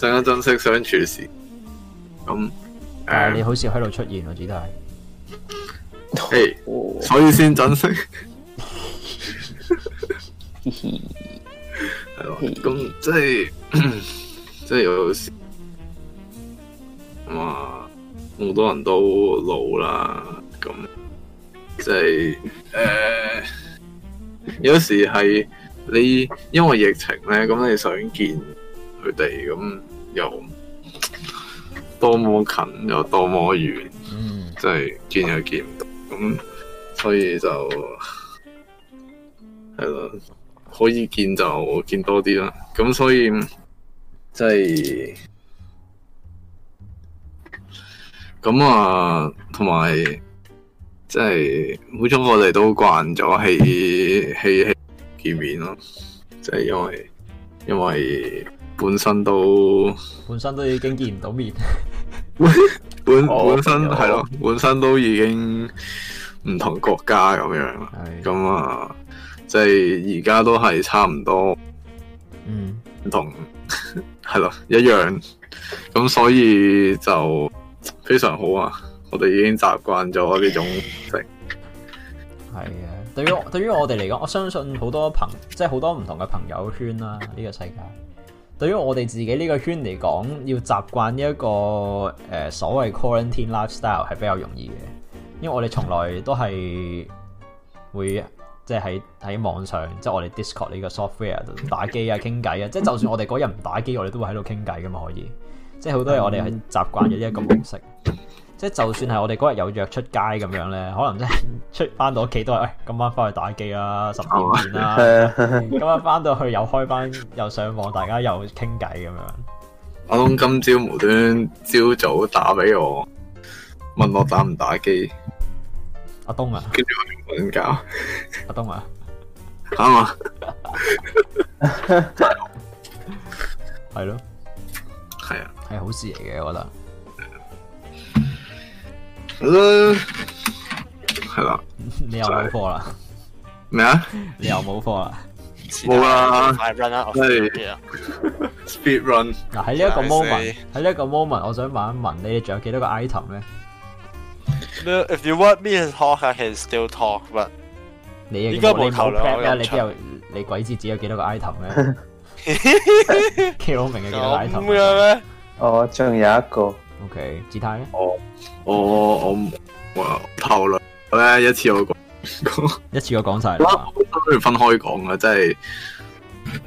更加珍惜相處時。咁誒，你好似喺度出現啊，紫泰。係 hey，所以先珍惜。 係咯，咁即係，即係有時，咁 啊，好、 嗯、多人都老啦，咁即係，誒、嗯嗯， 有時係你因為疫情咧，咁你想見佢哋，咁、嗯、又、 嗯、 多麼近又多麼遠，即係見又見唔到，咁所以就係 咯。 嗯 可以見就見多啲啦，咁所以即係咁啊，同埋即係每種我哋都慣咗係係係見面咯，即係，因為因為本身都本身都已經見唔到面 本，本本本身係咯、okay.，本身都已經唔同國家咁樣，咁 啊。即係而家都係差唔多不，嗯，唔同係咯，一樣咁，所以就非常好啊！我哋已經習慣咗呢種嘅。係啊，對於對於我哋嚟講，我相信好多朋友，即係好多唔同嘅朋友圈啦、啊。呢、這個世界對於我哋自己呢個圈嚟講，要習慣一個誒、呃、所謂 quarantine lifestyle 係比較容易嘅，因為我哋從來都係會。即係喺喺網上，即係我哋 Discord 呢個 software 打機啊、傾偈啊，即係就算我哋嗰日唔打機，我哋都會喺度傾偈噶嘛，可以。即係好多嘢，我哋係習慣咗呢一個模式。即、um，係就算係我哋嗰日有約出街咁樣咧，可能即係出翻到屋企都係，喂、哎，今晚翻去打機啦，十點半啦。今晚翻到去又開翻，又上網，大家又傾偈咁樣。阿 東今朝無端朝早打俾我，問我打唔打機？阿東啊，跟住我瞓覺。阿東啊，啱啊，係 咯， 係啊，係好事嚟嘅，我覺得。好啦，係、就、啦、是， 你又冇課啦，咩啊？你又冇課啦，冇啦 speed run 啦，我先 speed run 嗱喺呢一個 moment，喺 一這個 moment， 我想問一問你，仲有幾多個 item 咧？If you want me to talk, I can still talk. But，你應該冇投啦，應該你邊有你鬼知自己有幾多個 item 咧？我明係幾多個 item 咩？我仲有一個。O K.Gtai 呢？我我我我投啦。我一次我講一次我講晒。啦。我都要分開講啊！真係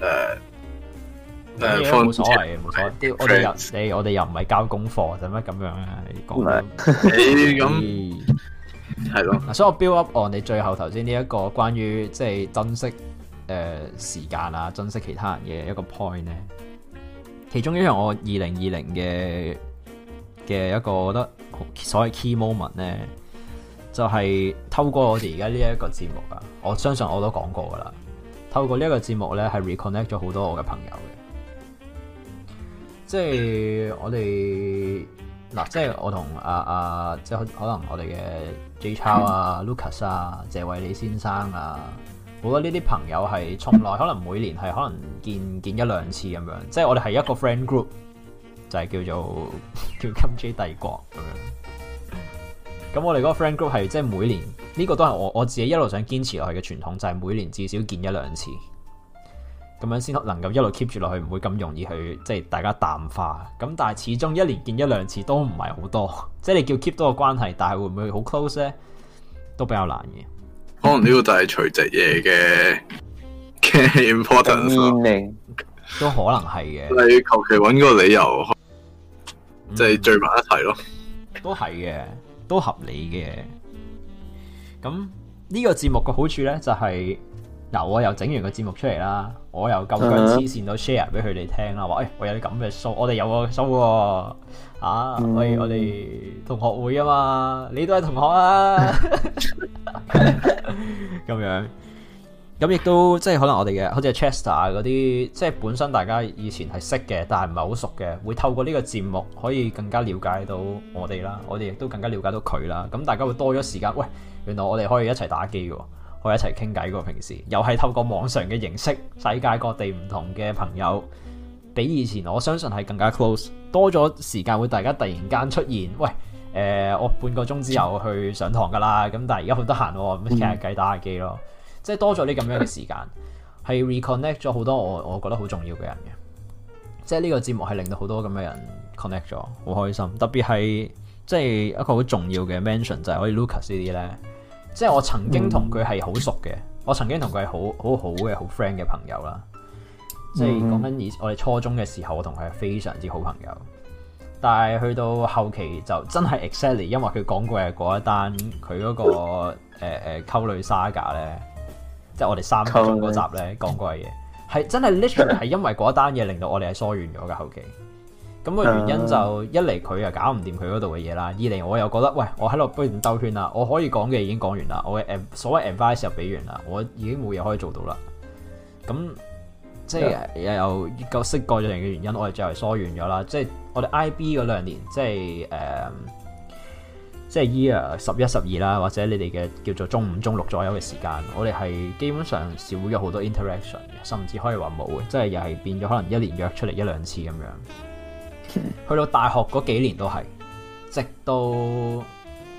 誒。冇、hey, you know, 所謂冇所謂。我哋又誒，我哋又唔係交功課，就乜咁樣啊？講咁係咯。 所以我 build up on 你最後頭先呢一個關於即係珍惜誒、呃、時間啊，珍惜其他人嘅一個 point 咧，其中一樣我二零二零嘅嘅一個，我覺得所謂 key moment 咧，就係、是、透過我哋而家呢一個節目啊，我相信我都講過噶啦。透過這節呢一個節目咧，係 reconnect 咗好多我嘅朋友嘅。即係我哋嗱，即係我同阿阿，即係可能我哋嘅 Jay Chow 啊、Lucas 啊、謝偉利先生啊，好多呢啲朋友係從來可能每年係可能見見一兩次咁樣。即係我哋係一個 friend group，就係叫做叫金 J 帝國咁樣。咁我哋嗰個 friend group 係即係每年呢、呢個都係我我自己一路想堅持落去嘅傳統，就係、是、每年至少見一兩次。咁樣先能夠一路 keep 住落去，唔會咁容易去即係大家淡化。咁但係始終一年見一兩次都唔係好多，即係你叫 keep 多個關係，但係會唔會好 close 咧？都比較難嘅。可能呢個就係除夕夜嘅。 important 都可能係嘅。 你求其揾個理由，即係聚埋一齊咯、嗯。都係嘅，都合理嘅。咁呢、這個節目嘅好處咧，就係、是、嗱我又整完個節目出嚟啦。我又咁樣黐線到 share 俾佢哋聽啦，話誒，我有啲咁嘅 show，我哋有個 show 喎，啊，所、嗯啊、以我哋同學會啊嘛，你都係同學啊，咁、嗯、 樣，咁亦都即係可能我哋嘅，好似 Chester 嗰啲，即、就、係、是、本身大家以前係識嘅，但係唔係好熟嘅，會透過呢個節目可以更加了解到我哋啦，我哋亦都更加了解到佢啦，咁大家會多咗時間，喂，原來我哋可以一齊打機喎，哦。可以一齊傾偈過，平時，又係透過網上嘅形式，世界各地唔同嘅朋友，比以前我相信係更加 close，多咗時間會大家突然間出現，喂，誒、呃，我半個鐘之後去上堂噶啦，咁但係而家好得閒，咁傾下偈打下機咯，即係多咗啲咁樣嘅時間，係 reconnect 咗好多我我覺得好重要嘅人嘅，即係呢個節目係令到好多咁嘅人 connect 咗，好開心，特別係即係一個好重要嘅 mention 就係我哋 Lucas 呢啲咧。即係我曾經同佢係好熟嘅、嗯，我曾經同佢係好好好嘅好 friend 嘅朋友啦、嗯。即係講緊以我哋初中嘅時候，我同佢係非常之好朋友。但係去到後期就真係 exactly，因為佢講過嘅嗰一單，佢嗰、嗰個誒誒溝女 Saga 咧，即係我哋三中嗰集咧講過嘅嘢，係真係 literally 係因為嗰一單嘢令到我哋係疏遠咗嘅後期。咁、那個原因就一嚟佢又搞唔掂佢嗰度嘅嘢啦，二嚟我又覺得，喂，我喺度不斷兜圈啦，我可以講嘅已經講完啦，我嘅所謂 advice 又俾完啦，我已經冇嘢可以做到啦。咁即係又夠識咗成嘅原因，我哋最後疏遠咗啦。即係我哋 IB 嗰兩年，即係誒，即、呃、係、就是、year 十一、十二啦，或者你哋嘅叫做中五、中六左右嘅時間，我哋係基本上少咗好多 interaction 甚至可以話冇嘅，即係又係變咗可能一年約出嚟一兩次咁樣。去到大學嗰幾年都係，直到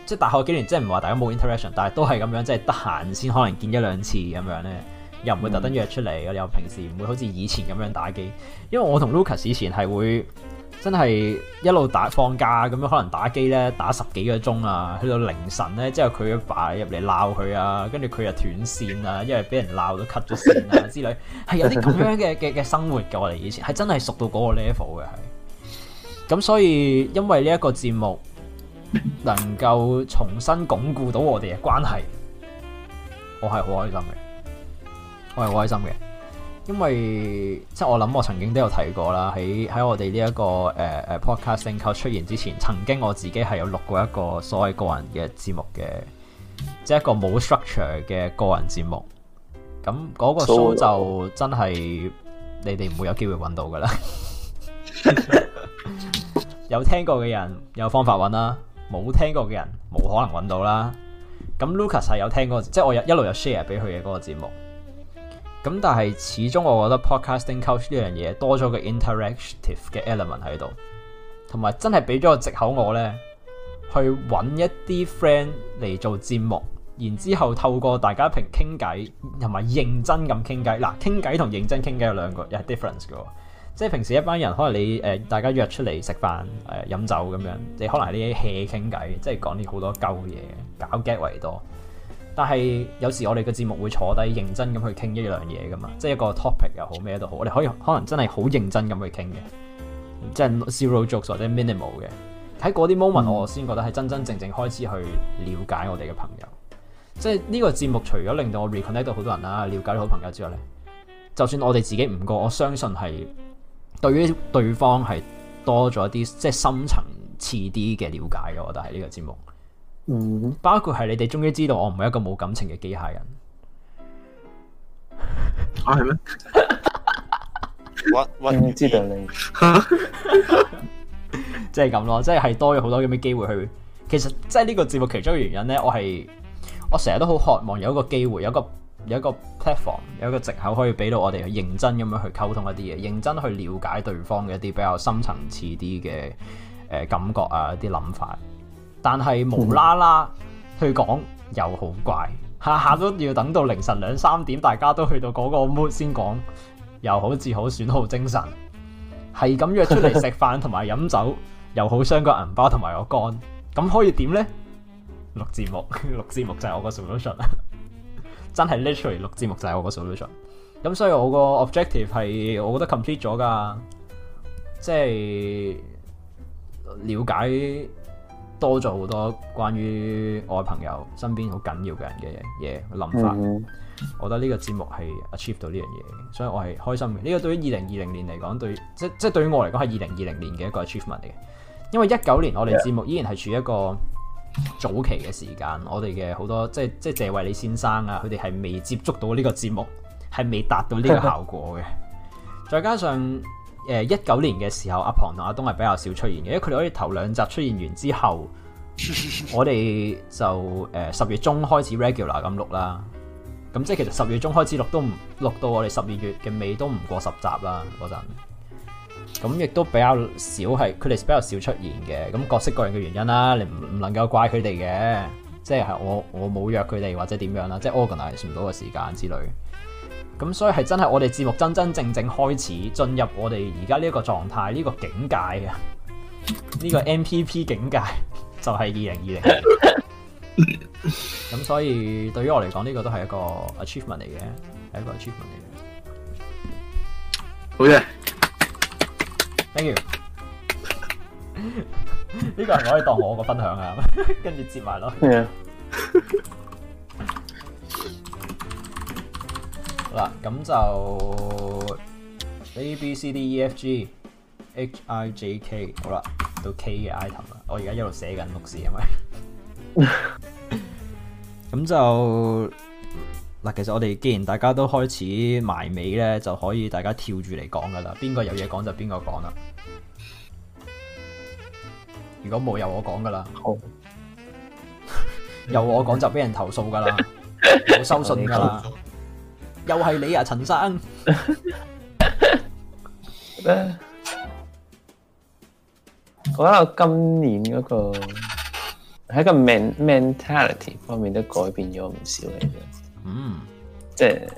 即係大學幾年，即係唔話大家冇 interaction，但係都係咁樣，即係得閒先可能見一兩次咁樣咧，又唔會特登約出嚟。嗯、又平時唔會好似以前咁樣打機，因為我同 Lucas 以前係會真係一路打放假咁樣，可能打機咧，打十幾個鐘啊，去到凌晨咧，之後佢阿爸入嚟鬧佢啊，跟住佢又斷線啊，因為俾人鬧都 cut 咗線啊之類，係 有啲咁樣嘅嘅嘅生活嘅，我哋以前係真係熟到嗰個 level 嘅。咁所以，因為呢一個節目能夠重新鞏固到我哋嘅關係，我係好開心嘅，我係好開心嘅，因為即係、就是、我諗我曾經都有提過啦，喺喺我哋呢一個誒誒、uh, podcasting couch 出現之前，曾經我自己係有錄過一個所謂個人嘅節目嘅，即、就、係、是、一個冇 structure 嘅個人節目。咁嗰個數就真係你哋唔會有機會揾到噶啦。 有聽過嘅人有方法揾啦，冇聽過嘅人冇可能揾到啦。咁 Lucas 係有聽過，即係我有一路有 share 俾佢嘅嗰個節目。咁但係始終我覺得 Podcasting Couch 呢樣嘢多咗個 interactive 嘅 element 喺度，同埋真係俾咗個藉口我呢，去揾一啲 friend 嚟做節目，然之後透過大家一平傾偈，同埋認真咁傾偈。嗱，傾偈同認真傾偈有兩個又係 difference 噶。即係平時一班人，可能你大家約出嚟食飯、呃、飲酒咁樣，你可能係啲 hea 傾偈，即係講啲好多鳩嘢，搞 gag 為多。但係有時我哋嘅節目會坐低認真咁去傾一樣嘢噶嘛，即係一個 topic 又好，咩都好，我哋可以可能真係好認真咁去傾嘅，即係 zero jokes 或者 minimal 嘅。喺嗰啲 moment，嗯、我先覺得係真真正正開始去了解我哋嘅朋友。嗯、即係呢個節目除咗令到我 reconnect 到好多人啦、啊，瞭解到好朋友之外咧，就算我哋自己唔過，我相信係。對於對方係多咗啲，即係深層次啲嘅了解嘅。我覺得係呢個節目，嗯，包括係你哋終於知道我唔係一個冇感情嘅機械人，係咩？我我唔知道你，即係咁咯，即係係多咗好多咁嘅機會去，其實即係呢個節目其中嘅原因咧，我係我成日都好渴望有一個機會，有一個。有一個 platform，有一個藉口可以俾到我哋去認真咁樣去溝通一啲嘢，認真去了解對方嘅一啲比較深層次啲嘅誒感覺啊，一啲諗法。但係無啦啦去講又好怪，下下都要等到凌晨兩三點，大家都去到嗰個 mood 先講，又好似好損耗精神。係咁約出嚟食飯同埋飲酒， 又好傷個銀包同埋我肝，咁可以點呢？錄節目，錄節目就係我個 solution。真係 literally 錄節目就係我個 solution。咁所以我個 objective 係我覺得 complete 咗㗎，即係了解多咗好多關於我朋友身邊好緊要嘅人嘅嘢諗法。我覺得呢個節目係 achieve 到呢樣嘢，所以我係開心嘅。呢個對於二零二零年嚟講，對即即係對於我嚟講係二零二零年嘅一個 achievement 嚟嘅，因為一九年我哋節目依然係處於一個早期嘅時間，我哋嘅好多即係即係謝慧理先生啊，佢哋係未接觸到呢個節目，係未達到呢個效果嘅。再加上誒，一、呃、九年嘅時候，阿龐同阿東係比較少出現嘅，因為佢哋可以頭兩集出現完之後， 我哋就誒十、呃、月中開始 regular 咁錄啦。咁即係其實十月中開始錄，都唔錄到我哋十二月嘅尾，都唔過十集啦嗰陣。咁亦都比較少係，佢哋比較少出現嘅。咁各式各樣嘅原因啦，你唔唔能夠怪佢哋嘅，即係我我冇約佢哋或者點樣啦，即係 organize 唔到個時間之類。咁所以係真係我哋節目真真正正開始進入我哋而家呢一個狀態呢個境界嘅，呢、這個 MPP 境界就係二零二零。咁 所以對於我嚟講呢個都係一個 achievement 嚟嘅，係一個 achievement 嚟嘅。好嘢。跟住，呢個係可以當我個分享啊！跟住接埋咯。好啦，咁就 A、B、C、D、E、F、G、H、I、J、K，好啦，到 K 嘅 item 啦。我而家一路寫緊六字，因為咁就。嗱，其實我哋既然大家都開始埋尾咧，就可以大家跳住嚟講噶啦。邊個有嘢講就邊個講啦。如果冇，由我講噶啦。好，由 我講就俾人投訴噶啦，我 收信噶啦。Okay. 又係你啊，陳生。 我覺得今年嗰、嗰個喺個 men, mentality 方面都改變咗唔少嘅。嗯，即係誒、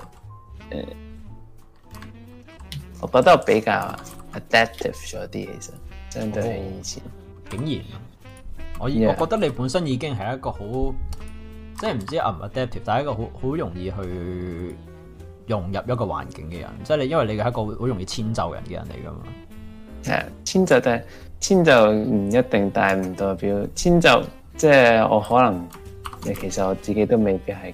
呃，我覺得我比較 adaptive 咗啲，其實相對以前、哦、竟然我，我覺得你本身已經係一個好、yeah. 即係唔知係唔係 adaptive，但係一個好好容易去融入一個環境嘅人，即係你因為你係一個好容易遷就人嘅人嚟噶嘛。誒、yeah，遷就啫，遷就唔一定，但係唔代表遷就，即係我可能你其實我自己都未必係。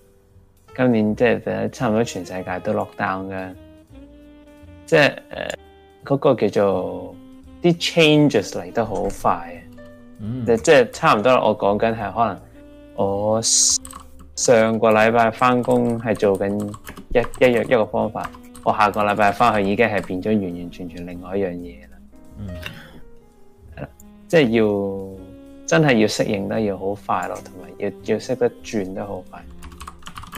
今年即係差唔多全世界都 lock down 嘅，即係誒嗰個叫做啲 changes 嚟得好快即係、嗯即係、差唔多。我講緊係可能我上個禮拜翻工係做緊一一樣一,一個方法，我下個禮拜翻去已經係變咗完完全全另外一樣嘢啦。嗯，即、就、係、是、要真係要適應得要好快咯，同埋要要識得轉得好快。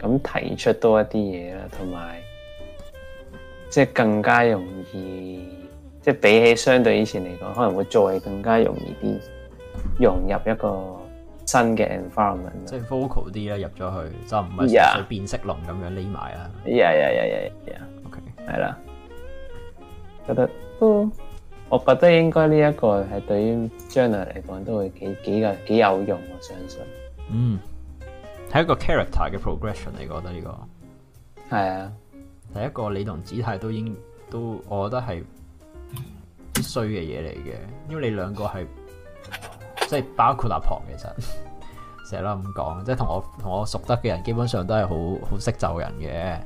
咁提出多一啲嘢啦，同埋即係更加容易，即係比起相對以前嚟講，可能會再更加容易啲融入一個新嘅 environment。即係 focal 啲啦，入咗去就唔係變色龍咁樣匿埋啦。Yeah yeah yeah yeah OK 係啦。覺得，我覺得應該呢一個係對於將來嚟講都會幾幾個幾有用，我相信。嗯。係一個 character 嘅 progression，你覺得呢個？係啊，第一個你同子泰都應都，我覺得係必須嘅嘢嚟嘅，因為你兩個係即係包括阿婆，其實成日都咁講，即係同我同我熟得嘅人，基本上都係好好識就人嘅，呢、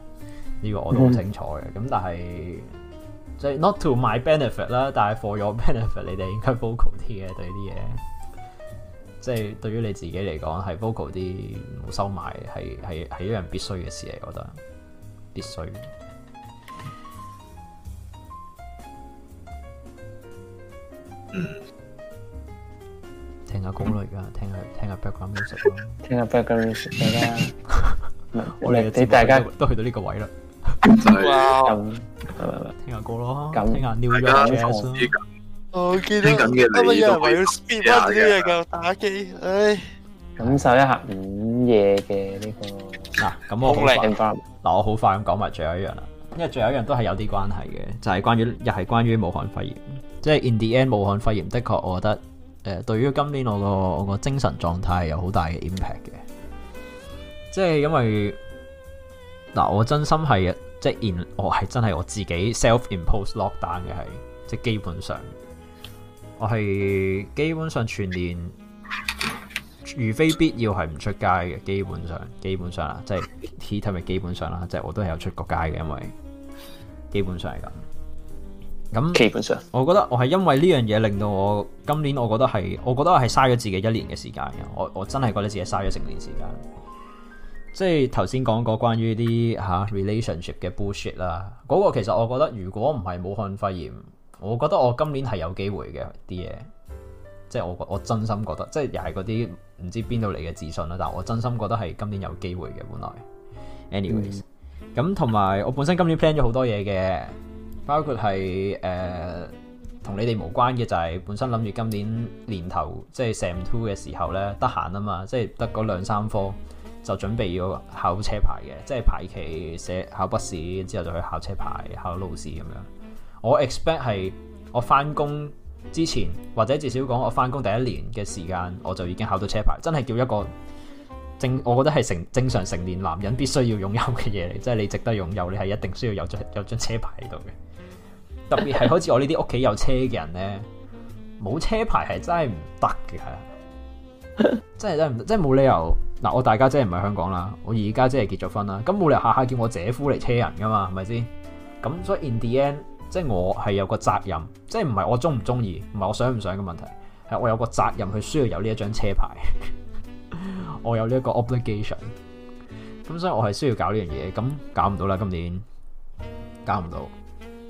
呢個我都好清楚嘅。咁、嗯、但係即係 not to my benefit 啦，但係 for your benefit，你哋應該 vocal 啲嘅對呢啲嘢。即係對於你自己嚟講，係 vocal 啲冇收埋，係係係一樣必須嘅事嚟，我覺得必須、嗯。聽下歌咯，而家聽下聽下 background music 咯，聽下 background music 啦。Music, 我哋啲大家都去到呢個位啦、 嗯。聽下歌咯，聽下 New York Jazz 咯。聽緊嘅，今日呢度為咗 speed 翻啲嘢，夠、嗯嗯嗯嗯、打機，唉，感受一下午、嗯、夜嘅呢、這個嗱。咁我好快嗱，我好快咁講埋最後一樣啦，因為最後一有一樣都係有啲關係嘅，就係、是、關於又係關於武漢肺炎，即、就、係、是、in the end，武漢肺炎的確我覺得誒、呃，對於今年我個我個精神狀態有好大嘅 impact 嘅，即、就、係、是、因為嗱、啊，我真心係即係我係真係我自己 self impose lockdown 嘅，係即係基本上。我係基本上全年，如非必要係唔出街嘅。基本上，基本上啦，即係 heat up 咪基本上啦，即係我都係有出過街嘅。因為基本上係咁。咁基本上，我覺得我係因為呢樣嘢令到我今年，我覺得係，我覺得我係嘥咗自己一年嘅時間嘅。我我真係覺得自己嘥咗成年時間。即係頭先講過關於啲吓 relationship 嘅 bullshit 啦，嗰個其實我覺得如果唔係武漢肺炎。我覺得我今年係有機會嘅啲嘢，即係我我真心覺得，即係又係嗰啲唔知邊度嚟嘅自信啦。但係我真心覺得係今年有機會嘅，本來。Anyways，咁同埋我本身今年 plan 咗好多嘢嘅，包括係誒同你哋無關嘅就係本身諗住今年年頭即係 Sem Two 嘅時候咧，得閒啊嘛，即係得嗰兩三科就準備要考車牌嘅，即係排期寫考筆試之後就去考車牌、考路試咁樣。我 expect 係我翻工之前，或者至少講我翻工第一年嘅時間，我就已經考到車牌。真係叫一個正，我覺得係成正常成年男人必須要擁有嘅嘢嚟，即係你值得擁有，你係一定需要有張有張車牌喺度嘅。特別係好似我呢啲屋企有車嘅人咧，冇車牌係真係唔得嘅，真係真係唔得，真係冇理由嗱、啊。我大家姐唔喺香港啦，我而家即係結咗婚啦，咁冇理由下下叫我姐夫嚟車人噶嘛，係咪先？咁所以 in the end 即係我係有個責任，即係唔係我中唔中意，唔係我想唔想嘅問題，係我有個責任，去需要有呢一張車牌， 我有呢一個 obligation。咁所以我係需要搞呢樣嘢，咁搞唔到啦，今年搞唔到，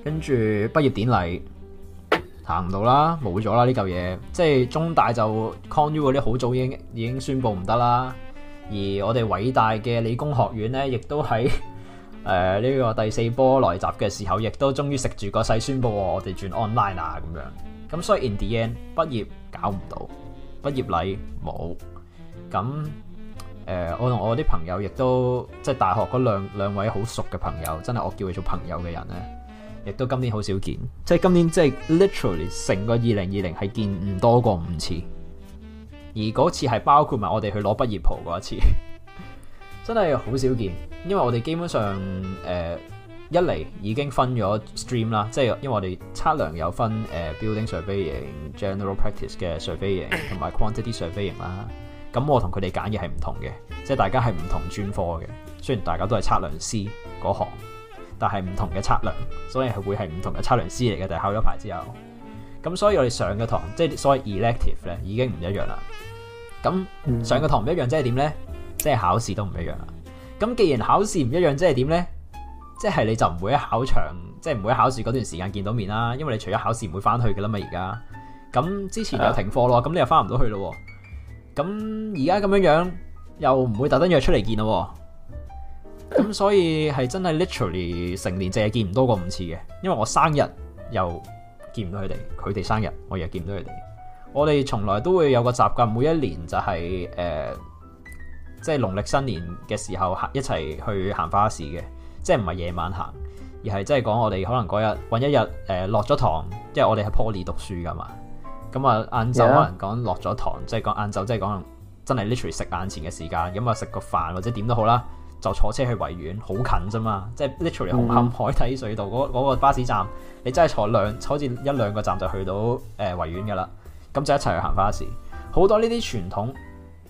跟住畢業典禮行唔到啦，冇咗啦呢嚿嘢。即係中大就 Con U 嗰啲好早已經已經宣布唔得啦，而我哋偉大嘅理工學院呢，亦都喺。誒、呃、呢、這個第四波來襲嘅時候，亦都終於食住個勢宣布我哋轉 online 啦咁樣。咁所以 in the end 畢業搞唔到，畢業禮冇。咁、呃、我同我啲朋友亦都即係、就是、大學嗰兩兩位好熟嘅朋友，真係我叫佢做朋友嘅人咧，亦都今年好少見。即、就、係、是、今年即係 literally 成個二零二零係見唔多過五次，而嗰次係包括埋我哋去攞畢業袍嗰一次。真係好少見，因為我哋基本上、呃、一嚟已經分咗 stream 啦，即係因為我哋測量有分、呃、building surveying、general practice 嘅 surveying 同埋 quantity surveying 啦。咁我同佢哋揀嘅係唔同嘅，即係大家係唔同專科嘅。雖然大家都係測量師嗰行，但係唔同嘅測量，所以係會係唔同嘅測量師嚟嘅。但係考咗牌之後，咁所以我哋上嘅堂，即係所謂 elective 咧，已經唔一樣啦。咁上嘅堂唔一樣，即係點咧？即係考試都唔一樣啦。咁既然考試唔一樣，即係點呢？即係你就唔會喺考場，即係唔會喺考試嗰段時間見到面啦。因為你除咗考試唔會翻去噶啦嘛。而家咁之前有停課咯，咁、yeah. 你又翻唔到去咯。咁而家咁樣樣又唔會特登約出嚟見咯。咁所以係真係 literally 成年淨係見唔多過五次嘅。因為我生日又見唔到佢哋，佢哋生日我又見唔到佢哋。我哋從來都會有個習慣，每一年就係、是、誒。呃即係農曆新年嘅時候一齊去行花市嘅，即係唔係夜晚行，而係即係講我哋可能嗰日揾一日誒落咗堂，因為我哋係 poly 讀書㗎嘛，咁啊晏晝可能講落咗堂，yeah. 即係講晏晝，即係講真係 literally 食眼前嘅時間，咁啊食個飯或者點都好啦，就坐車去維園，好近啫嘛，即係 literally 紅磡海底隧道嗰、嗰個巴士站，你真係坐兩，坐好似一兩個站就去到誒、呃、維園㗎啦，咁就一齊去行花市，好多呢啲傳統。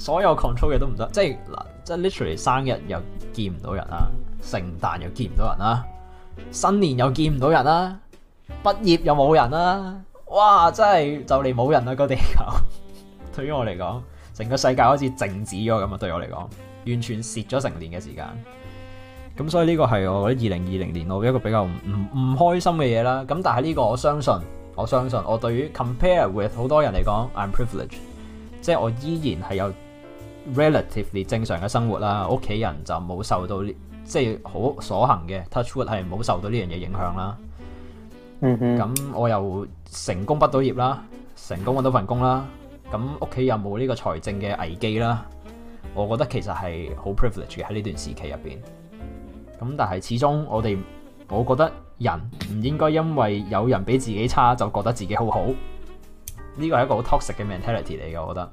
所有 control 嘅都唔得，即係嗱，即係 literally 生日又見唔到人啦，聖誕又見唔到人啦，新年又見唔到人啦，畢業又冇人啦，哇！真係就嚟冇人啦個地球， 對於我嚟講，成個世界開始靜止咗咁啊！對我嚟講，完全蝕咗成年嘅時間。咁所以呢個係我覺得二零二零年我一個比較唔唔開心嘅嘢啦。咁但係呢個我相信，我相信我對於 compare with 好多人嚟講，I'm privileged，即係我依然係有。Relatively 正常嘅生活啦，屋企人就冇受到呢，即係好所幸嘅 touch wood 係冇受到呢樣嘢影響啦。嗯嗯，咁我又成功畢到業啦，成功搵到份工啦，咁屋企又冇呢個財政嘅危機啦。我覺得其實係好 privileged 喺呢段時期入邊。咁但係始終我哋，我覺得人唔應該因為有人比自己差就覺得自己好好。呢個係一個好 toxic 嘅 mentality 嚟嘅，我覺得。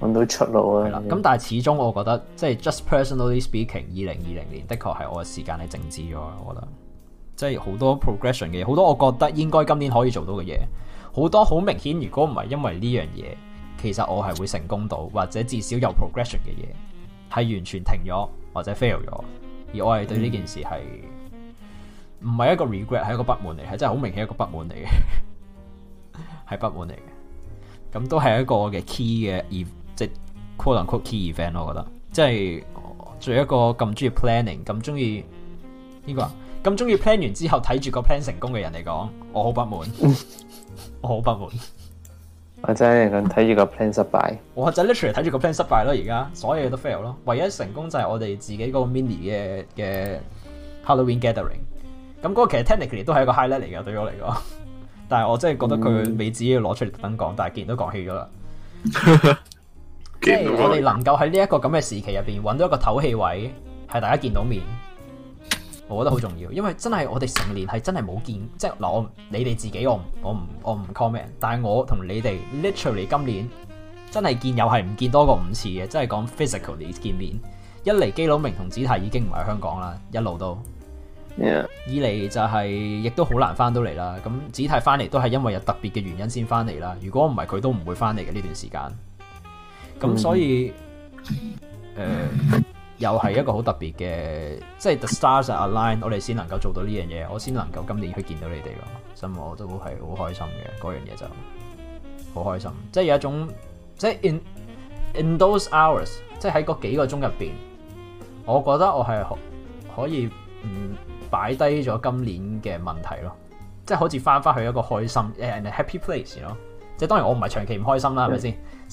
搵到出路啊！係啦，咁但係始終我覺得，即係 just personally speaking，二零二零年的確係我嘅時間係靜止咗。我覺得即係好多 progression 嘅嘢，好多我覺得應該今年可以做到嘅嘢，好多好明顯，如果唔係因為呢樣嘢，其實我係會成功到，或者至少有 progression 嘅嘢係完全停咗，或者 fail 咗。而我係對呢件事係唔係一個 regret，係一個不滿嚟，係真係好明顯一個不滿嚟嘅，係 不滿嚟嘅。咁都係一個嘅 key 嘅可能個 key event 我覺得，即係做一個咁中意 planning、咁中意呢個，咁中意 plan 完之後睇住個 plan 成功嘅人嚟講，我好不， 不滿，我好不滿。或者係睇住個 plan 失敗，literally 睇住個 plan 失敗咯。而家所有嘢都 fail 咯，唯一成功就係我哋自己嗰個 mini 嘅嘅 Halloween gathering。咁嗰個其實 technically 都係一個 highlight 嚟㗎，對我嚟講。但係我真係覺得佢未至於攞出嚟特登講，但係既然都講起咗啦。 即係我哋能夠喺呢一個咁嘅時期入邊揾到一個透氣位，係大家見到面，我覺得好重要。因為真係我哋成年係真係冇見，即係嗱，我你哋自己我我唔我唔 comment，但係我同你哋 literally 今年真係見又係唔見多過五次嘅，即係講 physically 見面。一嚟基佬明同子泰已經唔喺香港啦，一路都。二、yeah. 嚟就係、是、亦都好難翻到嚟啦。咁子泰翻嚟都係因為有特別嘅原因先翻嚟啦。如果唔係佢都唔會翻嚟嘅呢段時間。咁所以，呃、又係一個好特別嘅，即係 the stars are aligned，我哋先能夠做到呢樣嘢，我先能夠今年去見到你哋咯，所以我都係好開心嘅，嗰樣嘢就好開心，即係有一種，即係 in in those hours，即係喺嗰幾個鐘入邊，我覺得我係可可以唔擺低咗今年嘅問題咯，即係好似翻返去一個開心誒 happy place 咯，即係當然我唔係長期唔開心啦，係咪先？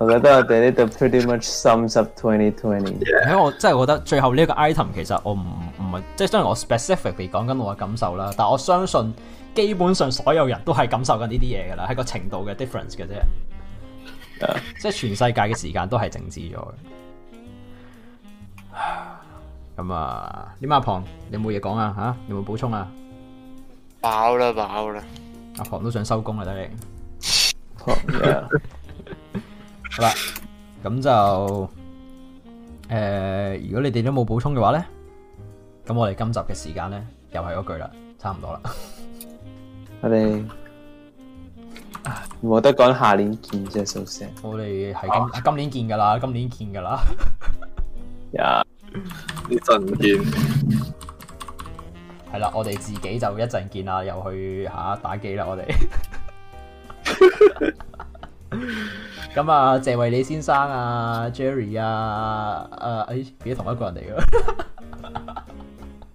我覺得我哋呢度 pretty much sums up twenty twenty。因為我真係覺得最後呢個 item 其實我唔唔係即係雖然我 specifically 講緊我嘅感受啦，但我相信基本上所有人都係感受緊呢啲嘢噶啦，係個程度嘅 difference 嘅啫。Yeah. 即係全世界嘅時間都係靜止咗。咁啊，點啊？阿龐你冇嘢講啊？吓？有冇補充啊？飽啦，飽啦！阿龐都想收工啦，你。 oh, yeah. 好啦，咁就誒、呃，如果你哋都冇補充嘅話咧，咁我哋今集嘅時間咧又係嗰句啦，差唔多啦。我哋冇得講下年見啫，收聲！我哋係今今年見噶啦，今年見噶啦。呀，呢、yeah, 陣唔見了。係 啦，我哋自己就一陣見啦，又去吓、啊、打機啦，我哋。 咁啊，謝偉李先生啊，Jerry 啊，誒、啊、變、哎、咗同一個人嚟嘅。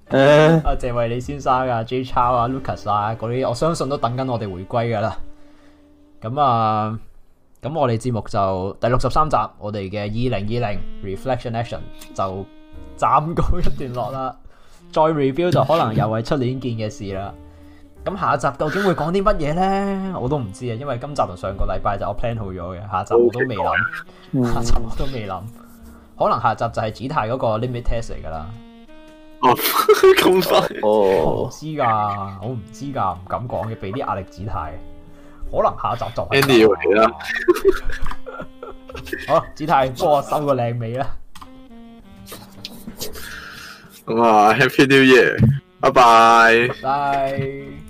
誒，阿謝偉李先生啊，Jay Chow 啊，Lucas 啊，嗰啲，我相信都等緊我哋回歸噶啦。咁啊，咁我哋節目就第六十三集，我哋嘅二零二零 Reflection Action 就暫告一段落啦。再 review 就可能又係出年見嘅事啦。 咁下一集究竟會講啲乜嘢咧？我都唔知啊，因為今集同上個禮拜就我 plan 好咗嘅，下一集我都未諗、嗯，下一集我都未諗，可能下一集就係子泰嗰個 limit test 嚟噶啦。哦，咁快？哦，唔知噶，我唔知噶，唔敢講嘅，俾啲壓力子泰。可能下一集就 Andy 嚟啦。好，子泰幫我收個靚尾啦。咁啊，Happy New Year，拜拜，拜。